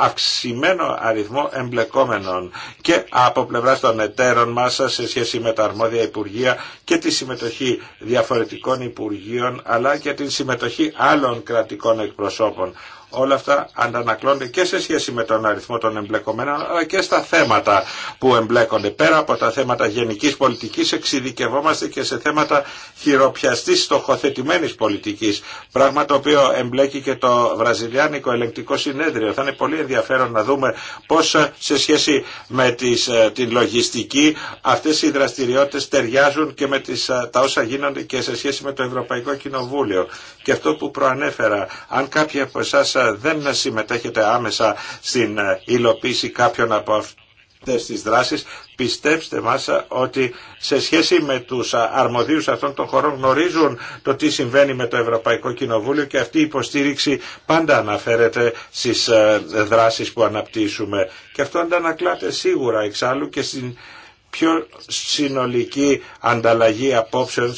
S2: αυξημένο αριθμό εμπλεκόμενων και από πλευρά των εταίρων μας σε σχέση με τα αρμόδια Υπουργεία και τη συμμετοχή διαφορετικών Υπουργείων αλλά και την συμμετοχή άλλων κρατικών εκπροσώπων όλα αυτά αντανακλώνται και σε σχέση με τον αριθμό των εμπλεκομένων αλλά και στα θέματα που εμπλέκονται. Πέρα από τα θέματα γενικής πολιτικής εξειδικευόμαστε και σε θέματα χειροπιαστής στοχοθετημένης πολιτικής. Πράγμα το οποίο εμπλέκει και το Βραζιλιάνικο Ελεγκτικό Συνέδριο. Θα είναι πολύ ενδιαφέρον να δούμε πώς ε, σε σχέση με τις, ε, την λογιστική αυτές οι δραστηριότητες ταιριάζουν και με τις, ε, τα όσα γίνονται και σε σχέση με το Ευρωπαϊκό Κοινοβούλιο. Και αυτό που προανέφερα, αν κάποιοι από εσάς δεν συμμετέχετε άμεσα στην ε, υλοποίηση κάποιων από αυτές τις δράσεις, πιστέψτε μας ε, ότι σε σχέση με τους ε, αρμοδίους αυτών των χωρών γνωρίζουν το τι συμβαίνει με το Ευρωπαϊκό Κοινοβούλιο και αυτή η υποστήριξη πάντα αναφέρεται στις δράσεις που αναπτύσσουμε. Και αυτό αντανακλάται σίγουρα εξάλλου και στην πιο συνολική ανταλλαγή απόψεων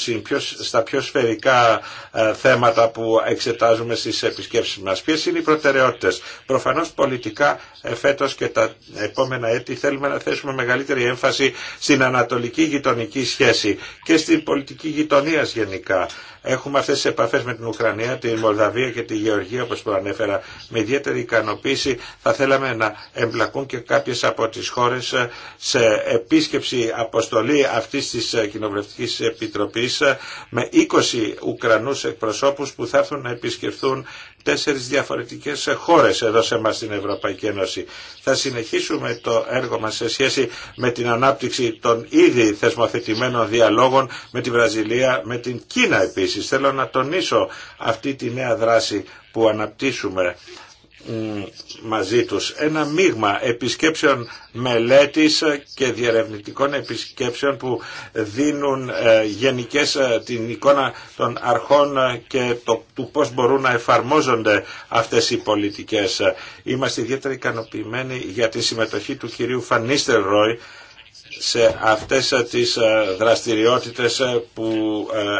S2: στα πιο σφαιρικά ε, θέματα που εξετάζουμε στις επισκέψεις μας. Ποιες είναι οι προτεραιότητες. Προφανώς πολιτικά ε, φέτος και τα επόμενα έτη θέλουμε να θέσουμε μεγαλύτερη έμφαση στην ανατολική γειτονική σχέση και στην πολιτική γειτονία γενικά. Έχουμε αυτές τι επαφές με την Ουκρανία, τη Μολδαβία και τη Γεωργία όπως προανέφερα. Με ιδιαίτερη ικανοποίηση θα θέλαμε να εμπλακούν και κάποιες από τις χώρες σε επίσκεψη αποστολή αυτή τη κοινοβουλευτική Επιτροπής με 20 Ουκρανούς εκπροσώπους που θα έρθουν να επισκεφθούν τέσσερις διαφορετικές χώρες εδώ σε μας στην Ευρωπαϊκή Ένωση. Θα συνεχίσουμε το έργο μας σε σχέση με την ανάπτυξη των ήδη θεσμοθετημένων διαλόγων με τη Βραζιλία, με την Κίνα επίσης. Θέλω να τονίσω αυτή τη νέα δράση που αναπτύσσουμε μαζί τους ένα μείγμα επισκέψεων μελέτης και διερευνητικών επισκέψεων που δίνουν ε, γενικές ε, την εικόνα των αρχών ε, και το, του πώς μπορούν να εφαρμόζονται αυτές οι πολιτικές. Είμαστε ιδιαίτερα ικανοποιημένοι για τη συμμετοχή του κυρίου Φανίστερ Ρόι σε αυτές ε, τις ε, δραστηριότητες ε, που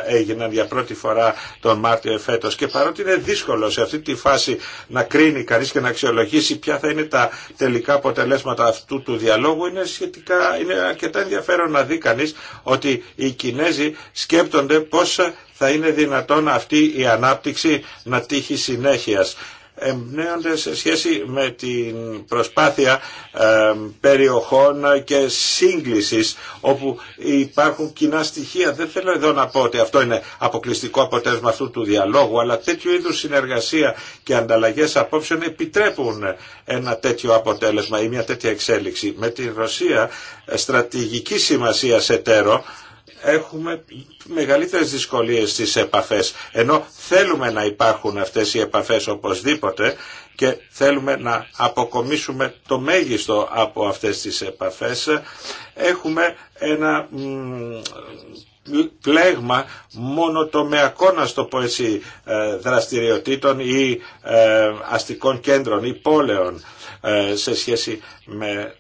S2: έγιναν για πρώτη φορά τον Μάρτιο εφέτος και παρότι είναι δύσκολο σε αυτή τη φάση να κρίνει κανείς και να αξιολογήσει ποια θα είναι τα τελικά αποτελέσματα αυτού του διαλόγου είναι, σχετικά, είναι αρκετά ενδιαφέρον να δει κανείς ότι οι Κινέζοι σκέπτονται πώς θα είναι δυνατόν αυτή η ανάπτυξη να τύχει συνέχεια εμπνέονται σε σχέση με την προσπάθεια ε, περιοχών και σύγκλησης όπου υπάρχουν κοινά στοιχεία. Δεν θέλω εδώ να πω ότι αυτό είναι αποκλειστικό αποτέλεσμα αυτού του διαλόγου, αλλά τέτοιου είδους συνεργασία και ανταλλαγές απόψεων επιτρέπουν ένα τέτοιο αποτέλεσμα ή μια τέτοια εξέλιξη. Με τη Ρωσία στρατηγική σημασία σε τέρο, έχουμε μεγαλύτερες δυσκολίες στις επαφές. Ενώ θέλουμε να υπάρχουν αυτές οι επαφές οπωσδήποτε και θέλουμε να αποκομίσουμε το μέγιστο από αυτές τις επαφές. Έχουμε ένα πλέγμα μόνο το στο πω έτσι, ε, δραστηριοτήτων ή ε, αστικών κέντρων ή πόλεων ε, σε σχέση με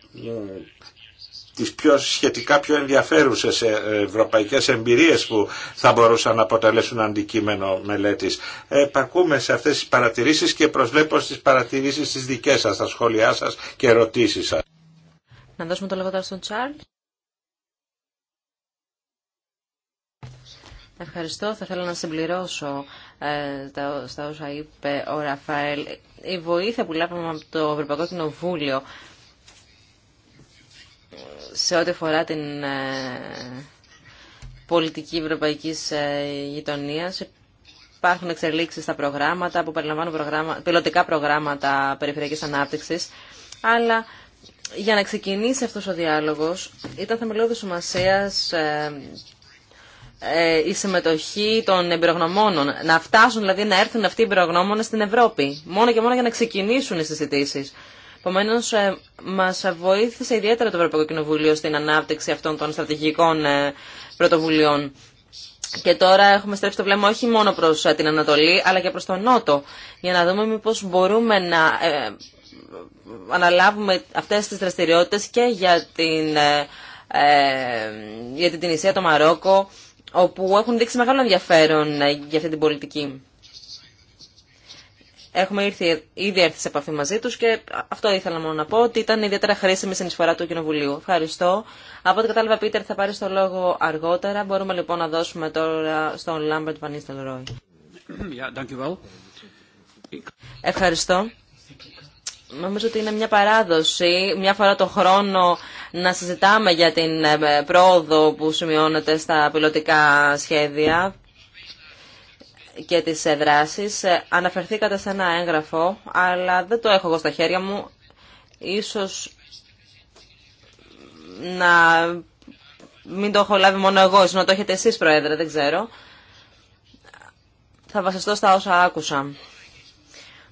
S2: τις πιο σχετικά πιο ενδιαφέρουσες ε, ευρωπαϊκές εμπειρίες που θα μπορούσαν να αποτελέσουν αντικείμενο μελέτης. Επακούμε σε αυτές τις παρατηρήσεις και προσβλέπω στις παρατηρήσεις τις δικές σας, στα σχόλιά σας και ερωτήσεις σας.
S4: Να δώσουμε το λόγο τώρα στον Τσάρλ. Ευχαριστώ. Θα ήθελα να συμπληρώσω ε, τα, στα όσα είπε ο Ραφαέλ. Η βοήθεια που λάβαμε από το Ευρωπαϊκό Κοινοβούλιο σε ό,τι αφορά την ε, πολιτική ευρωπαϊκής ε, γειτονίας υπάρχουν εξελίξεις στα προγράμματα που περιλαμβάνουν προγράμματα, πιλωτικά προγράμματα περιφερειακής ανάπτυξης αλλά για να ξεκινήσει αυτός ο διάλογος ήταν θεμελιώδη σημασία ε, η συμμετοχή των εμπειρογνωμόνων. Να φτάσουν δηλαδή να έρθουν αυτοί οι εμπειρογνώμονες στην Ευρώπη. Μόνο και μόνο για να ξεκινήσουν οι συζητήσεις. Επομένω, ε, μα βοήθησε ιδιαίτερα το Ευρωπαϊκό Κοινοβούλιο στην ανάπτυξη αυτών των στρατηγικών ε, πρωτοβουλειών. Και τώρα έχουμε στρέψει το βλέμμα όχι μόνο προ ε, την Ανατολή, αλλά και προ τον Νότο, για να δούμε μήπω μπορούμε να αναλάβουμε αυτέ τι δραστηριότητε και για την, για την Τινησία, το Μαρόκο, όπου έχουν δείξει μεγάλο ενδιαφέρον για αυτή την πολιτική. Έχουμε ήρθει, ήδη έρθει σε επαφή μαζί του και αυτό ήθελα μόνο να πω ότι ήταν ιδιαίτερα χρήσιμη συνεισφορά του Κοινοβουλίου. Ευχαριστώ. Από ό,τι κατάλαβα, Πίτερ θα πάρει το λόγο αργότερα. Μπορούμε λοιπόν να δώσουμε τώρα στον Λάμπερτ Βανίστελ Ρόι. Ευχαριστώ. Νομίζω ότι είναι μια παράδοση, μια φορά το χρόνο, να συζητάμε για την ε, πρόοδο που σημειώνεται στα πιλωτικά σχέδια και τις δράσεις. Ε, αναφερθήκατε σε ένα έγγραφο, αλλά δεν το έχω εγώ στα χέρια μου. Ίσως να μην το έχω λάβει μόνο εγώ, ίσως να το έχετε εσείς, Πρόεδρε, δεν ξέρω. Θα βασιστώ στα όσα άκουσα.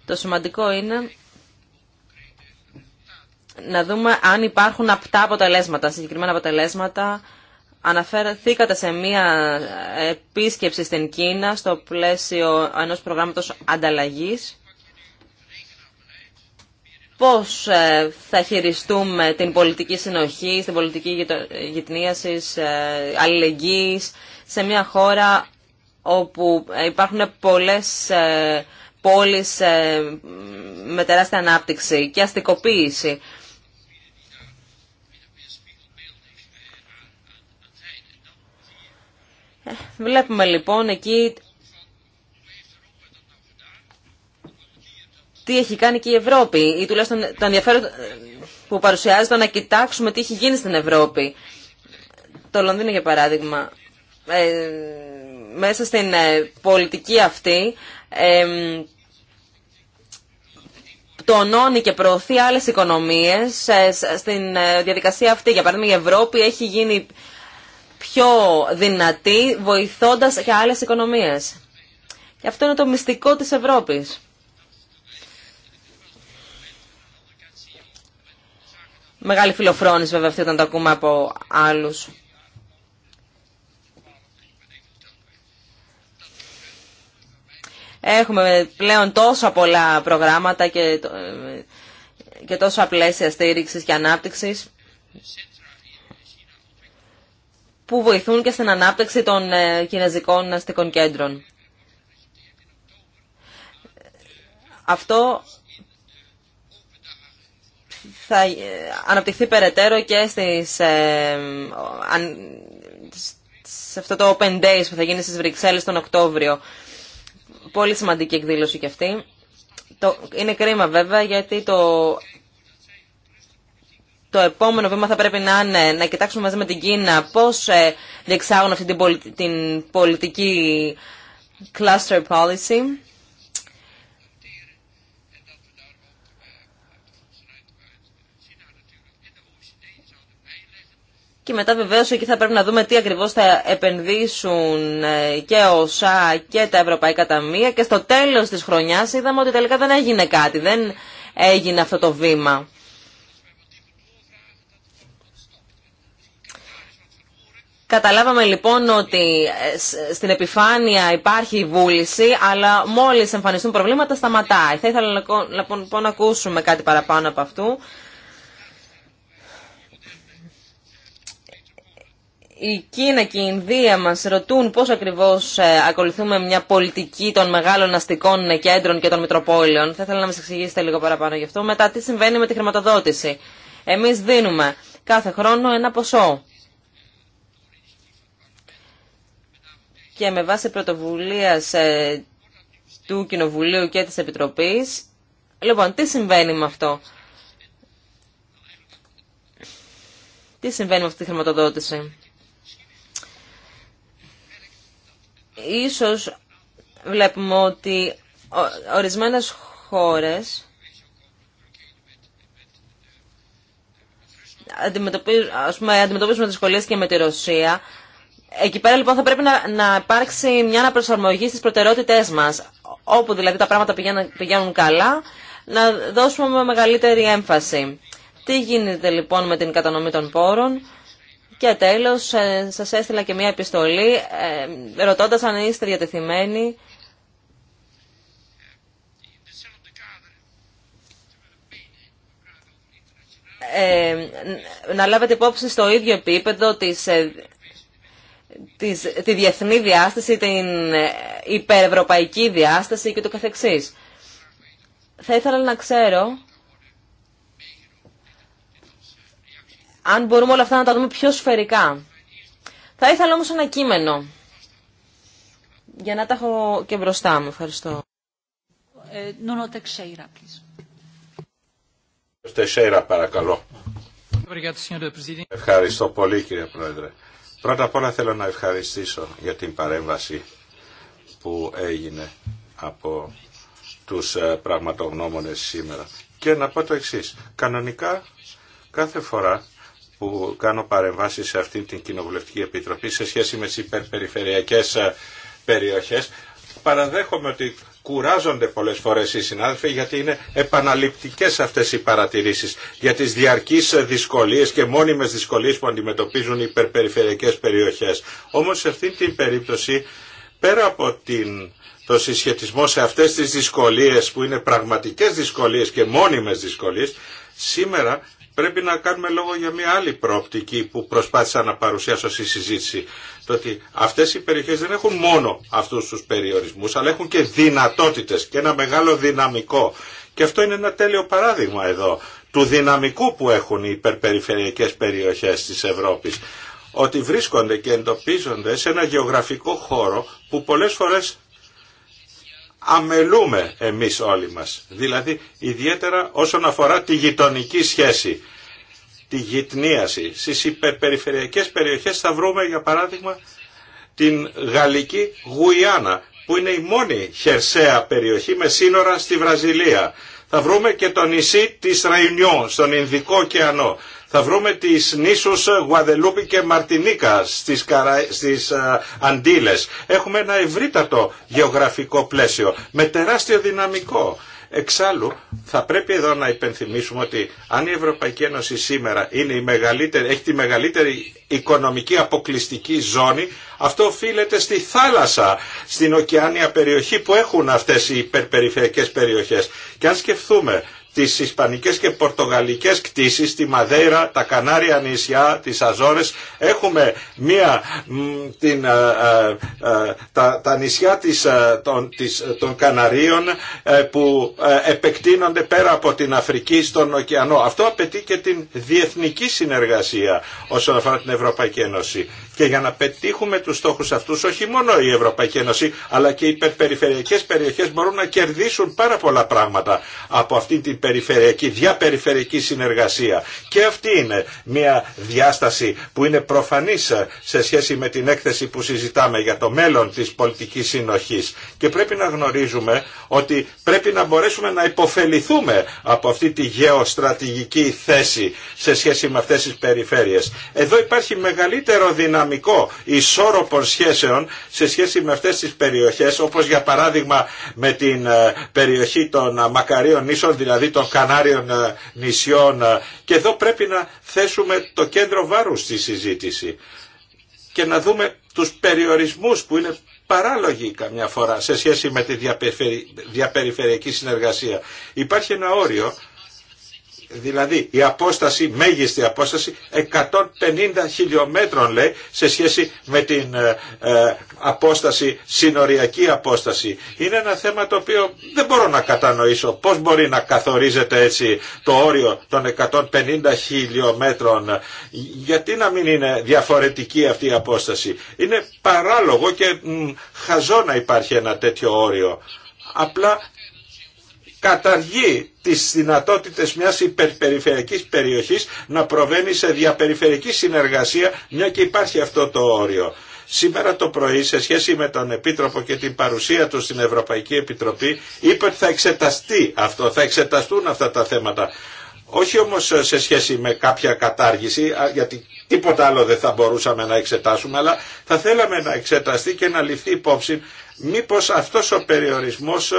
S4: Το σημαντικό είναι να δούμε αν υπάρχουν απτά αποτελέσματα, συγκεκριμένα αποτελέσματα Αναφέρθηκατε σε μία επίσκεψη στην Κίνα στο πλαίσιο ενός προγράμματος ανταλλαγής. Πώς ε, θα χειριστούμε την πολιτική συνοχή, την πολιτική γυτνίασης, ε, αλληλεγγύης σε μια χώρα όπου υπάρχουν πολιτικη γυτνίαση, αλληλεγγυης σε μια πόλεις ε, με τεράστια ανάπτυξη και αστικοποίηση. Βλέπουμε λοιπόν εκεί τι έχει κάνει και η Ευρώπη ή τουλάχιστον το ενδιαφέρον που παρουσιάζεται να κοιτάξουμε τι έχει γίνει στην Ευρώπη. Το Λονδίνο για παράδειγμα, ε, μέσα στην ε, πολιτική αυτή ε, τονώνει και προωθεί άλλες οικονομίες ε, στην διαδικασία αυτή. Για παράδειγμα η Ευρώπη έχει γίνει πιο δυνατή, βοηθώντας και άλλες οικονομίες. Και αυτό είναι το μυστικό της Ευρώπης. Μεγάλη φιλοφρόνηση βέβαια αυτή όταν το ακούμε από άλλους. Έχουμε πλέον τόσα πολλά προγράμματα και, ε, και τόσα πλαίσια στήριξης και ανάπτυξης που βοηθούν και στην ανάπτυξη των ε, κινέζικων αστικών κέντρων. Αυτό θα ε, αναπτυχθεί περαιτέρω και στις, ε, σε αυτό το Open Days που θα γίνει στις Βρυξέλλες τον Οκτώβριο. Πολύ σημαντική εκδήλωση και αυτή. είναι κρίμα βέβαια γιατί το το επόμενο βήμα θα πρέπει να είναι να κοιτάξουμε μαζί με την Κίνα πώς ε, διεξάγουν αυτή την, την πολιτική cluster policy. Και μετά βεβαίως εκεί θα πρέπει να δούμε τι ακριβώς θα επενδύσουν ε, και ο ΣΑ και τα Ευρωπαϊκά Ταμεία και στο τέλος της χρονιάς είδαμε ότι τελικά δεν έγινε κάτι, δεν έγινε αυτό το βήμα. Καταλάβαμε λοιπόν ότι ε, στην επιφάνεια υπάρχει βούληση, αλλά μόλις εμφανιστούν προβλήματα σταματάει. Θα ήθελα λοιπόν, λοιπόν, λοιπόν να ακούσουμε κάτι παραπάνω από αυτού. η Κίνα και η Ινδία μας ρωτούν πώς ακριβώς ε, ακολουθούμε μια πολιτική των μεγάλων αστικών κέντρων και των Μητροπόλεων. Θα ήθελα να μας εξηγήσετε λίγο παραπάνω γι' αυτό. Μετά τι συμβαίνει με τη χρηματοδότηση. Εμείς δίνουμε κάθε χρόνο ένα ποσό. και με βάση πρωτοβουλίας ε, του Κοινοβουλίου και της Επιτροπής. Λοιπόν, τι συμβαίνει με αυτό. Τι συμβαίνει με αυτή τη χρηματοδότηση. Ίσως βλέπουμε ότι ορισμένες χώρες αντιμετωπίζουμε, ας πούμε, αντιμετωπίζουμε και με τη Ρωσία Εκεί πέρα λοιπόν θα πρέπει να, να υπάρξει μια αναπροσαρμογή στις προτεραιότητές μας. Όπου δηλαδή τα πράγματα πηγαίνουν, πηγαίνουν καλά, να δώσουμε με μεγαλύτερη έμφαση. Τι γίνεται λοιπόν με την κατανομή των πόρων. Και τέλος, ε, σας έστειλα και μια επιστολή, ε, ρωτώντας αν είστε διατεθειμένοι ε, να λάβετε υπόψη στο ίδιο επίπεδο τις ε, τη διεθνή διάσταση, την υπερευρωπαϊκή διάσταση και το καθεξής. Θα ήθελα να ξέρω αν μπορούμε όλα αυτά να τα δούμε πιο σφαιρικά. Θα ήθελα όμως ένα κείμενο για να τα έχω και μπροστά μου. Ευχαριστώ.
S3: Ε,
S5: Ευχαριστώ
S2: πολύ κύριε Πρόεδρε. Πρώτα απ' όλα θέλω να ευχαριστήσω για την παρέμβαση που έγινε από τους ε, πραγματογνώμονες σήμερα. Και να πω το εξής. Κανονικά κάθε φορά που κάνω παρεμβάσεις σε αυτή την Κοινοβουλευτική Επιτροπή σε σχέση με τις υπερπεριφερειακές ε, περιοχές παραδέχομαι ότι κουράζονται πολλές φορές οι συνάδελφοι γιατί είναι επαναληπτικές αυτές οι παρατηρήσεις για τις διαρκείς δυσκολίες και μόνιμες δυσκολίες που αντιμετωπίζουν οι υπερπεριφερειακές περιοχές. Όμως σε αυτή την περίπτωση πέρα από την το συσχετισμό σε αυτές τις δυσκολίες που είναι πραγματικές δυσκολίες και μόνιμες δυσκολίες, σήμερα πρέπει να κάνουμε λόγο για μια άλλη πρόπτικη που προσπάθησα να παρουσιάσω στη συζήτηση το ότι αυτές οι περιοχές δεν έχουν μόνο αυτούς τους περιορισμούς, αλλά έχουν και δυνατότητες και ένα μεγάλο δυναμικό. Και αυτό είναι ένα τέλειο παράδειγμα εδώ του δυναμικού που έχουν οι υπερπεριφερειακές περιοχές της Ευρώπης ότι βρίσκονται και εντοπίζονται σε ένα γεωγραφικό χώρο που πολλές φορές αμελούμε εμείς όλοι μας. Δηλαδή ιδιαίτερα όσον αφορά τη γειτονική σχέση τη γυτνίαση. Στις υπερπεριφερειακές περιοχές θα βρούμε για παράδειγμα την γαλλική Γουιάννα που είναι η μόνη χερσαία περιοχή με σύνορα στη Βραζιλία. Θα βρούμε και το νησί της Ραϊνιόν στον Ινδικό ωκεανό. Θα βρούμε τις νήσους Γουαδελούπη και Μαρτινίκα στις, Καρα... στις Αντίλες. Έχουμε ένα ευρύτατο γεωγραφικό πλαίσιο με τεράστιο δυναμικό Εξάλλου, θα πρέπει εδώ να υπενθυμίσουμε ότι αν η Ευρωπαϊκή Ένωση σήμερα είναι η μεγαλύτερη, έχει τη μεγαλύτερη οικονομική αποκλειστική ζώνη, αυτό οφείλεται στη θάλασσα, στην ωκεάνια περιοχή που έχουν αυτές οι υπερπεριφερειακές περιοχές. Και αν σκεφτούμε τις ισπανικές και πορτογαλικές κτίσεις, στη Μαδέιρα, τα Κανάρια νησιά, τις Αζόρες. Έχουμε μία, την, ε, ε, ε, τα, τα νησιά της, των, της, των Καναρίων που επεκτείνονται πέρα από την Αφρική στον ωκεανό. Αυτό απαιτεί και την διεθνική συνεργασία όσον αφορά την Ευρωπαϊκή Ένωση. Και για να πετύχουμε τους στόχους αυτούς, όχι μόνο η Ευρωπαϊκή Ένωση, αλλά και οι περιφερειακές περιοχές μπορούν να κερδίσουν πάρα πολλά πράγματα από αυτή την περιφερειακή, διαπεριφερειακή συνεργασία. Και αυτή είναι μια διάσταση που είναι προφανής σε σχέση με την έκθεση που συζητάμε για το μέλλον της πολιτικής συνοχής. Και πρέπει να γνωρίζουμε ότι πρέπει να μπορέσουμε να υποφεληθούμε από αυτή τη γεωστρατηγική θέση σε σχέση με αυτές τις περιφέρειες. Εδώ υπάρχει μεγαλύτερο δυναμικό ισόρροπων σχέσεων σε σχέση με αυτές τις περιοχές, όπως για παράδειγμα με την ε, περιοχή των ε, Μακαρίων Ίσων, δηλαδή των Κανάριων ε, νησιών ε, και εδώ πρέπει να θέσουμε το κέντρο βάρους στη συζήτηση και να δούμε τους περιορισμούς που είναι παράλογοι καμιά φορά σε σχέση με τη διαπεριφερειακή συνεργασία. Υπάρχει ένα όριο Δηλαδή η απόσταση, μέγιστη απόσταση 150 χιλιόμετρων λέει σε σχέση με την ε, ε, απόσταση, συνοριακή απόσταση. Είναι ένα θέμα το οποίο δεν μπορώ να κατανοήσω πώς μπορεί να καθορίζεται έτσι το όριο των 150 χιλιόμετρων. Γιατί να μην είναι διαφορετική αυτή η απόσταση. Είναι παράλογο και μ, χαζό να υπάρχει ένα τέτοιο όριο. Απλά καταργεί τις δυνατότητες μιας υπερπεριφερειακής περιοχής να προβαίνει σε διαπεριφερειακή συνεργασία μια και υπάρχει αυτό το όριο. Σήμερα το πρωί σε σχέση με τον Επίτροπο και την παρουσία του στην Ευρωπαϊκή Επιτροπή είπε ότι θα εξεταστεί αυτό, θα εξεταστούν αυτά τα θέματα. Όχι όμως σε σχέση με κάποια κατάργηση, γιατί τίποτα άλλο δεν θα μπορούσαμε να εξετάσουμε, αλλά θα θέλαμε να εξεταστεί και να ληφθεί υπόψη μήπως αυτός ο περιορισμός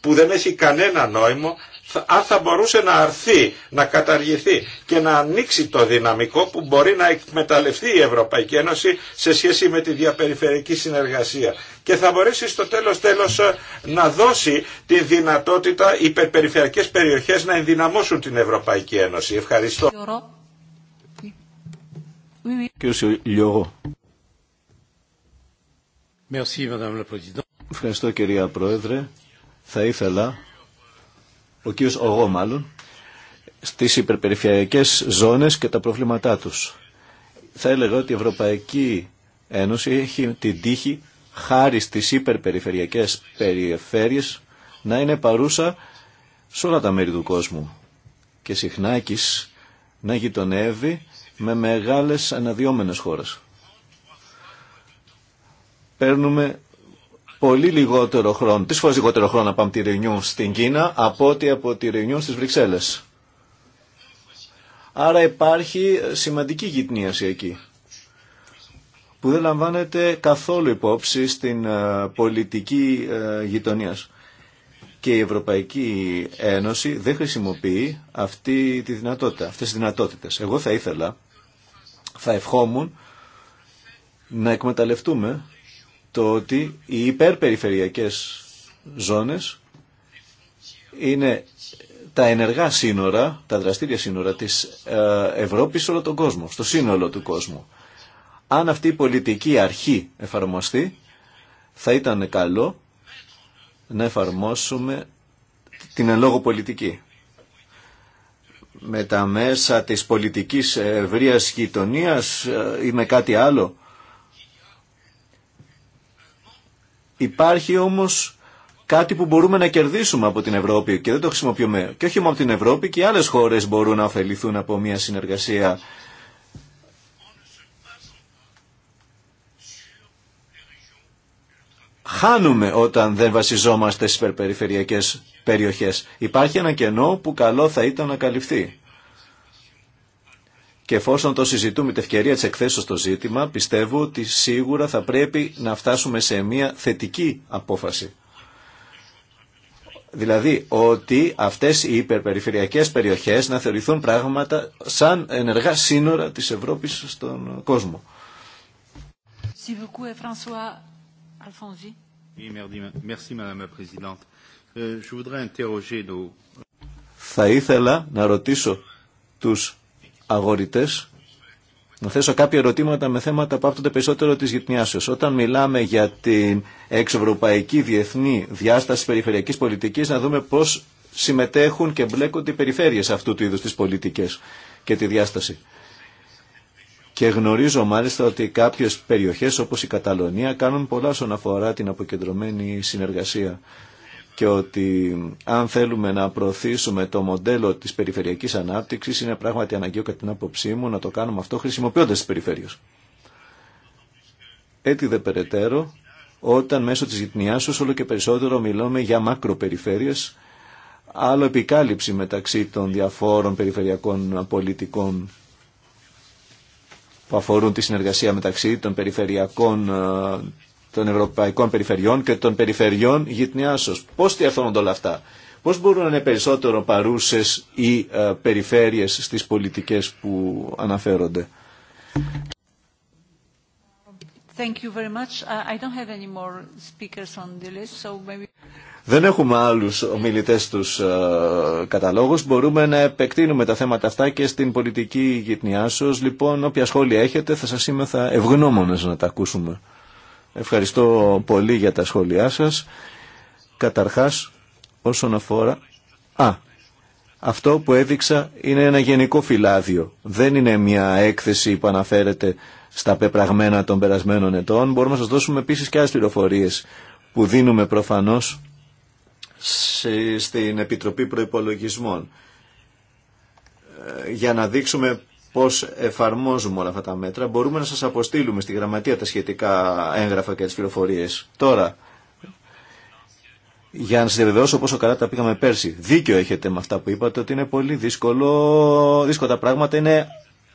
S2: που δεν έχει κανένα νόημο αν θα μπορούσε να αρθεί, να καταργηθεί και να ανοίξει το δυναμικό που μπορεί να εκμεταλλευτεί η Ευρωπαϊκή Ένωση σε σχέση με τη διαπεριφερειακή συνεργασία. Και θα μπορέσει στο τέλος τέλος ε, να δώσει τη δυνατότητα οι υπερπεριφερειακές περιοχές να ενδυναμώσουν την Ευρωπαϊκή Ένωση. Ευχαριστώ.
S1: Ευχαριστώ κυρία Πρόεδρε θα ήθελα, ο κύριος Ογώ μάλλον, στις υπερπεριφερειακές ζώνες και τα προβλήματά τους. Θα έλεγα ότι η Ευρωπαϊκή Ένωση έχει την τύχη χάρη στις υπερπεριφερειακές περιφέρειες να είναι παρούσα σε όλα τα μέρη του κόσμου και συχνάκης να γειτονεύει με μεγάλες αναδυόμενες χώρες. Παίρνουμε πολύ λιγότερο χρόνο, τρεις φορές λιγότερο χρόνο να πάμε τη Ρενιού στην Κίνα από ότι από τη Ρενιού στις Βρυξέλλες. Άρα υπάρχει σημαντική γυτνίαση εκεί που δεν λαμβάνεται καθόλου υπόψη στην ε, πολιτική ε, γειτονία. Και η Ευρωπαϊκή Ένωση δεν χρησιμοποιεί αυτή τη δυνατότητα, αυτές τις δυνατότητες. Εγώ θα ήθελα, θα ευχόμουν να εκμεταλλευτούμε το ότι οι υπερπεριφερειακές ζώνες είναι τα ενεργά σύνορα, τα δραστήρια σύνορα της ε, Ευρώπης σε όλο τον κόσμο, στο σύνολο του κόσμου. Αν αυτή η πολιτική αρχή εφαρμοστεί, θα ήταν καλό να εφαρμόσουμε την ελόγω πολιτική. Με τα μέσα της πολιτικής ευρείας γειτονίας ε, ή με κάτι άλλο Υπάρχει όμως κάτι που μπορούμε να κερδίσουμε από την Ευρώπη και δεν το χρησιμοποιούμε. Και όχι μόνο από την Ευρώπη και οι άλλες χώρες μπορούν να ωφεληθούν από μια συνεργασία χάνουμε όταν δεν βασιζόμαστε στις περιφερειακές περιοχές. Υπάρχει ένα κενό που καλό θα ήταν να καλυφθεί. Και εφόσον το συζητούμε την ευκαιρία τη εκθέσεως στο ζήτημα, πιστεύω ότι σίγουρα θα πρέπει να φτάσουμε σε μια θετική απόφαση. Δηλαδή ότι αυτές οι υπερπεριφερειακές περιοχές να θεωρηθούν πράγματα σαν ενεργά σύνορα της Ευρώπης στον κόσμο.
S3: Euh,
S2: euh,
S1: θα ήθελα να ρωτήσω τους αγορητές να θέσω κάποια ερωτήματα με θέματα που άπτονται περισσότερο της γυπνιάσεω. Όταν μιλάμε για την εξευρωπαϊκή διεθνή διάσταση περιφερειακής πολιτικής, να δούμε πώς συμμετέχουν και μπλέκονται οι περιφέρειες αυτού του είδους της πολιτικές και τη διάσταση. Και γνωρίζω μάλιστα ότι κάποιες περιοχές όπως η Καταλωνία κάνουν πολλά όσον αφορά την αποκεντρωμένη συνεργασία και ότι αν θέλουμε να προωθήσουμε το μοντέλο της περιφερειακής ανάπτυξης είναι πράγματι αναγκαίο κατά την άποψή μου να το κάνουμε αυτό χρησιμοποιώντας τις περιφέρειες. Έτσι δε περαιτέρω, όταν μέσω της σου όλο και περισσότερο μιλούμε για μακροπεριφέρειες, άλλο επικάλυψη μεταξύ των διαφόρων περιφερειακών πολιτικών που αφορούν τη συνεργασία μεταξύ των περιφερειακών ε, των ευρωπαϊκών περιφερειών και των περιφερειών γειτνιάσεως. Πώς διαρθώνονται όλα αυτά. Πώς μπορούν να είναι περισσότερο παρούσες οι ε, περιφέρειες στις πολιτικές που αναφέρονται. Δεν έχουμε άλλους ομιλητές στους ε, καταλόγους. Μπορούμε να επεκτείνουμε τα θέματα αυτά και στην πολιτική γυτνιάσεως. Λοιπόν, όποια σχόλια έχετε θα σας είμαι θα ευγνώμονες να τα ακούσουμε. Ευχαριστώ πολύ για τα σχόλιά σας. Καταρχάς, όσον αφορά... Α, αυτό που έδειξα είναι ένα γενικό φυλάδιο. Δεν είναι μια έκθεση που αναφέρεται στα πεπραγμένα των περασμένων ετών. Μπορούμε να σας δώσουμε επίσης και άλλες πληροφορίες που δίνουμε προφανώς στην Επιτροπή Προϋπολογισμών ε, για να δείξουμε πώς εφαρμόζουμε όλα αυτά τα μέτρα. Μπορούμε να σας αποστείλουμε στη γραμματεία τα σχετικά έγγραφα και τις πληροφορίες. Τώρα, για να σας διαβεβαιώσω πόσο καλά τα πήγαμε πέρσι. Δίκιο έχετε με αυτά που είπατε ότι είναι πολύ δύσκολο, δύσκολα πράγματα. Είναι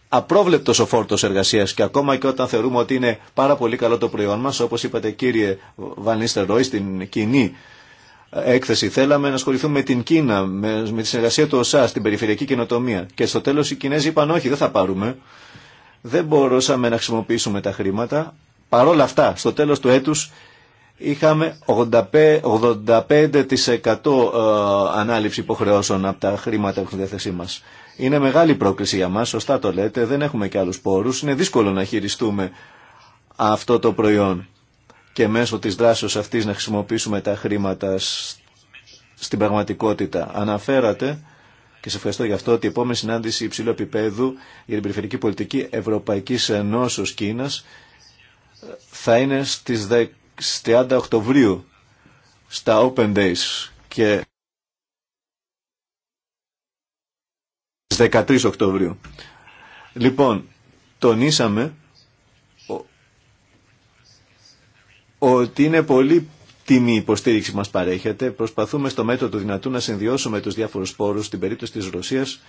S1: απρόβλεπτος ο φόρτος εργασίας και ακόμα και όταν θεωρούμε ότι είναι πάρα πολύ καλό το προϊόν μας, όπως είπατε κύριε Βανίστερ Ρόι, στην κοινή έκθεση. Θέλαμε να ασχοληθούμε με την Κίνα, με, με τη συνεργασία του ΟΣΑ, στην περιφερειακή καινοτομία. Και στο τέλο οι Κινέζοι είπαν όχι, δεν θα πάρουμε. Δεν μπορούσαμε να χρησιμοποιήσουμε τα χρήματα. παρόλα αυτά, στο τέλο του έτου είχαμε 85%, ε, ανάληψη υποχρεώσεων από τα χρήματα που έχουν διάθεσή μα. Είναι μεγάλη πρόκληση για μα, σωστά το λέτε, δεν έχουμε και άλλου πόρου. Είναι δύσκολο να χειριστούμε αυτό το προϊόν και μέσω της δράσεως αυτής να χρησιμοποιήσουμε τα χρήματα στην πραγματικότητα. Αναφέρατε και σε ευχαριστώ για αυτό ότι η επόμενη συνάντηση υψηλού επίπεδου για την περιφερειακή πολιτική Ευρωπαϊκής Ενώσεως Κίνας ε, θα είναι στις 30 Οκτωβρίου στα Open Days και στις 13 Οκτωβρίου. Λοιπόν, τονίσαμε ότι είναι πολύ τιμή η υποστήριξη που μας παρέχεται. Προσπαθούμε στο μέτρο του δυνατού να συνδυώσουμε τους διάφορους πόρους. Στην περίπτωση της Ρωσίας,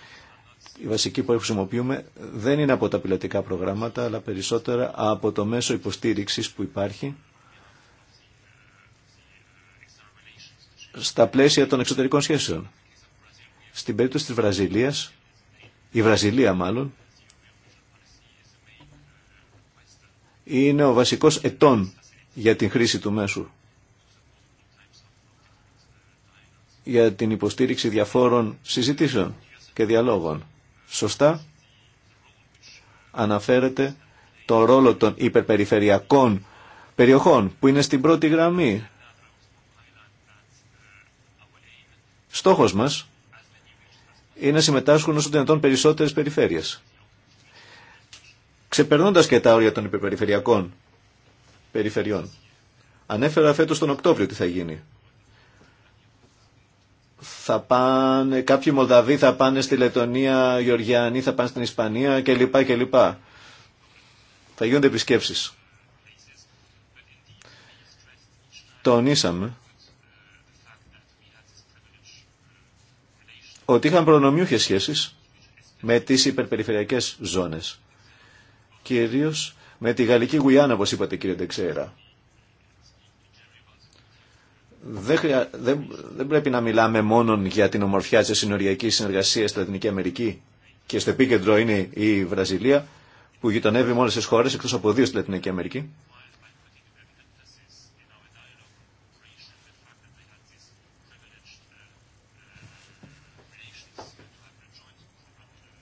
S1: η βασική που χρησιμοποιούμε δεν είναι από τα πιλωτικά προγράμματα, αλλά περισσότερα από το μέσο υποστήριξης που υπάρχει στα πλαίσια των εξωτερικών σχέσεων. Στην περίπτωση της Βραζιλίας, η Βραζιλία μάλλον, είναι ο βασικός ετών για την χρήση του μέσου για την υποστήριξη διαφόρων συζητήσεων και διαλόγων. Σωστά αναφέρεται το ρόλο των υπερπεριφερειακών περιοχών που είναι στην πρώτη γραμμή. Στόχος μας είναι να συμμετάσχουν όσο δυνατόν περισσότερες περιφέρειες. Ξεπερνώντας και τα όρια των υπερπεριφερειακών περιφερειών. Ανέφερα φέτος τον Οκτώβριο τι θα γίνει. Θα πάνε, κάποιοι Μολδαβοί θα πάνε στη Λετωνία, Γεωργιανοί θα πάνε στην Ισπανία κλπ. κλπ. Θα γίνονται επισκέψεις. Τονίσαμε ότι είχαν προνομιούχες σχέσεις με τις υπερπεριφερειακές ζώνες. Κυρίως με τη Γαλλική Γουιάννα, όπω είπατε κύριε Ντεξέρα. Δεν, δεν, δεν πρέπει να μιλάμε μόνο για την ομορφιά τη συνοριακή συνεργασία στην Λατινική Αμερική και στο επίκεντρο είναι η Βραζιλία που γειτονεύει με όλε τι χώρε εκτός από δύο στην Λατινική Αμερική.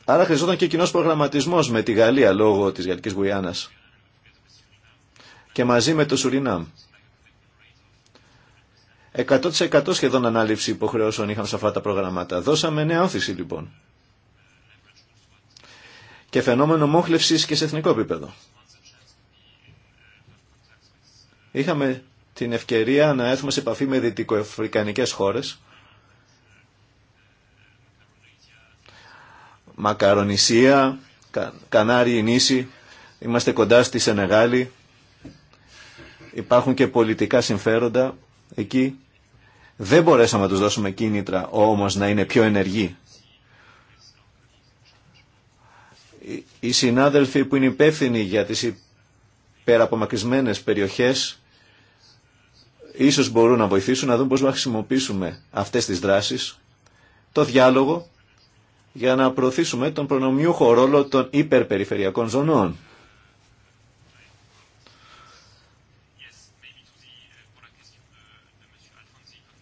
S1: Άρα χρειαζόταν και κοινό προγραμματισμό με τη Γαλλία λόγω τη Γαλλική Γουιάννα και μαζί με το Σουρινάμ. 100% σχεδόν ανάληψη υποχρεώσεων είχαμε σε αυτά τα προγράμματα. Δώσαμε νέα όθηση λοιπόν. Και φαινόμενο μόχλευσης και σε εθνικό επίπεδο. Είχαμε την ευκαιρία να έρθουμε σε επαφή με δυτικοαφρικανικές χώρες. Μακαρονισία, Κανάρι, Νήσι, είμαστε κοντά στη Σενεγάλη, υπάρχουν και πολιτικά συμφέροντα εκεί. Δεν μπορέσαμε να τους δώσουμε κίνητρα όμως να είναι πιο ενεργοί. Οι συνάδελφοι που είναι υπεύθυνοι για τις υπεραπομακρυσμένες περιοχές ίσως μπορούν να βοηθήσουν να δουν πώς να χρησιμοποιήσουμε αυτές τις δράσεις, το διάλογο για να προωθήσουμε τον προνομιούχο ρόλο των υπερπεριφερειακών ζωνών.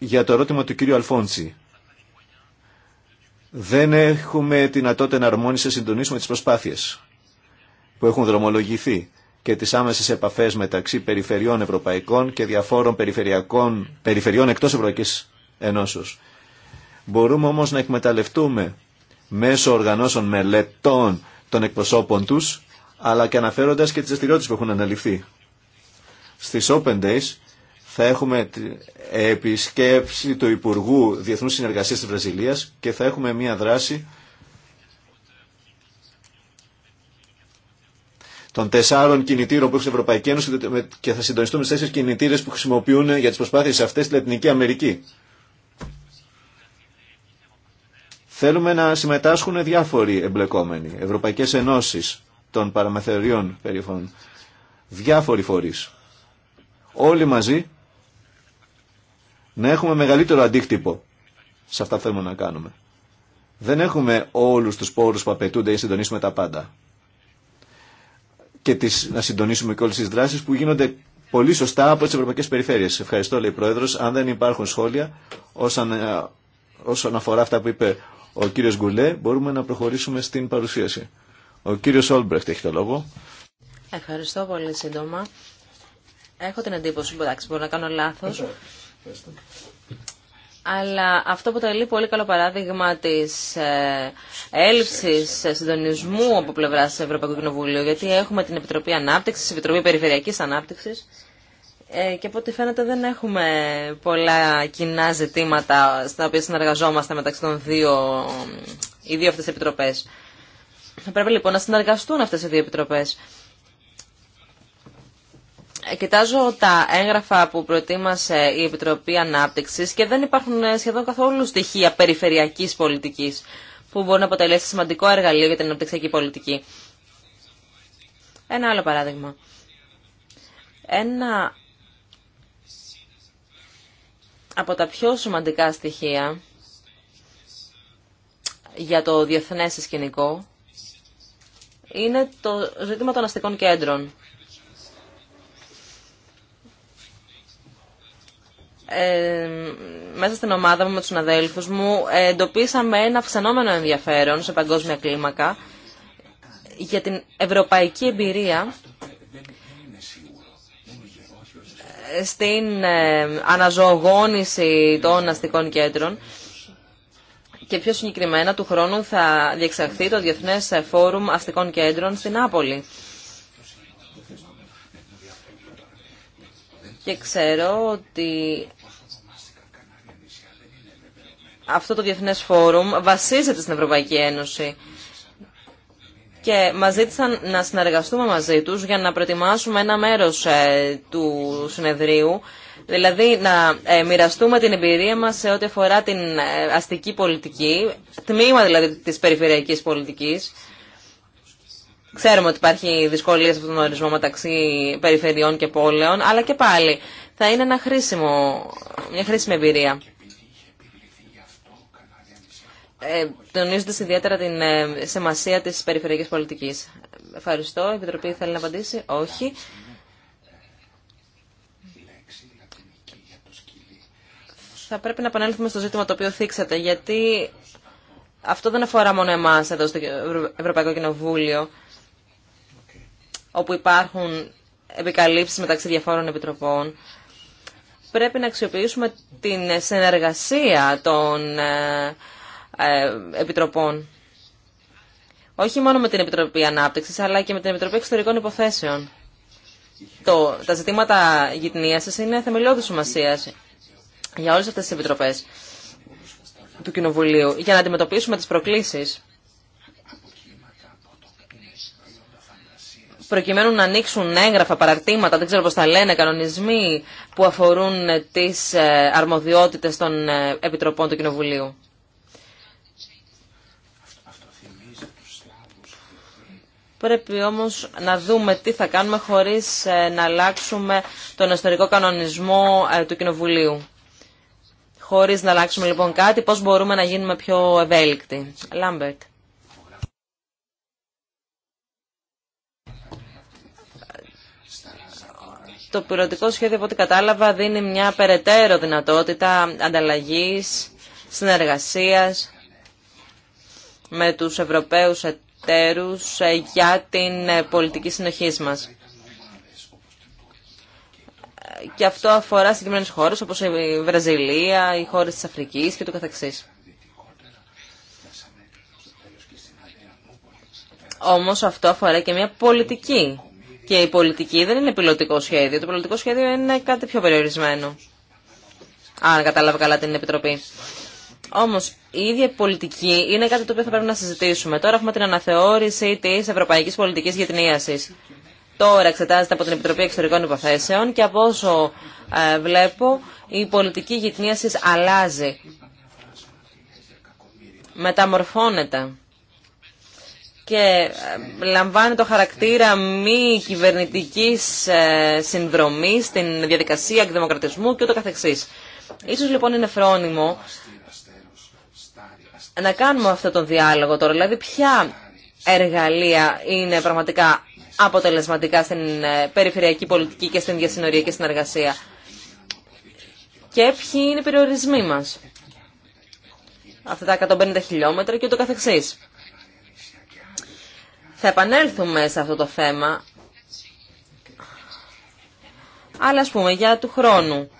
S1: για το ερώτημα του κύριου Αλφόντσι. Δεν έχουμε δυνατότητα να να συντονίσουμε τις προσπάθειες που έχουν δρομολογηθεί και τις άμεσες επαφές μεταξύ περιφερειών ευρωπαϊκών και διαφόρων περιφερειακών, περιφερειών εκτός Ευρωπαϊκής Ενώσεως. Μπορούμε όμως να εκμεταλλευτούμε μέσω οργανώσεων μελετών των εκπροσώπων τους, αλλά και αναφέροντας και τις δραστηριότητε που έχουν αναλυφθεί. Στις Open Days θα έχουμε επισκέψη του Υπουργού Διεθνούς Συνεργασίας της Βραζιλίας και θα έχουμε μία δράση των τεσσάρων κινητήρων που έχουν στην Ευρωπαϊκή Ένωση και θα συντονιστούμε στις τέσσερις κινητήρες που χρησιμοποιούν ε, για τις προσπάθειες αυτές στη Λατινική Αμερική. Θέλουμε να συμμετάσχουν διάφοροι εμπλεκόμενοι, ευρωπαϊκές ενώσεις των παραμεθεριών περιφών, διάφοροι φορείς. Όλοι μαζί να έχουμε μεγαλύτερο αντίκτυπο σε αυτά που θέλουμε να κάνουμε. Δεν έχουμε όλους τους πόρους που απαιτούνται να συντονίσουμε τα πάντα. Και τις, να συντονίσουμε και όλες τις δράσεις που γίνονται πολύ σωστά από τις ευρωπαϊκές περιφέρειες. Ευχαριστώ, λέει η Πρόεδρος. Αν δεν υπάρχουν σχόλια όσον, ε, όσον αφορά αυτά που είπε ο κύριος Γκουλέ, μπορούμε να προχωρήσουμε στην παρουσίαση. Ο κύριος Όλμπρεχτ έχει το λόγο.
S4: Ευχαριστώ πολύ σύντομα. Έχω την εντύπωση, εντάξει, μπορώ να κάνω λάθος, ε, αλλά αυτό αποτελεί πολύ καλό παράδειγμα της ε, συντονισμού από πλευρά Ευρωπαϊκού Κοινοβουλίου, γιατί έχουμε την Επιτροπή ανάπτυξη, την Επιτροπή Περιφερειακής ανάπτυξη. ε, και από ό,τι φαίνεται δεν έχουμε πολλά κοινά ζητήματα στα οποία συνεργαζόμαστε μεταξύ των δύο, οι δύο αυτές επιτροπές. Θα πρέπει λοιπόν να συνεργαστούν αυτές οι δύο επιτροπές. Κοιτάζω τα έγγραφα που προετοίμασε η Επιτροπή Ανάπτυξης και δεν υπάρχουν ε, σχεδόν καθόλου στοιχεία περιφερειακής πολιτικής που μπορεί να αποτελέσει σημαντικό εργαλείο για την αναπτυξιακή πολιτική. Ένα άλλο παράδειγμα. Ένα από τα πιο σημαντικά στοιχεία για το διεθνές σκηνικό είναι το ζήτημα των αστικών κέντρων. Ε, μέσα στην ομάδα μου με τους αδέλφους μου εντοπίσαμε ένα αυξανόμενο ενδιαφέρον σε παγκόσμια κλίμακα για την ευρωπαϊκή εμπειρία στην ε, αναζωογόνηση των αστικών κέντρων και πιο συγκεκριμένα του χρόνου θα διεξαχθεί το Διεθνές Φόρουμ Αστικών Κέντρων στην Άπολη. Και ξέρω ότι αυτό το Διεθνές Φόρουμ βασίζεται στην Ευρωπαϊκή Ένωση και μας ζήτησαν να συνεργαστούμε μαζί τους για να προετοιμάσουμε ένα μέρος ε, του συνεδρίου, δηλαδή να ε, μοιραστούμε την εμπειρία μας σε ό,τι αφορά την ε, αστική πολιτική, τμήμα δηλαδή της περιφερειακής πολιτικής. Ξέρουμε ότι υπάρχει δυσκολία σε αυτόν τον ορισμό μεταξύ περιφερειών και πόλεων, αλλά και πάλι θα είναι ένα χρήσιμο, μια χρήσιμη εμπειρία ε, τονίζοντα ιδιαίτερα την ε, σημασία της περιφερειακής πολιτικής. Ευχαριστώ. Η Επιτροπή θέλει να απαντήσει. Όχι. Θα πρέπει να επανέλθουμε στο ζήτημα το οποίο θίξατε, γιατί αυτό δεν αφορά μόνο εμά εδώ στο Ευρωπαϊκό Κοινοβούλιο, όπου υπάρχουν επικαλύψεις μεταξύ διαφόρων επιτροπών. Πρέπει να αξιοποιήσουμε την συνεργασία των ε, ε, επιτροπών. Όχι μόνο με την Επιτροπή Ανάπτυξης, αλλά και με την Επιτροπή Εξωτερικών Υποθέσεων. Το, τα ζητήματα γυτνίασης είναι θεμελιώδης σημασία για όλες αυτές τις επιτροπές του Κοινοβουλίου, για να αντιμετωπίσουμε τις προκλήσεις προκειμένου να ανοίξουν έγγραφα, παραρτήματα, δεν ξέρω πώς τα λένε, κανονισμοί που αφορούν τις ε, αρμοδιότητες των ε, Επιτροπών του Κοινοβουλίου. Πρέπει όμως να δούμε τι θα κάνουμε χωρίς ε, να αλλάξουμε τον ιστορικό κανονισμό ε, του Κοινοβουλίου. Χωρίς να αλλάξουμε λοιπόν κάτι, πώς μπορούμε να γίνουμε πιο ευέλικτοι. Λάμπερτ. Το πυροτικό σχέδιο, από ό,τι κατάλαβα, δίνει μια περαιτέρω δυνατότητα ανταλλαγής, συνεργασίας με τους Ευρωπαίους εταίρους ε, για την ε, πολιτική συνοχή μας. Και αυτό αφορά συγκεκριμένε χώρε όπω η Βραζιλία, οι χώρε τη Αφρική και το καθεξή. Όμω αυτό αφορά και μια πολιτική. Και η πολιτική δεν είναι πιλωτικό σχέδιο. Το πιλωτικό σχέδιο είναι κάτι πιο περιορισμένο. Αν κατάλαβα καλά την Επιτροπή. Όμω, η ίδια πολιτική είναι κάτι το οποίο θα πρέπει να συζητήσουμε. Τώρα έχουμε την αναθεώρηση της Ευρωπαϊκής Πολιτικής Γετνίασης. Τώρα εξετάζεται από την Επιτροπή Εξωτερικών Υποθέσεων και από όσο ε, βλέπω η πολιτική γετνίαση αλλάζει. Μεταμορφώνεται και ε, λαμβάνει το χαρακτήρα μη κυβερνητικής ε, συνδρομής στην διαδικασία εκδημοκρατισμού και ούτω καθεξής. Ίσως λοιπόν είναι φρόνιμο ε, να κάνουμε αυτό τον διάλογο τώρα. Δηλαδή ποια εργαλεία είναι πραγματικά αποτελεσματικά στην ε, περιφερειακή πολιτική και στην διασυνοριακή συνεργασία. Και ποιοι είναι οι περιορισμοί μας. Αυτά τα 150 χιλιόμετρα και ούτω καθεξής. Θα επανέλθουμε σε αυτό το θέμα. Αλλά ας πούμε για του χρόνου.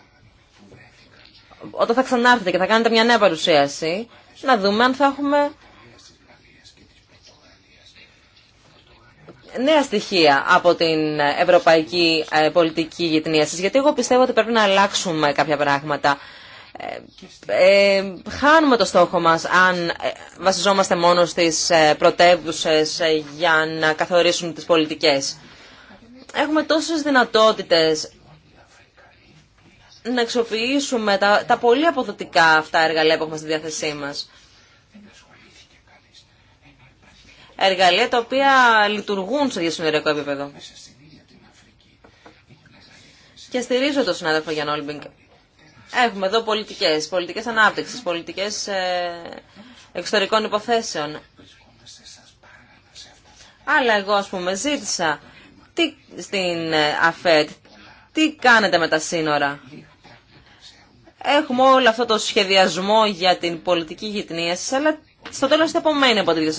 S4: Όταν θα ξανάρθετε και θα κάνετε μια νέα παρουσίαση, να δούμε αν θα έχουμε νέα στοιχεία από την ευρωπαϊκή ε, πολιτική σας. Γιατί εγώ πιστεύω ότι πρέπει να αλλάξουμε κάποια πράγματα. Ε, ε, χάνουμε το στόχο μας αν βασιζόμαστε μόνο στις πρωτεύουσες για να καθορίσουν τις πολιτικές. Έχουμε τόσες δυνατότητες να αξιοποιήσουμε τα, τα πολύ αποδοτικά αυτά εργαλεία που έχουμε στη διάθεσή μα. Εργαλεία τα οποία λειτουργούν σε διασυνοριακό επίπεδο. Και στηρίζω τον συνάδελφο Γιάννη Όλμπινγκ. Έχουμε εδώ πολιτικές, πολιτικές ανάπτυξης, πολιτικές ε, εξωτερικών υποθέσεων. Αλλά εγώ, α πούμε, ζήτησα τι, στην ε, ΑΦΕΤ, τι κάνετε με τα σύνορα. Έχουμε όλο αυτό το σχεδιασμό για την πολιτική γυτνίαση, αλλά στο τέλος τι απομένει από την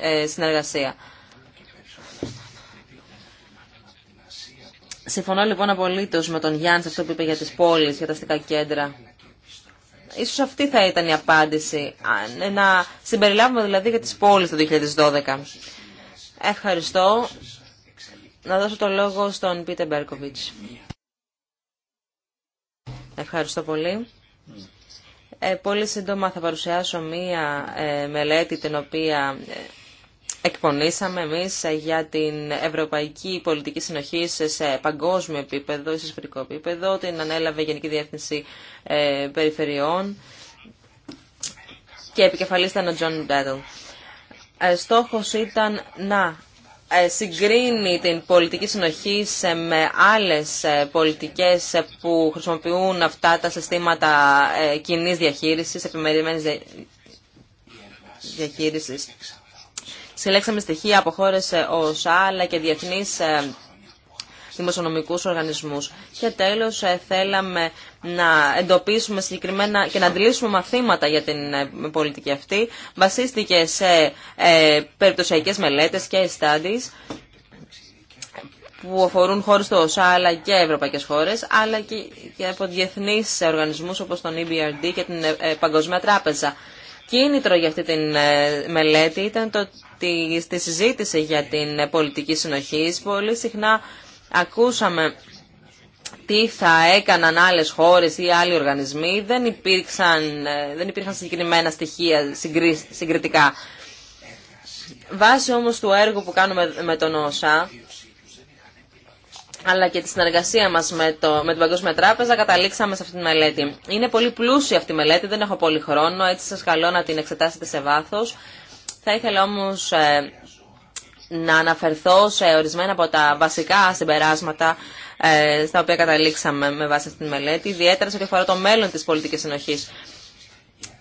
S4: ε, συνεργασία. Συμφωνώ λοιπόν απολύτω με τον Γιάννη σε αυτό που είπε για τις πόλεις, για τα αστικά κέντρα. Ίσως αυτή θα ήταν η απάντηση, ε, να συμπεριλάβουμε δηλαδή για τις πόλεις το 2012. Ευχαριστώ. Να δώσω το λόγο στον Πίτε Μπέρκοβιτς. Ευχαριστώ πολύ. Ε, πολύ σύντομα θα παρουσιάσω μία ε, μελέτη την οποία ε, εκπονήσαμε εμείς ε, για την Ευρωπαϊκή Πολιτική Συνοχή σε παγκόσμιο επίπεδο ή σε σφαιρικό επίπεδο. Την ανέλαβε η σε σφυρικο επιπεδο την Διεύθυνση ε, Περιφερειών και επικεφαλής ήταν ο Τζον Ε, Στόχος ήταν να ε, συγκρίνει την πολιτική συνοχή με άλλες ε, πολιτικές ε, που χρησιμοποιούν αυτά τα συστήματα κοινής διαχείρισης, επιμερισμένης διαχείρισης. Συλλέξαμε στοιχεία από χώρες ως αλλά και διεθνείς δημοσιονομικούς οργανισμούς. Και τέλος ε, θέλαμε να εντοπίσουμε συγκεκριμένα και να αντιλήσουμε μαθήματα για την ε, πολιτική αυτή. Βασίστηκε σε ε, περιπτωσιακές μελέτες και studies που αφορούν χώρες του ΩΣΑ αλλά και ευρωπαϊκές χώρες αλλά και από διεθνείς οργανισμούς όπως τον EBRD και την Παγκοσμία Τράπεζα. Κίνητρο για αυτή τη μελέτη ήταν το ότι στη συζήτηση για την πολιτική συνοχή πολύ συχνά Ακούσαμε τι θα έκαναν άλλες χώρες ή άλλοι οργανισμοί. Δεν, υπήρξαν, ε, δεν υπήρχαν συγκεκριμένα στοιχεία συγκριτικά. Βάσει όμως του έργου που κάνουμε με τον ΩΣΑ, αλλά και τη συνεργασία μας με, το, με την Παγκόσμια Τράπεζα, καταλήξαμε σε αυτή τη μελέτη. Είναι πολύ πλούσια αυτή η μελέτη, δεν έχω πολύ χρόνο, έτσι σας καλώ να την εξετάσετε σε βάθος. Θα ήθελα όμως ε, να αναφερθώ σε ορισμένα από τα βασικά συμπεράσματα ε, στα οποία καταλήξαμε με βάση αυτή τη μελέτη, ιδιαίτερα σε ό,τι αφορά το μέλλον της πολιτικής συνοχής.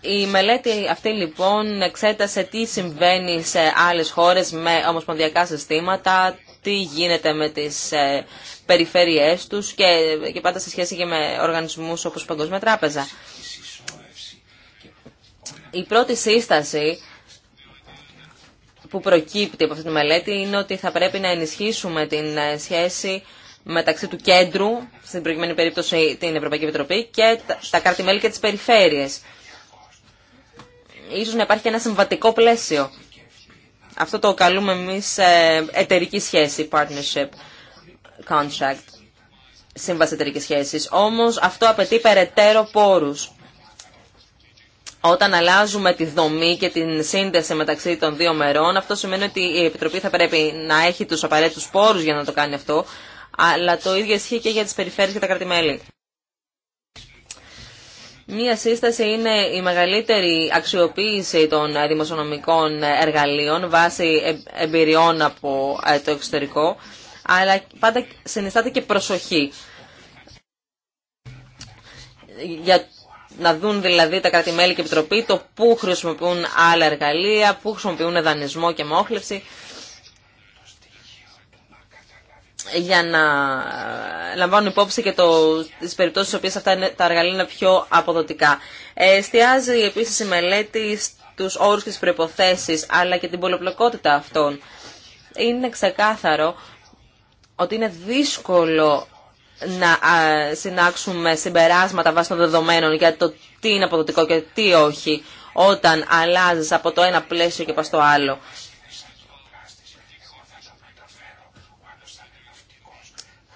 S4: Η μελέτη αυτή λοιπόν εξέτασε τι συμβαίνει σε άλλες χώρες με ομοσπονδιακά συστήματα, τι γίνεται με τις ε, περιφέρειές τους και, και πάντα σε σχέση και με οργανισμούς όπως η Παγκόσμια Τράπεζα. Η πρώτη σύσταση που προκύπτει από αυτή τη μελέτη είναι ότι θα πρέπει να ενισχύσουμε την ε, σχέση μεταξύ του κέντρου, στην προηγούμενη περίπτωση την Ευρωπαϊκή Επιτροπή, και τα κράτη-μέλη και τις περιφέρειες. Ίσως να υπάρχει και ένα συμβατικό πλαίσιο. Αυτό το καλούμε εμείς ε, εταιρική σχέση, partnership contract, σύμβαση εταιρική σχέσης. Όμως αυτό απαιτεί περαιτέρω πόρους. Όταν αλλάζουμε τη δομή και την σύνδεση μεταξύ των δύο μερών, αυτό σημαίνει ότι η Επιτροπή θα πρέπει να έχει τους απαραίτητους πόρους για να το κάνει αυτό, αλλά το ίδιο ισχύει και για τις περιφέρειες και τα κρατημέλη. Μία σύσταση είναι η μεγαλύτερη αξιοποίηση των δημοσιονομικών εργαλείων βάσει εμπειριών από ε, το εξωτερικό, αλλά πάντα συνιστάται και προσοχή. Για να δουν δηλαδή τα κρατη και επιτροπή το πού χρησιμοποιούν άλλα εργαλεία, πού χρησιμοποιούν δανεισμό και μόχλευση για να ε, λαμβάνουν υπόψη και το, τις περιπτώσεις στις οποίες αυτά είναι, τα εργαλεία είναι πιο αποδοτικά. Ε, εστιάζει επίσης η μελέτη στους όρους και τις προϋποθέσεις, αλλά και την πολυπλοκότητα αυτών. Είναι ξεκάθαρο ότι είναι δύσκολο να συνάξουμε συμπεράσματα βάσει των δεδομένων για το τι είναι αποδοτικό και τι όχι όταν αλλάζει από το ένα πλαίσιο και πας στο άλλο.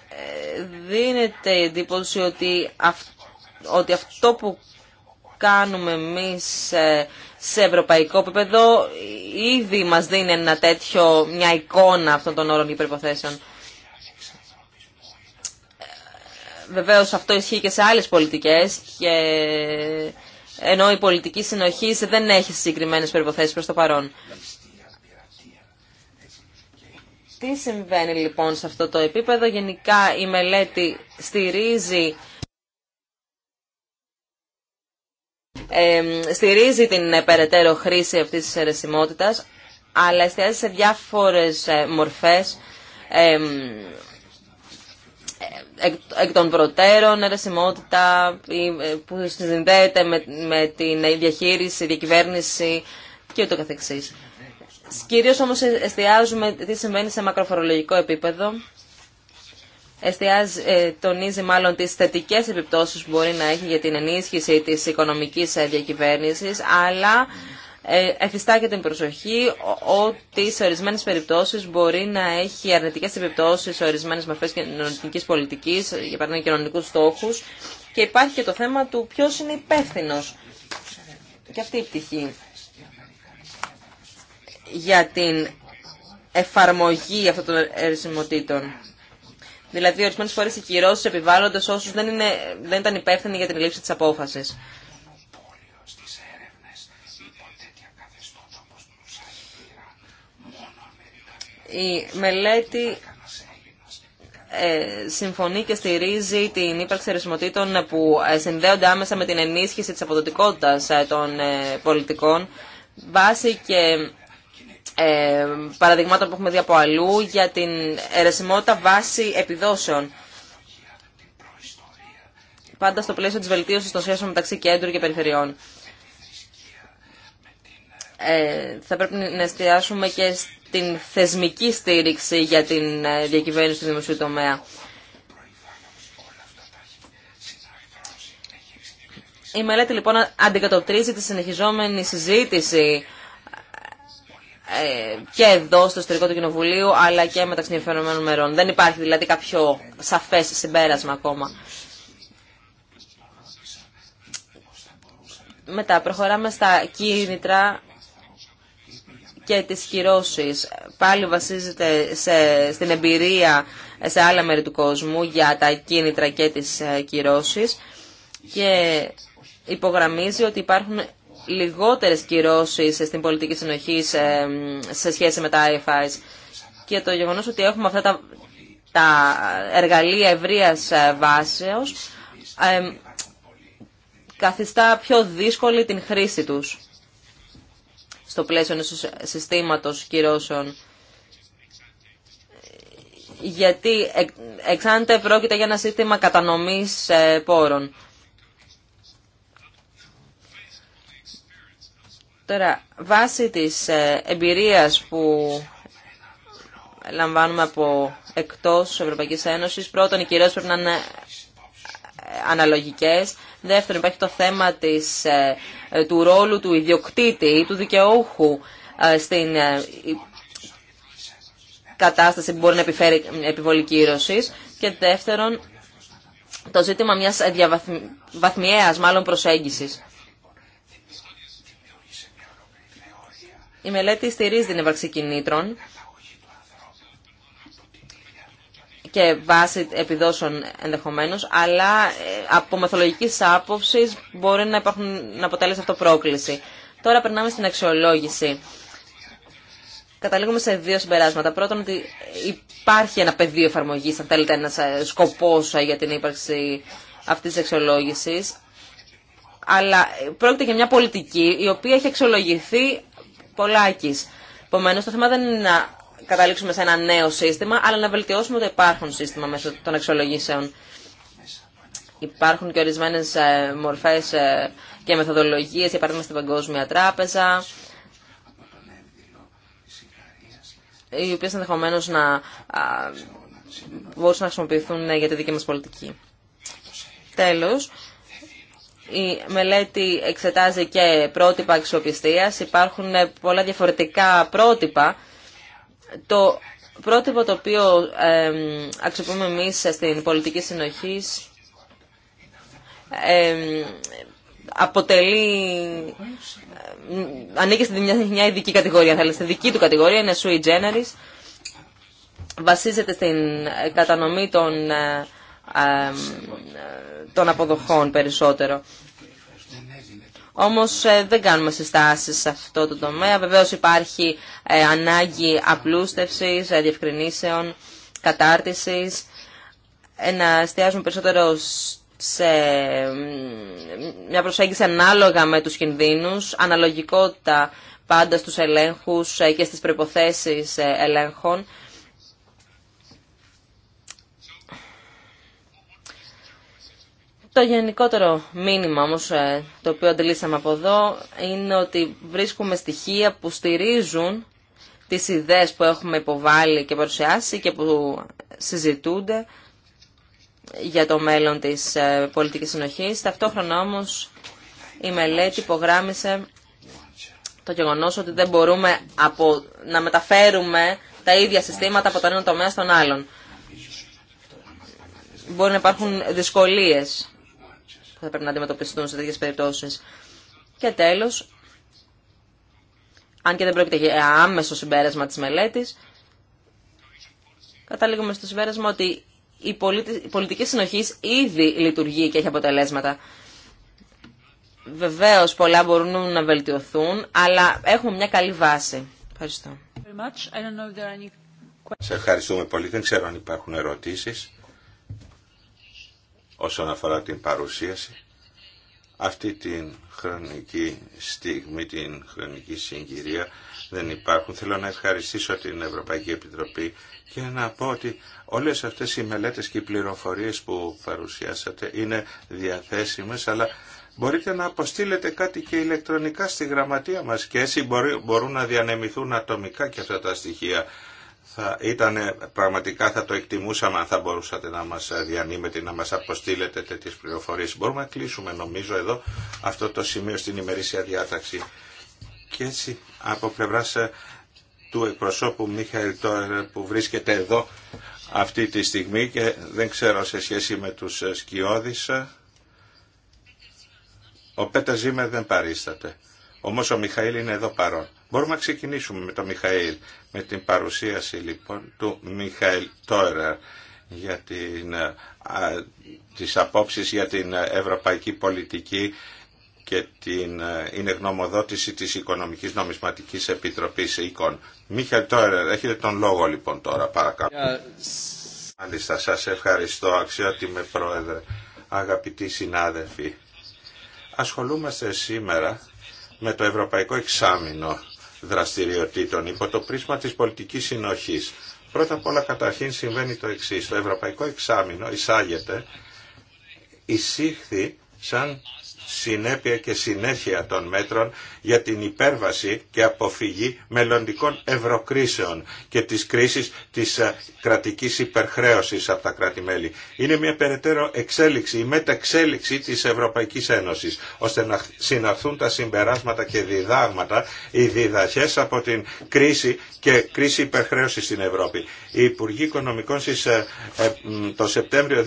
S4: Ε, δίνεται εντύπωση ότι, αυτό που κάνουμε εμείς ε, σε ευρωπαϊκό επίπεδο ε, ήδη μας δίνει ένα τέτοιο, μια εικόνα αυτών των όρων υπερποθέσεων. βεβαίως αυτό ισχύει και σε άλλες πολιτικές και ενώ η πολιτική συνοχή δεν έχει συγκεκριμένες περιποθέσεις προς το παρόν. Τι συμβαίνει λοιπόν σε αυτό το επίπεδο. Γενικά η μελέτη στηρίζει στηρίζει την ε, περαιτέρω χρήση αυτής της αιρεσιμότητας, αλλά εστιάζει σε διάφορες ε, μορφές ε, εκ των προτέρων ερεσιμότητα ε, που συνδέεται με την διαχείριση, διακυβέρνηση και ούτω καθεξής. Κυρίως όμως ε, εστιάζουμε τι συμβαίνει σε μακροφορολογικό επίπεδο. Εστιάζει, ε, τονίζει μάλλον τις θετικές επιπτώσεις που μπορεί να έχει για την ενίσχυση της οικονομικής διακυβέρνησης, αλλά ε, εφιστάκεται την προσοχή ότι σε ορισμένες περιπτώσεις μπορεί να έχει αρνητικές επιπτώσεις σε ορισμένες μορφές κοινωνική πολιτική, για παράδειγμα κοινωνικού στόχους και υπάρχει και το θέμα του ποιο είναι υπεύθυνο. Και αυτή η πτυχή για την εφαρμογή αυτών των ερησιμοτήτων. Δηλαδή, ορισμένε φορέ οι κυρώσει επιβάλλονται όσου δεν, δεν ήταν υπεύθυνοι για την λήψη τη απόφαση. Η μελέτη ε, συμφωνεί και στηρίζει την ύπαρξη ερεσιμοτήτων που ε, συνδέονται άμεσα με την ενίσχυση της αποδοτικότητας ε, των πολιτικών βάσει και ε, παραδειγμάτων που έχουμε δει από αλλού για την ερεσιμότητα βάση επιδόσεων. Πάντα στο πλαίσιο της βελτίωσης των σχέσεων μεταξύ κέντρου και περιφερειών. Ε, θα πρέπει να εστιάσουμε και την θεσμική στήριξη για την ε, διακυβέρνηση του δημοσίου τομέα. Η μελέτη λοιπόν αντικατοπτρίζει τη συνεχιζόμενη συζήτηση ε, και εδώ στο ιστορικό του Κοινοβουλίου αλλά και μεταξύ ενδιαφερομένων μερών. Δεν υπάρχει δηλαδή κάποιο σαφές συμπέρασμα ακόμα. Μετά προχωράμε στα κίνητρα και τις χειρώσεις πάλι βασίζεται σε, στην εμπειρία σε άλλα μέρη του κόσμου για τα κίνητρα και τις ε, κυρώσεις και υπογραμμίζει ότι υπάρχουν λιγότερες κυρώσεις στην πολιτική συνοχή σε, σχέση με τα IFIs και το γεγονός ότι έχουμε αυτά τα, τα εργαλεία ευρείας ε, βάσεως ε, καθιστά πιο δύσκολη την χρήση τους στο πλαίσιο ενός συστήματος κυρώσεων. Γιατί εξάντε πρόκειται για ένα σύστημα κατανομής ε, πόρων. Τώρα, βάσει της ε, εμπειρίας που λαμβάνουμε από εκτός Ευρωπαϊκής Ένωσης, πρώτον οι κυρίες πρέπει να είναι αναλογικές. Δεύτερον, υπάρχει το θέμα της, ε, ε, του ρόλου του ιδιοκτήτη ή του δικαιούχου ε, στην κατάσταση που μπορεί να επιφέρει επιβολή κύρωσης. Και δεύτερον, το ζήτημα μιας βαθμιαίας μάλλον προσέγγισης. Η μελέτη στηρίζει την ευαρξή κινήτρων και βάση επιδόσεων ενδεχομένως, αλλά ε, από μεθολογικής άποψης μπορεί να, υπάρχουν, να αποτελέσει αυτό πρόκληση. Τώρα περνάμε στην αξιολόγηση. Καταλήγουμε σε δύο συμπεράσματα. Πρώτον, ότι υπάρχει ένα πεδίο εφαρμογή, αν θέλετε, ένα ε, σκοπό για την ύπαρξη αυτή τη αξιολόγηση. Αλλά ε, πρόκειται για μια πολιτική η οποία έχει αξιολογηθεί πολλάκι. Επομένω, το θέμα δεν είναι να καταλήξουμε σε ένα νέο σύστημα, αλλά να βελτιώσουμε το υπάρχον σύστημα μέσω των αξιολογήσεων. Υπάρχουν και ορισμένε ε, μορφέ ε, και μεθοδολογίε, για παράδειγμα στην Παγκόσμια Τράπεζα, οι οποίε ενδεχομένω να μπορούσαν να χρησιμοποιηθούν ε, για τη δική μα πολιτική. Τέλο, η μελέτη εξετάζει και πρότυπα αξιοπιστία. Υπάρχουν πολλά διαφορετικά πρότυπα το πρότυπο το οποίο ε, αξιοποιούμε εμείς στην πολιτική συνοχής αποτελεί, ανήκει στην μια, ειδική κατηγορία, θέλετε, στη δική του κατηγορία, είναι sui generis, βασίζεται στην κατανομή των, ε, των αποδοχών περισσότερο όμως ε, δεν κάνουμε συστάσεις σε αυτό το τομέα. Βεβαίως υπάρχει ε, ανάγκη απλούστευσης, ε, διευκρινήσεων, κατάρτισης, να εστιάζουμε περισσότερο σε μια προσέγγιση ανάλογα με τους κινδύνους, αναλογικότητα πάντα στους ελέγχους και στις προϋποθέσεις ελέγχων. Το γενικότερο μήνυμα όμως ε, το οποίο αντιλήσαμε από εδώ είναι ότι βρίσκουμε στοιχεία που στηρίζουν τις ιδέες που έχουμε υποβάλει και παρουσιάσει και που συζητούνται για το μέλλον της ε, πολιτικής συνοχής. Ταυτόχρονα όμως η μελέτη υπογράμμισε το γεγονός ότι δεν μπορούμε να μεταφέρουμε τα ίδια συστήματα από τον ένα τομέα στον άλλον. Μπορεί να υπάρχουν δυσκολίες θα πρέπει να αντιμετωπιστούν σε τέτοιε περιπτώσει. Και τέλος, αν και δεν πρόκειται για άμεσο συμπέρασμα της μελέτης, καταλήγουμε στο συμπέρασμα ότι η πολιτική συνοχή ήδη λειτουργεί και έχει αποτελέσματα. Βεβαίως πολλά μπορούν να βελτιωθούν, αλλά έχουμε μια καλή βάση. Ευχαριστώ.
S2: Σε ευχαριστούμε πολύ. Δεν ξέρω αν υπάρχουν ερωτήσεις όσον αφορά την παρουσίαση αυτή την χρονική στιγμή, την χρονική συγκυρία δεν υπάρχουν. Θέλω να ευχαριστήσω την Ευρωπαϊκή Επιτροπή και να πω ότι όλες αυτές οι μελέτες και οι πληροφορίες που παρουσιάσατε είναι διαθέσιμες, αλλά μπορείτε να αποστείλετε κάτι και ηλεκτρονικά στη γραμματεία μας και έτσι μπορούν να διανεμηθούν ατομικά και αυτά τα στοιχεία θα ήταν πραγματικά θα το εκτιμούσαμε αν θα μπορούσατε να μας διανύμετε, να μας αποστείλετε τέτοιες πληροφορίες. Μπορούμε να κλείσουμε νομίζω εδώ αυτό το σημείο στην ημερήσια διάταξη. Και έτσι από πλευράς ε, του εκπροσώπου Μίχαηλ Τόρερ που βρίσκεται εδώ αυτή τη στιγμή και δεν ξέρω σε σχέση με τους σκιώδεις. Ε, ο Πέτα Ζήμερ δεν παρίσταται. Όμως ο Μιχαήλ είναι εδώ παρόν. Μπορούμε να ξεκινήσουμε με τον Μιχαήλ, με την παρουσίαση λοιπόν του Μιχαήλ Τόερα για την, α, απόψεις για την ευρωπαϊκή πολιτική και την, είναι γνωμοδότηση της Οικονομικής Νομισματικής Επιτροπής ΕΙΚΟΝ. Μιχαήλ Τόερα, έχετε τον λόγο λοιπόν τώρα παρακαλώ. Μάλιστα, yeah. σας ευχαριστώ αξιότιμε πρόεδρε, αγαπητοί συνάδελφοι. Ασχολούμαστε σήμερα με το Ευρωπαϊκό Εξάμεινο δραστηριοτήτων υπό το πρίσμα της πολιτικής συνοχής. Πρώτα απ' όλα καταρχήν συμβαίνει το εξή. Το Ευρωπαϊκό Εξάμεινο εισάγεται, εισήχθη σαν συνέπεια και συνέχεια των μέτρων για την υπέρβαση και αποφυγή μελλοντικών ευρωκρίσεων και της κρίσης της ε, κρατικής υπερχρέωσης από τα κράτη-μέλη. Είναι μια περαιτέρω εξέλιξη, η μεταξέλιξη της Ευρωπαϊκής Ένωσης, ώστε να συναρθούν τα συμπεράσματα και διδάγματα, οι διδαχές από την κρίση και κρίση υπερχρέωσης στην Ευρώπη. Οι Υπουργοί Οικονομικών ε, ε, το Σεπτέμβριο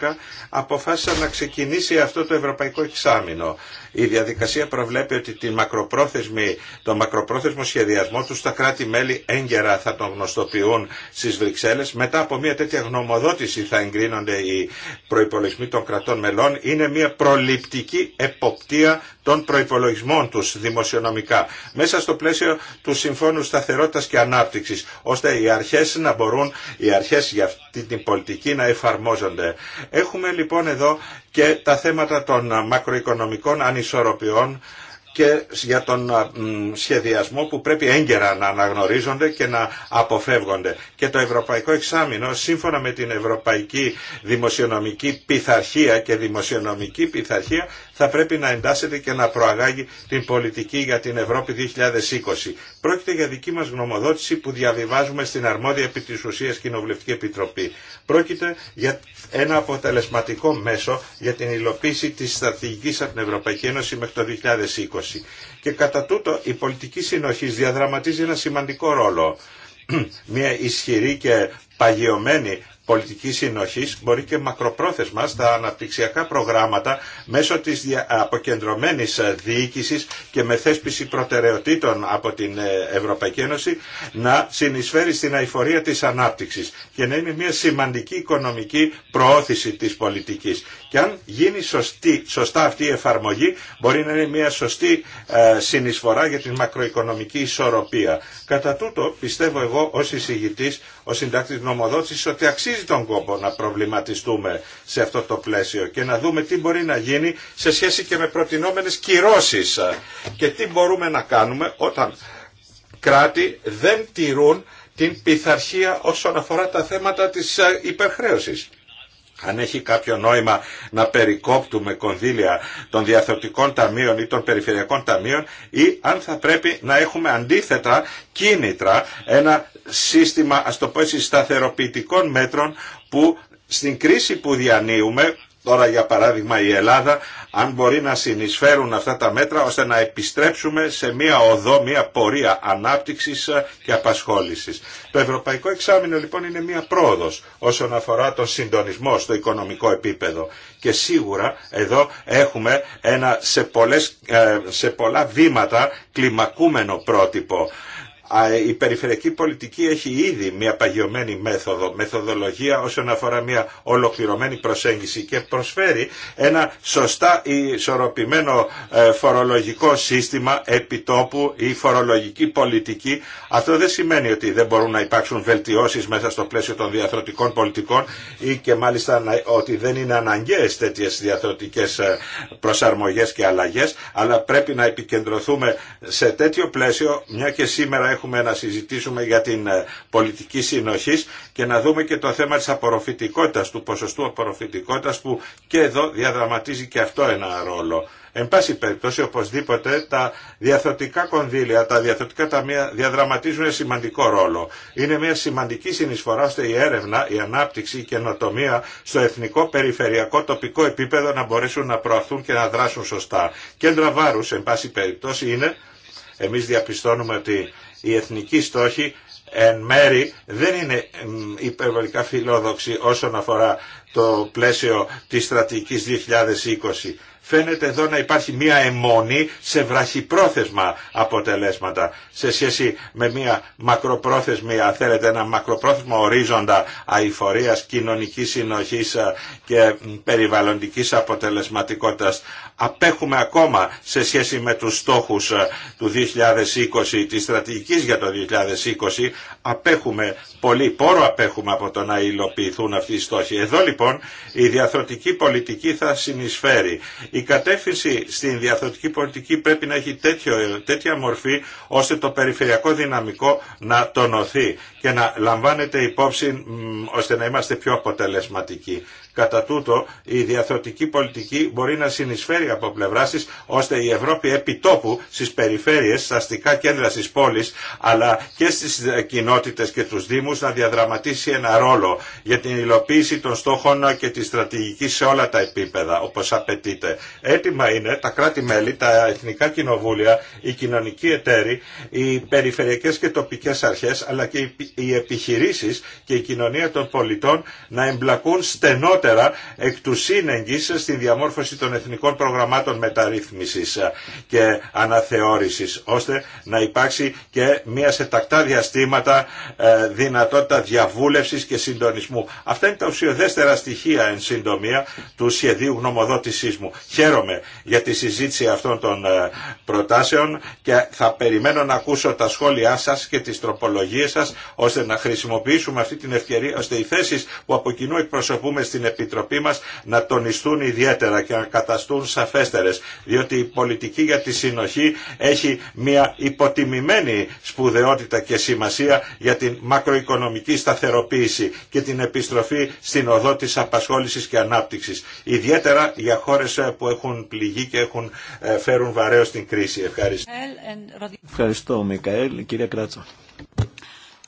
S2: 2010 αποφάσισαν να ξεκινήσει αυτό το Ευρωπαϊκό εξάμεινο. Η διαδικασία προβλέπει ότι την μακροπρόθεσμη, το μακροπρόθεσμο σχεδιασμό του στα κράτη-μέλη έγκαιρα θα τον γνωστοποιούν στις Βρυξέλλες. Μετά από μια τέτοια γνωμοδότηση θα εγκρίνονται οι προϋπολογισμοί των κρατών μελών. Είναι μια προληπτική εποπτεία των προϋπολογισμών τους δημοσιονομικά μέσα στο πλαίσιο του Συμφώνου Σταθερότητας και Ανάπτυξης ώστε οι αρχές να μπορούν, οι αρχές για αυτή την πολιτική να εφαρμόζονται. Έχουμε λοιπόν εδώ και τα θέματα των μακροοικονομικών ανισορροπιών και για τον σχεδιασμό που πρέπει έγκαιρα να αναγνωρίζονται και να αποφεύγονται. Και το Ευρωπαϊκό Εξάμεινο, σύμφωνα με την Ευρωπαϊκή Δημοσιονομική Πειθαρχία και Δημοσιονομική Πειθαρχία, θα πρέπει να εντάσσεται και να προαγάγει την πολιτική για την Ευρώπη 2020. Πρόκειται για δική μας γνωμοδότηση που διαβιβάζουμε στην αρμόδια επί της ουσίας Κοινοβουλευτική Επιτροπή. Πρόκειται για ένα αποτελεσματικό μέσο για την υλοποίηση της στρατηγικής από την Ευρωπαϊκή Ένωση μέχρι το 2020. Και κατά τούτο η πολιτική συνοχή διαδραματίζει ένα σημαντικό ρόλο. Μια ισχυρή και παγιωμένη πολιτικής συνοχής μπορεί και μακροπρόθεσμα στα αναπτυξιακά προγράμματα μέσω της αποκεντρωμένης ε, διοίκησης και με θέσπιση προτεραιοτήτων από την ε, Ευρωπαϊκή Ένωση να συνεισφέρει στην αηφορία της ανάπτυξης και να είναι μια σημαντική οικονομική προώθηση της πολιτικής. Και αν γίνει σωστή, σωστά αυτή η εφαρμογή μπορεί να είναι μια σωστή ε, συνεισφορά για την μακροοικονομική ισορροπία. Κατά τούτο πιστεύω εγώ ω εισηγητής ο συντάκτη νομοδότησης ότι αξίζει τον κόπο να προβληματιστούμε σε αυτό το πλαίσιο και να δούμε τι μπορεί να γίνει σε σχέση και με προτινόμενες κυρώσει και τι μπορούμε να κάνουμε όταν κράτη δεν τηρούν την πειθαρχία όσον αφορά τα θέματα της ε, υπερχρέωσης αν έχει κάποιο νόημα να περικόπτουμε κονδύλια των διαθετικών ταμείων ή των περιφερειακών ταμείων ή αν θα πρέπει να έχουμε αντίθετα κίνητρα ένα σύστημα ας το πω έτσι σταθεροποιητικών μέτρων που στην κρίση που διανύουμε Τώρα για παράδειγμα η Ελλάδα αν μπορεί να συνεισφέρουν αυτά τα μέτρα ώστε να επιστρέψουμε σε μια οδό, μια πορεία ανάπτυξης ε, και απασχόλησης. Το Ευρωπαϊκό Εξάμεινο λοιπόν είναι μια πρόοδος όσον αφορά τον συντονισμό στο οικονομικό επίπεδο και σίγουρα εδώ έχουμε ένα σε, πολλές, ε, σε πολλά βήματα κλιμακούμενο πρότυπο η περιφερειακή πολιτική έχει ήδη μια παγιωμένη μέθοδο, μεθοδολογία όσον αφορά μια ολοκληρωμένη προσέγγιση και προσφέρει ένα σωστά ισορροπημένο ε, φορολογικό σύστημα επιτόπου ή φορολογική πολιτική. Αυτό δεν σημαίνει ότι δεν μπορούν να υπάρξουν βελτιώσεις μέσα στο πλαίσιο των διαθροτικών πολιτικών ή και μάλιστα ότι δεν είναι αναγκαίες τέτοιες διαθροτικές ε, προσαρμογές και αλλαγές, αλλά πρέπει να επικεντρωθούμε σε τέτοιο πλαίσιο, μια και σήμερα έχουμε να συζητήσουμε για την ε, πολιτική συνοχή και να δούμε και το θέμα της απορροφητικότητας, του ποσοστού απορροφητικότητας που και εδώ διαδραματίζει και αυτό ένα ρόλο. Εν πάση περιπτώσει, οπωσδήποτε, τα διαθωτικά κονδύλια, τα διαθωτικά ταμεία διαδραματίζουν ένα σημαντικό ρόλο. Είναι μια σημαντική συνεισφορά ώστε η έρευνα, η ανάπτυξη, η καινοτομία στο εθνικό, περιφερειακό, τοπικό επίπεδο να μπορέσουν να προαχθούν και να δράσουν σωστά. Κέντρα βάρου, εν πάση περιπτώσει, είναι εμείς διαπιστώνουμε ότι οι εθνικοί στόχοι εν μέρη δεν είναι υπερβολικά φιλόδοξοι όσον αφορά το πλαίσιο της στρατηγικής 2020 φαίνεται εδώ να υπάρχει μια αιμονή σε βραχυπρόθεσμα αποτελέσματα σε σχέση με μια μακροπρόθεσμη, αν θέλετε, ένα μακροπρόθεσμο ορίζοντα αηφορίας, κοινωνικής συνοχής ε, και περιβαλλοντικής αποτελεσματικότητας. Απέχουμε ακόμα σε σχέση με τους στόχους ε, του 2020, της στρατηγικής για το 2020, απέχουμε πολύ πόρο απέχουμε από το να υλοποιηθούν αυτοί οι στόχοι. Εδώ λοιπόν η διαθροτική πολιτική θα συνεισφέρει. Η κατεύθυνση στην διαθροτική πολιτική πρέπει να έχει τέτοιο, τέτοια μορφή ώστε το περιφερειακό δυναμικό να τονωθεί και να λαμβάνεται υπόψη ώστε να είμαστε πιο αποτελεσματικοί. Κατά τούτο, η διαθροτική πολιτική μπορεί να συνεισφέρει από πλευρά τη ώστε η Ευρώπη επιτόπου στι περιφέρειε, στα αστικά κέντρα τη πόλη, αλλά και στι κοινότητε και του Δήμου να διαδραματίσει ένα ρόλο για την υλοποίηση των στόχων και τη στρατηγική σε όλα τα επίπεδα, όπω απαιτείται. Έτοιμα είναι τα κράτη-μέλη, τα εθνικά κοινοβούλια, οι κοινωνικοί εταίροι, οι περιφερειακέ και τοπικέ αρχέ, αλλά και οι επιχειρήσει και η κοινωνία των πολιτών να εμπλακούν στενότερα εκ του σύνεγγυς στη διαμόρφωση των εθνικών προγραμμάτων μεταρρύθμισης και αναθεώρησης, ώστε να υπάρξει και μια σε τακτά διαστήματα ε, δυνατότητα διαβούλευσης και συντονισμού. Αυτά είναι τα ουσιοδέστερα στοιχεία εν συντομία του σχεδίου γνωμοδότησής μου. Χαίρομαι για τη συζήτηση αυτών των ε, προτάσεων και θα περιμένω να ακούσω τα σχόλιά σας και τις τροπολογίες σας ώστε να χρησιμοποιήσουμε αυτή την ευκαιρία ώστε οι θέσεις που από κοινού εκπροσωπούμε στην Επιτροπή να τονιστούν ιδιαίτερα και να καταστούν σαφέστερες, διότι η πολιτική για τη συνοχή έχει μια υποτιμημένη σπουδαιότητα και σημασία για την μακροοικονομική σταθεροποίηση και την επιστροφή στην οδό της απασχόλησης και ανάπτυξης, ιδιαίτερα για χώρες ε, που έχουν πληγεί και έχουν, ε, φέρουν βαρέως την κρίση. Ευχαριστώ.
S1: Ευχαριστώ Μικαέλ. Κυρία Κράτσο.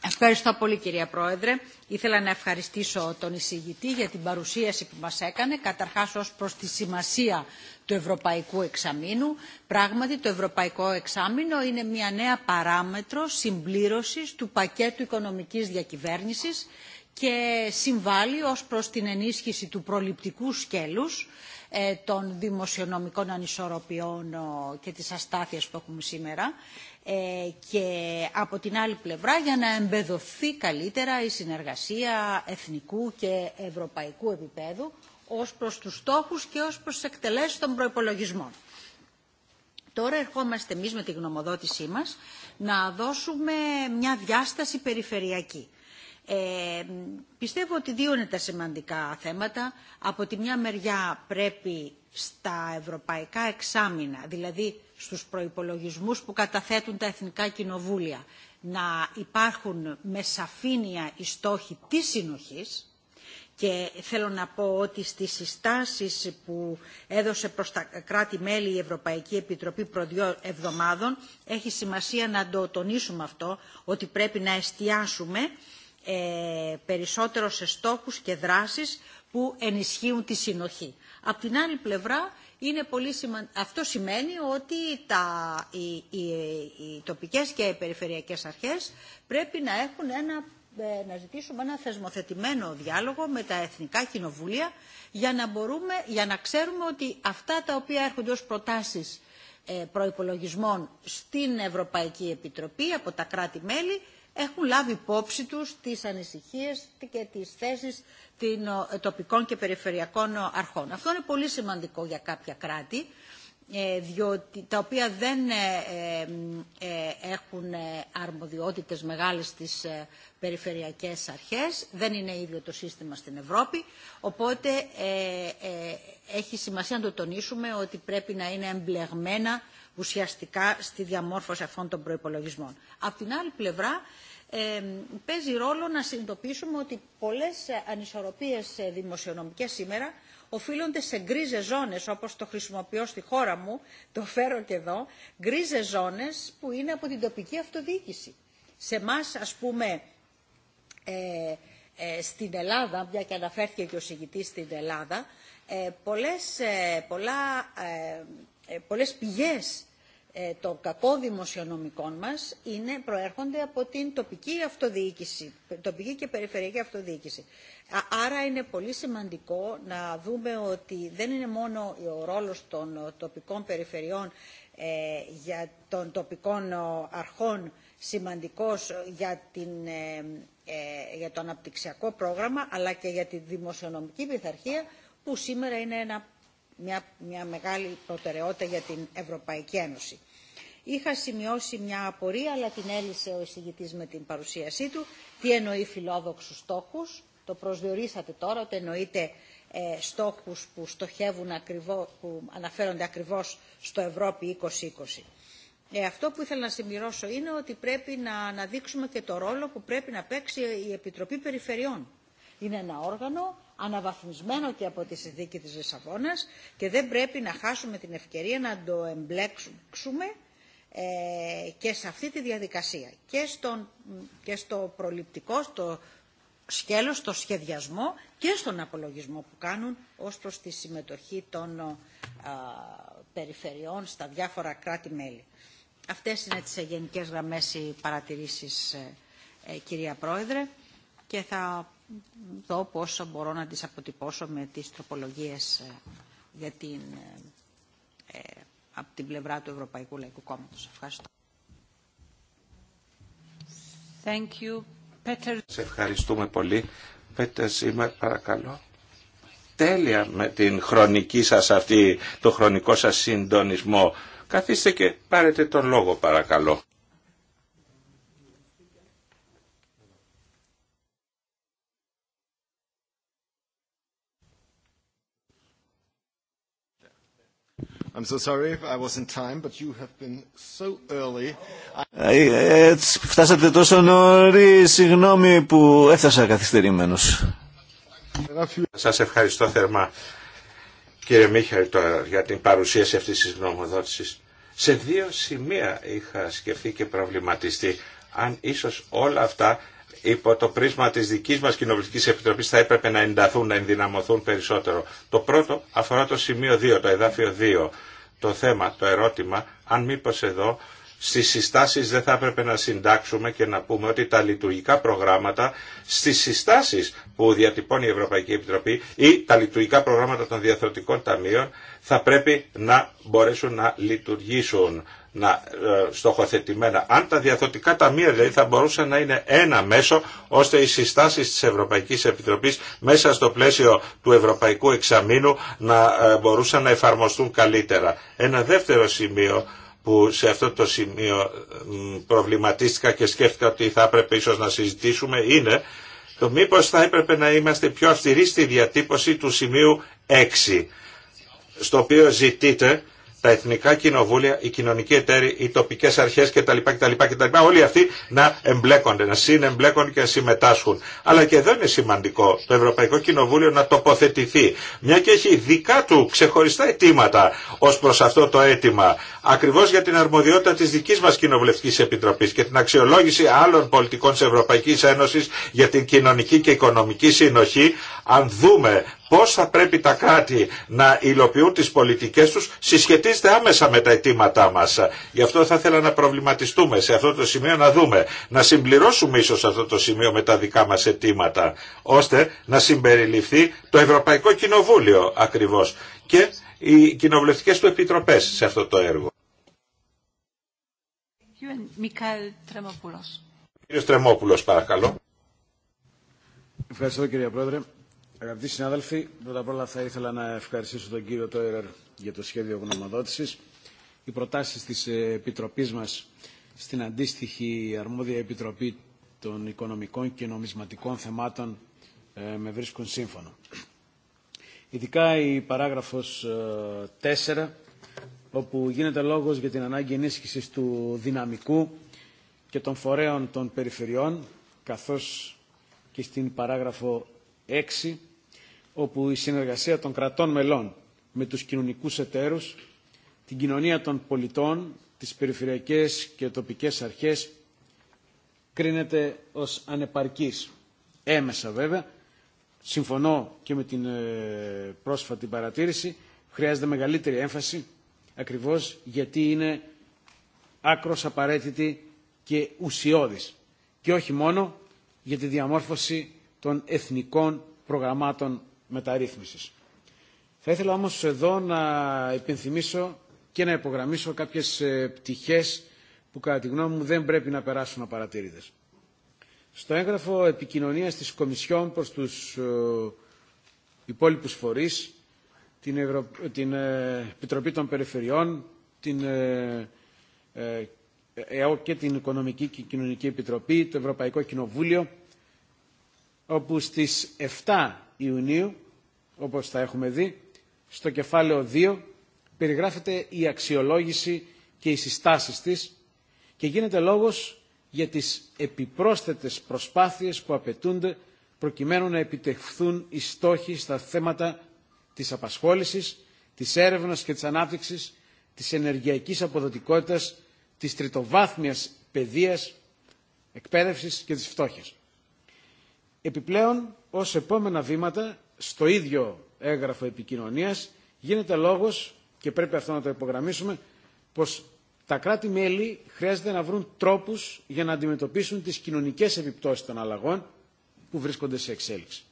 S3: Ευχαριστώ πολύ κυρία Πρόεδρε. Ήθελα να ευχαριστήσω τον εισηγητή για την παρουσίαση που μας έκανε, καταρχάς ως προς τη σημασία του Ευρωπαϊκού Εξαμήνου. Πράγματι, το Ευρωπαϊκό Εξάμεινο είναι μια νέα παράμετρο συμπλήρωσης του πακέτου οικονομικής διακυβέρνησης και συμβάλλει ως προς την ενίσχυση του προληπτικού σκέλους ε, των δημοσιονομικών ανισορροπιών ε, και της αστάθειας που έχουμε σήμερα ε, και από την άλλη πλευρά για να εμπεδοθεί καλύτερα η συνεργασία εθνικού και ευρωπαϊκού επίπεδου ως προς τους στόχους και ως προς τις εκτελέσεις των προϋπολογισμών. Τώρα ερχόμαστε εμείς με τη γνωμοδότησή μας να δώσουμε μια διάσταση περιφερειακή. Ε, πιστεύω ότι δύο είναι τα σημαντικά θέματα. Από τη μια μεριά πρέπει στα ευρωπαϊκά εξάμεινα, δηλαδή στους προϋπολογισμούς που καταθέτουν τα Εθνικά Κοινοβούλια να υπάρχουν με σαφήνεια οι στόχοι της συνοχής και θέλω να πω ότι στις συστάσεις που έδωσε προς τα κράτη-μέλη η Ευρωπαϊκή Επιτροπή προ δύο εβδομάδων έχει σημασία να το τονίσουμε αυτό, ότι πρέπει να εστιάσουμε ε, περισσότερο σε στόχους και δράσεις που ενισχύουν τη συνοχή. Απ' την άλλη πλευρά είναι πολύ Αυτό σημαίνει ότι τα... οι, τοπικές και οι περιφερειακές αρχές πρέπει να έχουν ένα ε, να ζητήσουμε ένα θεσμοθετημένο διάλογο με τα εθνικά κοινοβούλια για να, μπορούμε, για να ξέρουμε ότι αυτά τα οποία έρχονται ως προτάσεις ε, προϋπολογισμών στην Ευρωπαϊκή Επιτροπή από τα κράτη-μέλη έχουν λάβει υπόψη τους τις ανησυχίες και τις θέσεις των τοπικών και περιφερειακών αρχών. Αυτό είναι πολύ σημαντικό για κάποια κράτη, ε, διότι, τα οποία δεν ε, ε, έχουν αρμοδιότητες μεγάλες στις περιφερειακές αρχές, δεν είναι ίδιο το σύστημα στην Ευρώπη, οπότε έχει σημασία να το τονίσουμε ότι πρέπει να είναι εμπλεγμένα ουσιαστικά στη διαμόρφωση αυτών των προϋπολογισμών. Από την άλλη πλευρά, παίζει ρόλο να συνειδητοποιήσουμε ότι πολλές ανισορροπίες δημοσιονομικές σήμερα οφείλονται σε γκρίζε ζώνες, όπως το χρησιμοποιώ στη χώρα μου, το φέρω και εδώ, γκρίζε ζώνες που είναι από την τοπική αυτοδιοίκηση. Σε εμά, ας πούμε, ε, ε, στην Ελλάδα, μια και αναφέρθηκε και ο συγητής στην Ελλάδα, ε, πολλές, πολλά ε, πολλές πηγές ε, των κακών δημοσιονομικών μας είναι, προέρχονται από την τοπική αυτοδιοίκηση, τοπική και περιφερειακή αυτοδιοίκηση. Άρα είναι πολύ σημαντικό να δούμε ότι δεν είναι μόνο ο ρόλος των τοπικών περιφερειών ε, για των τοπικών αρχών σημαντικός για, την, για το αναπτυξιακό πρόγραμμα αλλά και για τη δημοσιονομική πειθαρχία που σήμερα είναι ένα μια, μια μεγάλη προτεραιότητα για την Ευρωπαϊκή Ένωση. Είχα σημειώσει μια απορία, αλλά την έλυσε ο εισηγητή με την παρουσίασή του. Τι εννοεί φιλόδοξου στόχου. Το προσδιορίσατε τώρα, ότι εννοείται ε, στόχους που, στοχεύουν ακριβώς, που αναφέρονται ακριβώς στο Ευρώπη 2020. Ε, αυτό που ήθελα να συμπληρώσω είναι ότι πρέπει να αναδείξουμε και το ρόλο που πρέπει να παίξει η Επιτροπή Περιφερειών. Είναι ένα όργανο αναβαθμισμένο και από τη συνθήκη της Λισαβόνα και δεν πρέπει να χάσουμε την ευκαιρία να το εμπλέξουμε ε, και σε αυτή τη διαδικασία και, στον, και στο προληπτικό, στο σκέλος, στο σχεδιασμό και στον απολογισμό που κάνουν ως προς τη συμμετοχή των ε, περιφερειών στα διάφορα κράτη-μέλη. Αυτές είναι τις γενικές γραμμές οι παρατηρήσεις, ε, κυρία Πρόεδρε, και θα δω πόσο μπορώ να τις αποτυπώσω με τις τροπολογίες ε, για την, ε, ε, από την πλευρά του Ευρωπαϊκού Λαϊκού Κόμματος. Ευχαριστώ.
S2: Σε ευχαριστούμε πολύ. Πέτερ Σήμερα παρακαλώ. Τέλεια με την χρονική σας αυτή, το χρονικό σας συντονισμό. Καθίστε και πάρετε τον λόγο παρακαλώ.
S1: I'm so sorry if I was in time, but you have been so early. Ε, φτάσατε τόσο νωρί. Συγγνώμη που έφτασα καθυστερημένος.
S2: Σας ευχαριστώ θερμά, κύριε Μίχαλ, για την παρουσίαση αυτή τη γνωμοδότηση. Σε δύο σημεία είχα σκεφτεί και προβληματιστεί αν ίσω όλα αυτά υπό το πρίσμα της δικής μας Κοινοβουλικής Επιτροπής θα έπρεπε να ενταθούν, να ενδυναμωθούν περισσότερο. Το πρώτο αφορά το σημείο 2, το εδάφιο 2. Το θέμα, το ερώτημα, αν μήπως εδώ στις συστάσεις δεν θα έπρεπε να συντάξουμε και να πούμε ότι τα λειτουργικά προγράμματα στις συστάσεις που διατυπώνει η Ευρωπαϊκή Επιτροπή ή τα λειτουργικά προγράμματα των διαθροτικών ταμείων θα πρέπει να μπορέσουν να λειτουργήσουν να, ε, στοχοθετημένα. Αν τα διαδοτικά ταμεία δηλαδή θα μπορούσαν να είναι ένα μέσο ώστε οι συστάσεις της Ευρωπαϊκής Επιτροπής μέσα στο πλαίσιο του Ευρωπαϊκού Εξαμήνου να ε, μπορούσαν να εφαρμοστούν καλύτερα. Ένα δεύτερο σημείο που σε αυτό το σημείο προβληματίστηκα και σκέφτηκα ότι θα έπρεπε ίσως να συζητήσουμε είναι το μήπως θα έπρεπε να είμαστε πιο αυστηροί στη διατύπωση του σημείου 6 στο οποίο ζητείτε τα εθνικά κοινοβούλια, οι κοινωνικοί εταίροι, οι τοπικέ αρχέ κτλ, κτλ, Όλοι αυτοί να εμπλέκονται, να συνεμπλέκονται και να συμμετάσχουν. Αλλά και εδώ είναι σημαντικό το Ευρωπαϊκό Κοινοβούλιο να τοποθετηθεί. Μια και έχει δικά του ξεχωριστά αιτήματα ω προ αυτό το αίτημα. Ακριβώ για την αρμοδιότητα τη δική μα Κοινοβουλευτική Επιτροπή και την αξιολόγηση άλλων πολιτικών τη Ευρωπαϊκή Ένωση για την κοινωνική και οικονομική συνοχή. Αν δούμε πώς θα πρέπει τα κράτη να υλοποιούν τις πολιτικές τους συσχετίζεται άμεσα με τα αιτήματά μας. Γι' αυτό θα ήθελα να προβληματιστούμε σε αυτό το σημείο να δούμε, να συμπληρώσουμε ίσως αυτό το σημείο με τα δικά μας αιτήματα, ώστε να συμπεριληφθεί το Ευρωπαϊκό Κοινοβούλιο ακριβώς και οι κοινοβουλευτικές του επιτροπές σε αυτό το έργο. Κύριε Τρεμόπουλος, παρακαλώ.
S5: Ευχαριστώ κύριε Πρόεδρε. Αγαπητοί συνάδελφοι, πρώτα απ' όλα θα ήθελα να ευχαριστήσω τον κύριο Τόιρερ για το σχέδιο γνωμοδότηση. Οι προτάσει τη επιτροπή μα στην αντίστοιχη αρμόδια Επιτροπή των Οικονομικών και Νομισματικών Θεμάτων ε, με βρίσκουν σύμφωνο. Ειδικά η παράγραφος 4, ε, όπου γίνεται λόγος για την ανάγκη ενίσχυσης του δυναμικού και των φορέων των περιφερειών, καθώς και στην παράγραφο 6 όπου η συνεργασία των κρατών μελών με τους κοινωνικούς εταίρους, την κοινωνία των πολιτών, τις περιφερειακές και τοπικές αρχές κρίνεται ως ανεπαρκής. Έμεσα βέβαια, συμφωνώ και με την ε, πρόσφατη παρατήρηση, χρειάζεται μεγαλύτερη έμφαση ακριβώς γιατί είναι άκρος απαραίτητη και ουσιώδης και όχι μόνο για τη διαμόρφωση των εθνικών προγραμμάτων μεταρρύθμισης. Θα ήθελα όμως εδώ να υπενθυμίσω και να υπογραμμίσω κάποιες ε, πτυχές που κατά τη γνώμη μου δεν πρέπει να περάσουν απαρατήρητες. Στο έγγραφο επικοινωνίας της Κομισιόν προς τους ε, υπόλοιπους φορείς, την, Ευρω... την ε, Επιτροπή των Περιφερειών, την και την Οικονομική και Κοινωνική Επιτροπή, το Ευρωπαϊκό Κοινοβούλιο, όπου στις 7 Ιουνίου, όπως θα έχουμε δει, στο κεφάλαιο 2 περιγράφεται η αξιολόγηση και οι συστάσεις της και γίνεται λόγος για τις επιπρόσθετες προσπάθειες που απαιτούνται προκειμένου να επιτευχθούν οι στόχοι στα θέματα της απασχόλησης, της έρευνας και της ανάπτυξης, της ενεργειακής αποδοτικότητας, της τριτοβάθμιας παιδείας, εκπαίδευσης και της φτώχειας. Επιπλέον, ως επόμενα βήματα, στο ίδιο έγγραφο επικοινωνίας, γίνεται λόγος, και πρέπει αυτό να το υπογραμμίσουμε, πως τα κράτη-μέλη χρειάζεται να βρουν τρόπους για να αντιμετωπίσουν τις κοινωνικές επιπτώσεις των αλλαγών που βρίσκονται σε εξέλιξη.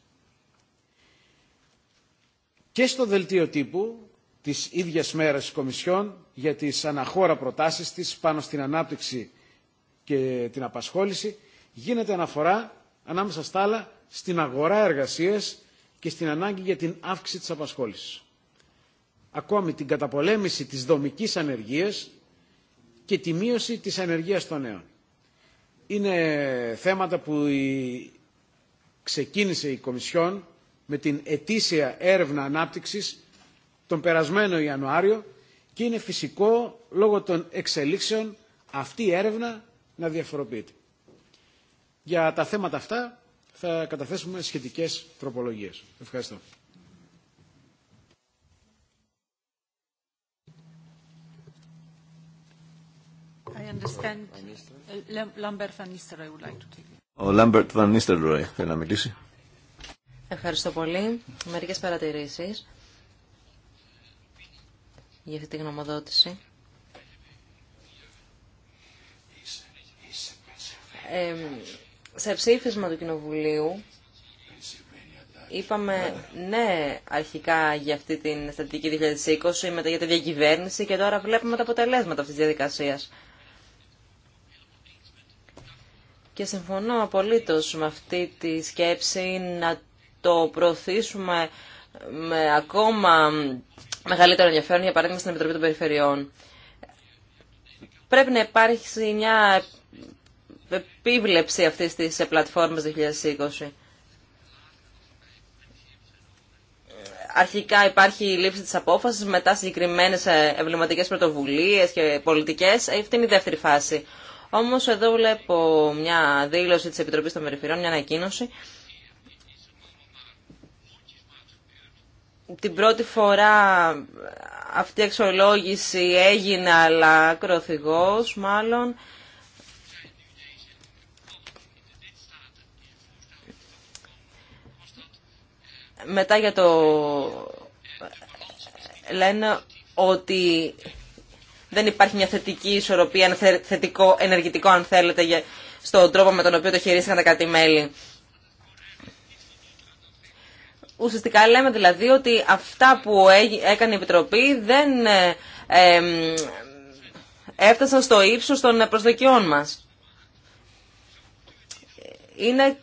S5: Και στο δελτίο τύπου της ίδιας μέρας της Κομισιόν για τις αναχώρα προτάσεις της πάνω στην ανάπτυξη και την απασχόληση γίνεται αναφορά ανάμεσα στα άλλα στην αγορά εργασίας και στην ανάγκη για την αύξηση της απασχόλησης. Ακόμη την καταπολέμηση της δομικής ανεργίας και τη μείωση της ανεργίας των νέων. Είναι θέματα που ξεκίνησε η Κομισιόν με την ετήσια έρευνα ανάπτυξης τον περασμένο Ιανουάριο και είναι φυσικό λόγω των εξελίξεων αυτή η έρευνα να διαφοροποιείται. Για τα θέματα αυτά θα καταθέσουμε σχετικές τροπολογίες. Ευχαριστώ.
S1: Ο Λάμπερτ Βαν Νίστερροϊ θέλει να μιλήσει.
S4: Ευχαριστώ πολύ. Μερικές
S3: παρατηρήσεις
S4: για αυτή τη γνωμοδότηση. Ε, σε ψήφισμα του Κοινοβουλίου είπαμε ναι αρχικά για αυτή την στατική 2020, μετά για τη διακυβέρνηση και τώρα βλέπουμε τα αποτελέσματα αυτής της διαδικασίας. Και συμφωνώ απολύτως με αυτή τη σκέψη να το προωθήσουμε με ακόμα μεγαλύτερο ενδιαφέρον, για παράδειγμα στην Επιτροπή των Περιφερειών. Πρέπει να υπάρξει μια επίβλεψη αυτή τη πλατφόρμα 2020. Αρχικά υπάρχει η λήψη της απόφασης, μετά συγκεκριμένες ε, εμβληματικές πρωτοβουλίες και πολιτικές. Ε, αυτή είναι η δεύτερη φάση. Όμως εδώ βλέπω μια δήλωση της Επιτροπής των Περιφυρών, μια ανακοίνωση. Την πρώτη φορά αυτή η αξιολόγηση έγινε, αλλά ακροθυγός μάλλον. μετά για το... Λένε ότι δεν υπάρχει μια θετική ισορροπία, ένα θετικό ενεργητικό αν θέλετε, στον τρόπο με τον οποίο το χειρίστηκαν τα κάτι μελη Ουσιαστικά λέμε δηλαδή ότι αυτά που έκανε η Επιτροπή δεν ε, έφτασαν στο ύψος των προσδοκιών μας. Είναι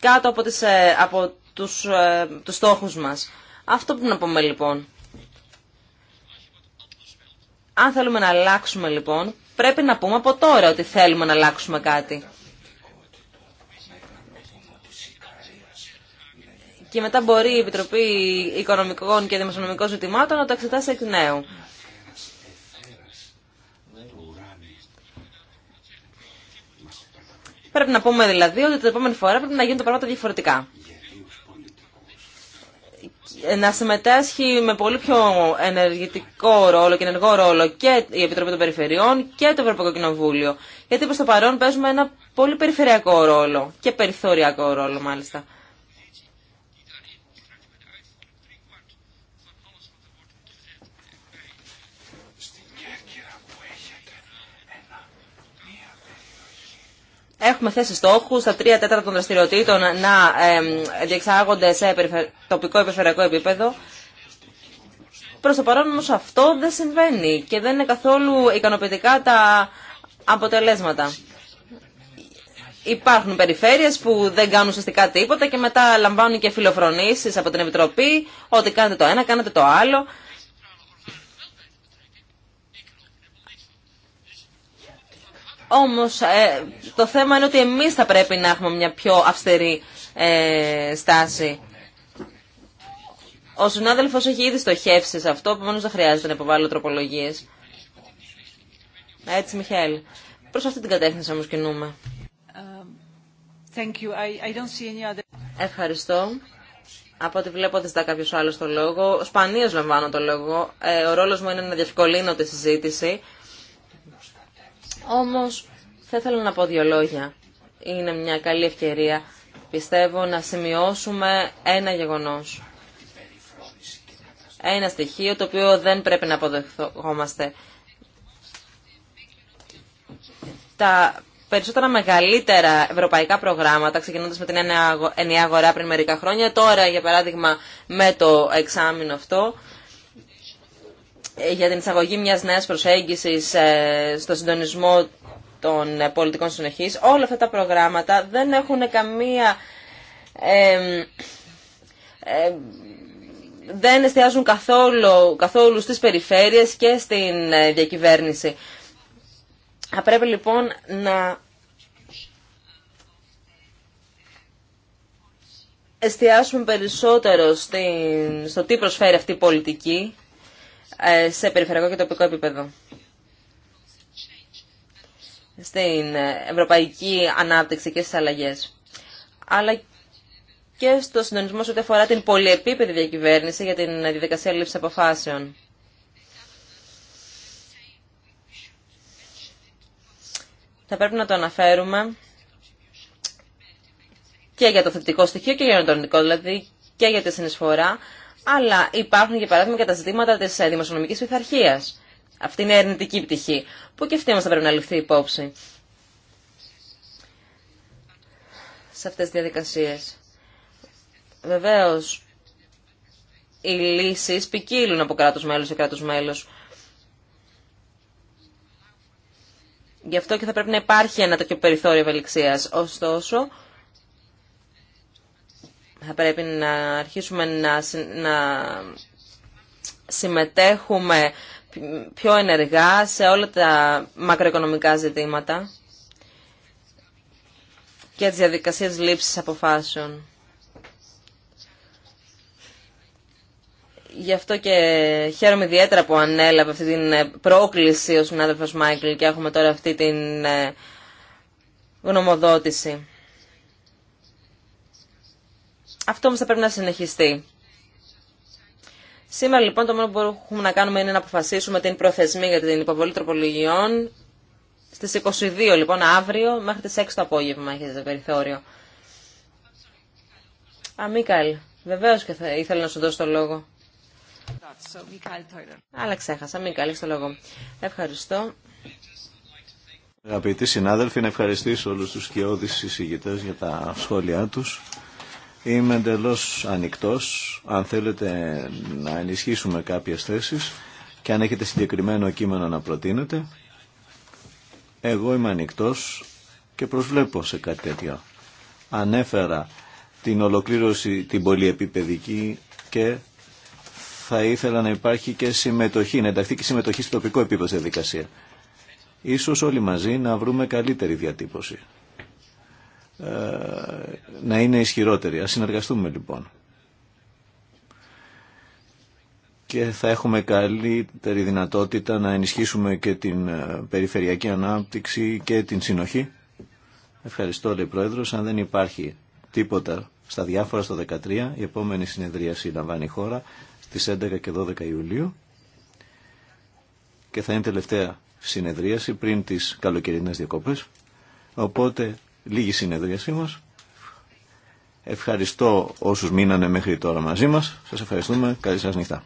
S4: κάτω από τις, ε, από τους, ε, τους στόχους μας. Αυτό που να πούμε λοιπόν. Αν θέλουμε να αλλάξουμε λοιπόν, πρέπει να πούμε από τώρα ότι θέλουμε να αλλάξουμε κάτι. Και μετά μπορεί η Επιτροπή Οικονομικών και Δημοσιονομικών Ζητημάτων να το εξετάσει εκ νέου. Πρέπει να πούμε δηλαδή ότι την επόμενη φορά πρέπει να γίνουν τα πράγματα διαφορετικά να συμμετέσχει με πολύ πιο ενεργητικό ρόλο και ενεργό ρόλο και η Επιτροπή των Περιφερειών και το Ευρωπαϊκό Κοινοβούλιο. Γιατί προ το παρόν παίζουμε ένα πολύ περιφερειακό ρόλο και περιθωριακό ρόλο μάλιστα. Έχουμε θέσει στόχου στα τρία τέταρτα των δραστηριοτήτων να διεξάγονται σε τοπικό επιφερειακό επίπεδο. Προ το παρόν όμω αυτό δεν συμβαίνει και δεν είναι καθόλου ικανοποιητικά τα αποτελέσματα. Υπάρχουν περιφέρειες που δεν κάνουν ουσιαστικά τίποτα και μετά λαμβάνουν και φιλοφρονήσεις από την Επιτροπή ότι κάνετε το ένα, κάνετε το άλλο. Όμως ε, το θέμα είναι ότι εμείς θα πρέπει να έχουμε μια πιο αυστηρή ε, στάση. Ο συνάδελφος έχει ήδη στοχεύσει σε αυτό, μόνος δεν χρειάζεται να υποβάλω τροπολογίες. Έτσι, Μιχαήλ. Προς αυτή την κατεύθυνση όμως κινούμε. Ευχαριστώ. Από ό,τι βλέπω δεν ζητά κάποιο άλλο το λόγο. Σπανίω λαμβάνω το λόγο. Ε, ο ρόλο μου είναι να διευκολύνω τη συζήτηση. Όμως θα ήθελα να πω δύο λόγια. Είναι μια καλή ευκαιρία, πιστεύω, να σημειώσουμε ένα γεγονός. Ένα στοιχείο το οποίο δεν πρέπει να αποδεχόμαστε. Τα περισσότερα μεγαλύτερα ευρωπαϊκά προγράμματα, ξεκινώντας με την ενιαία αγορά πριν μερικά χρόνια, τώρα για παράδειγμα με το εξάμεινο αυτό, ε, για την εισαγωγή μιας νέας προσέγγισης ε, στο συντονισμό των ε, πολιτικών συνοχής. Όλα αυτά τα προγράμματα δεν έχουν καμία... δεν εστιάζουν καθόλου, καθόλου στις περιφέρειες και στην διακυβέρνηση. Θα πρέπει λοιπόν να εστιάσουμε περισσότερο στο τι προσφέρει αυτή η πολιτική ε, σε περιφερειακό και τοπικό επίπεδο. Στην ευρωπαϊκή ανάπτυξη και στις αλλαγές. Αλλά και στο συντονισμό σε ό,τι αφορά την πολυεπίπεδη διακυβέρνηση για την διαδικασία λήψη αποφάσεων. Θα πρέπει να το αναφέρουμε και για το θετικό στοιχείο και για το αρνητικό, δηλαδή και για τη συνεισφορά αλλά υπάρχουν και παράδειγμα και τα ζητήματα της ε, δημοσιονομική πειθαρχία. Αυτή είναι η ερνητική πτυχή, που και αυτή μας θα πρέπει να ληφθεί υπόψη σε αυτές τις διαδικασίες. Βεβαίως, οι λύσεις ποικίλουν από κράτος μέλος σε κράτος μέλος. Γι' αυτό και θα πρέπει να υπάρχει ένα τέτοιο περιθώριο ευελιξίας. Ωστόσο, θα πρέπει να αρχίσουμε να, συμμετέχουμε πιο ενεργά σε όλα τα μακροοικονομικά ζητήματα και τις διαδικασίες λήψης αποφάσεων. Γι' αυτό και χαίρομαι ιδιαίτερα που ανέλαβε αυτή την ε, πρόκληση ο συνάδελφος Μάικλ και έχουμε τώρα αυτή την ε, γνωμοδότηση. Αυτό όμως θα πρέπει να συνεχιστεί. Σήμερα λοιπόν το μόνο που μπορούμε να κάνουμε είναι να αποφασίσουμε την προθεσμή για την υποβολή τροπολογιών στις 22 λοιπόν αύριο μέχρι τις 6 το απόγευμα έχετε το περιθώριο. Α, Μίκαλ, βεβαίως και ήθελα να σου δώσω το λόγο. Αλλά ξέχασα, Μίκαλ, έχεις το λόγο. Ευχαριστώ.
S1: Αγαπητοί συνάδελφοι, να ευχαριστήσω όλους τους σκιώδεις συζητητές για τα σχόλιά τους. Είμαι εντελώ ανοιχτό. Αν θέλετε να ενισχύσουμε κάποιε θέσει και αν έχετε συγκεκριμένο κείμενο να προτείνετε, εγώ είμαι ανοιχτό και προσβλέπω σε κάτι τέτοιο. Ανέφερα την ολοκλήρωση την πολυεπιπεδική και θα ήθελα να υπάρχει και συμμετοχή, να ενταχθεί και συμμετοχή στο τοπικό επίπεδο στη διαδικασία. Ίσως όλοι μαζί να βρούμε καλύτερη διατύπωση. Ε, να είναι ισχυρότερη. Ας συνεργαστούμε λοιπόν. Και θα έχουμε καλύτερη δυνατότητα να ενισχύσουμε και την ε, περιφερειακή ανάπτυξη και την συνοχή. Ευχαριστώ, λέει Πρόεδρος. Αν δεν υπάρχει τίποτα στα διάφορα στο 13, η επόμενη συνεδρίαση λαμβάνει η χώρα στις 11 και 12 Ιουλίου και θα είναι τελευταία συνεδρίαση πριν τις καλοκαιρινές διακοπές. Οπότε Λίγη συνεδρίασή μας. Ευχαριστώ όσους μείνανε μέχρι τώρα μαζί μας. Σας ευχαριστούμε. Καλή σας νύχτα.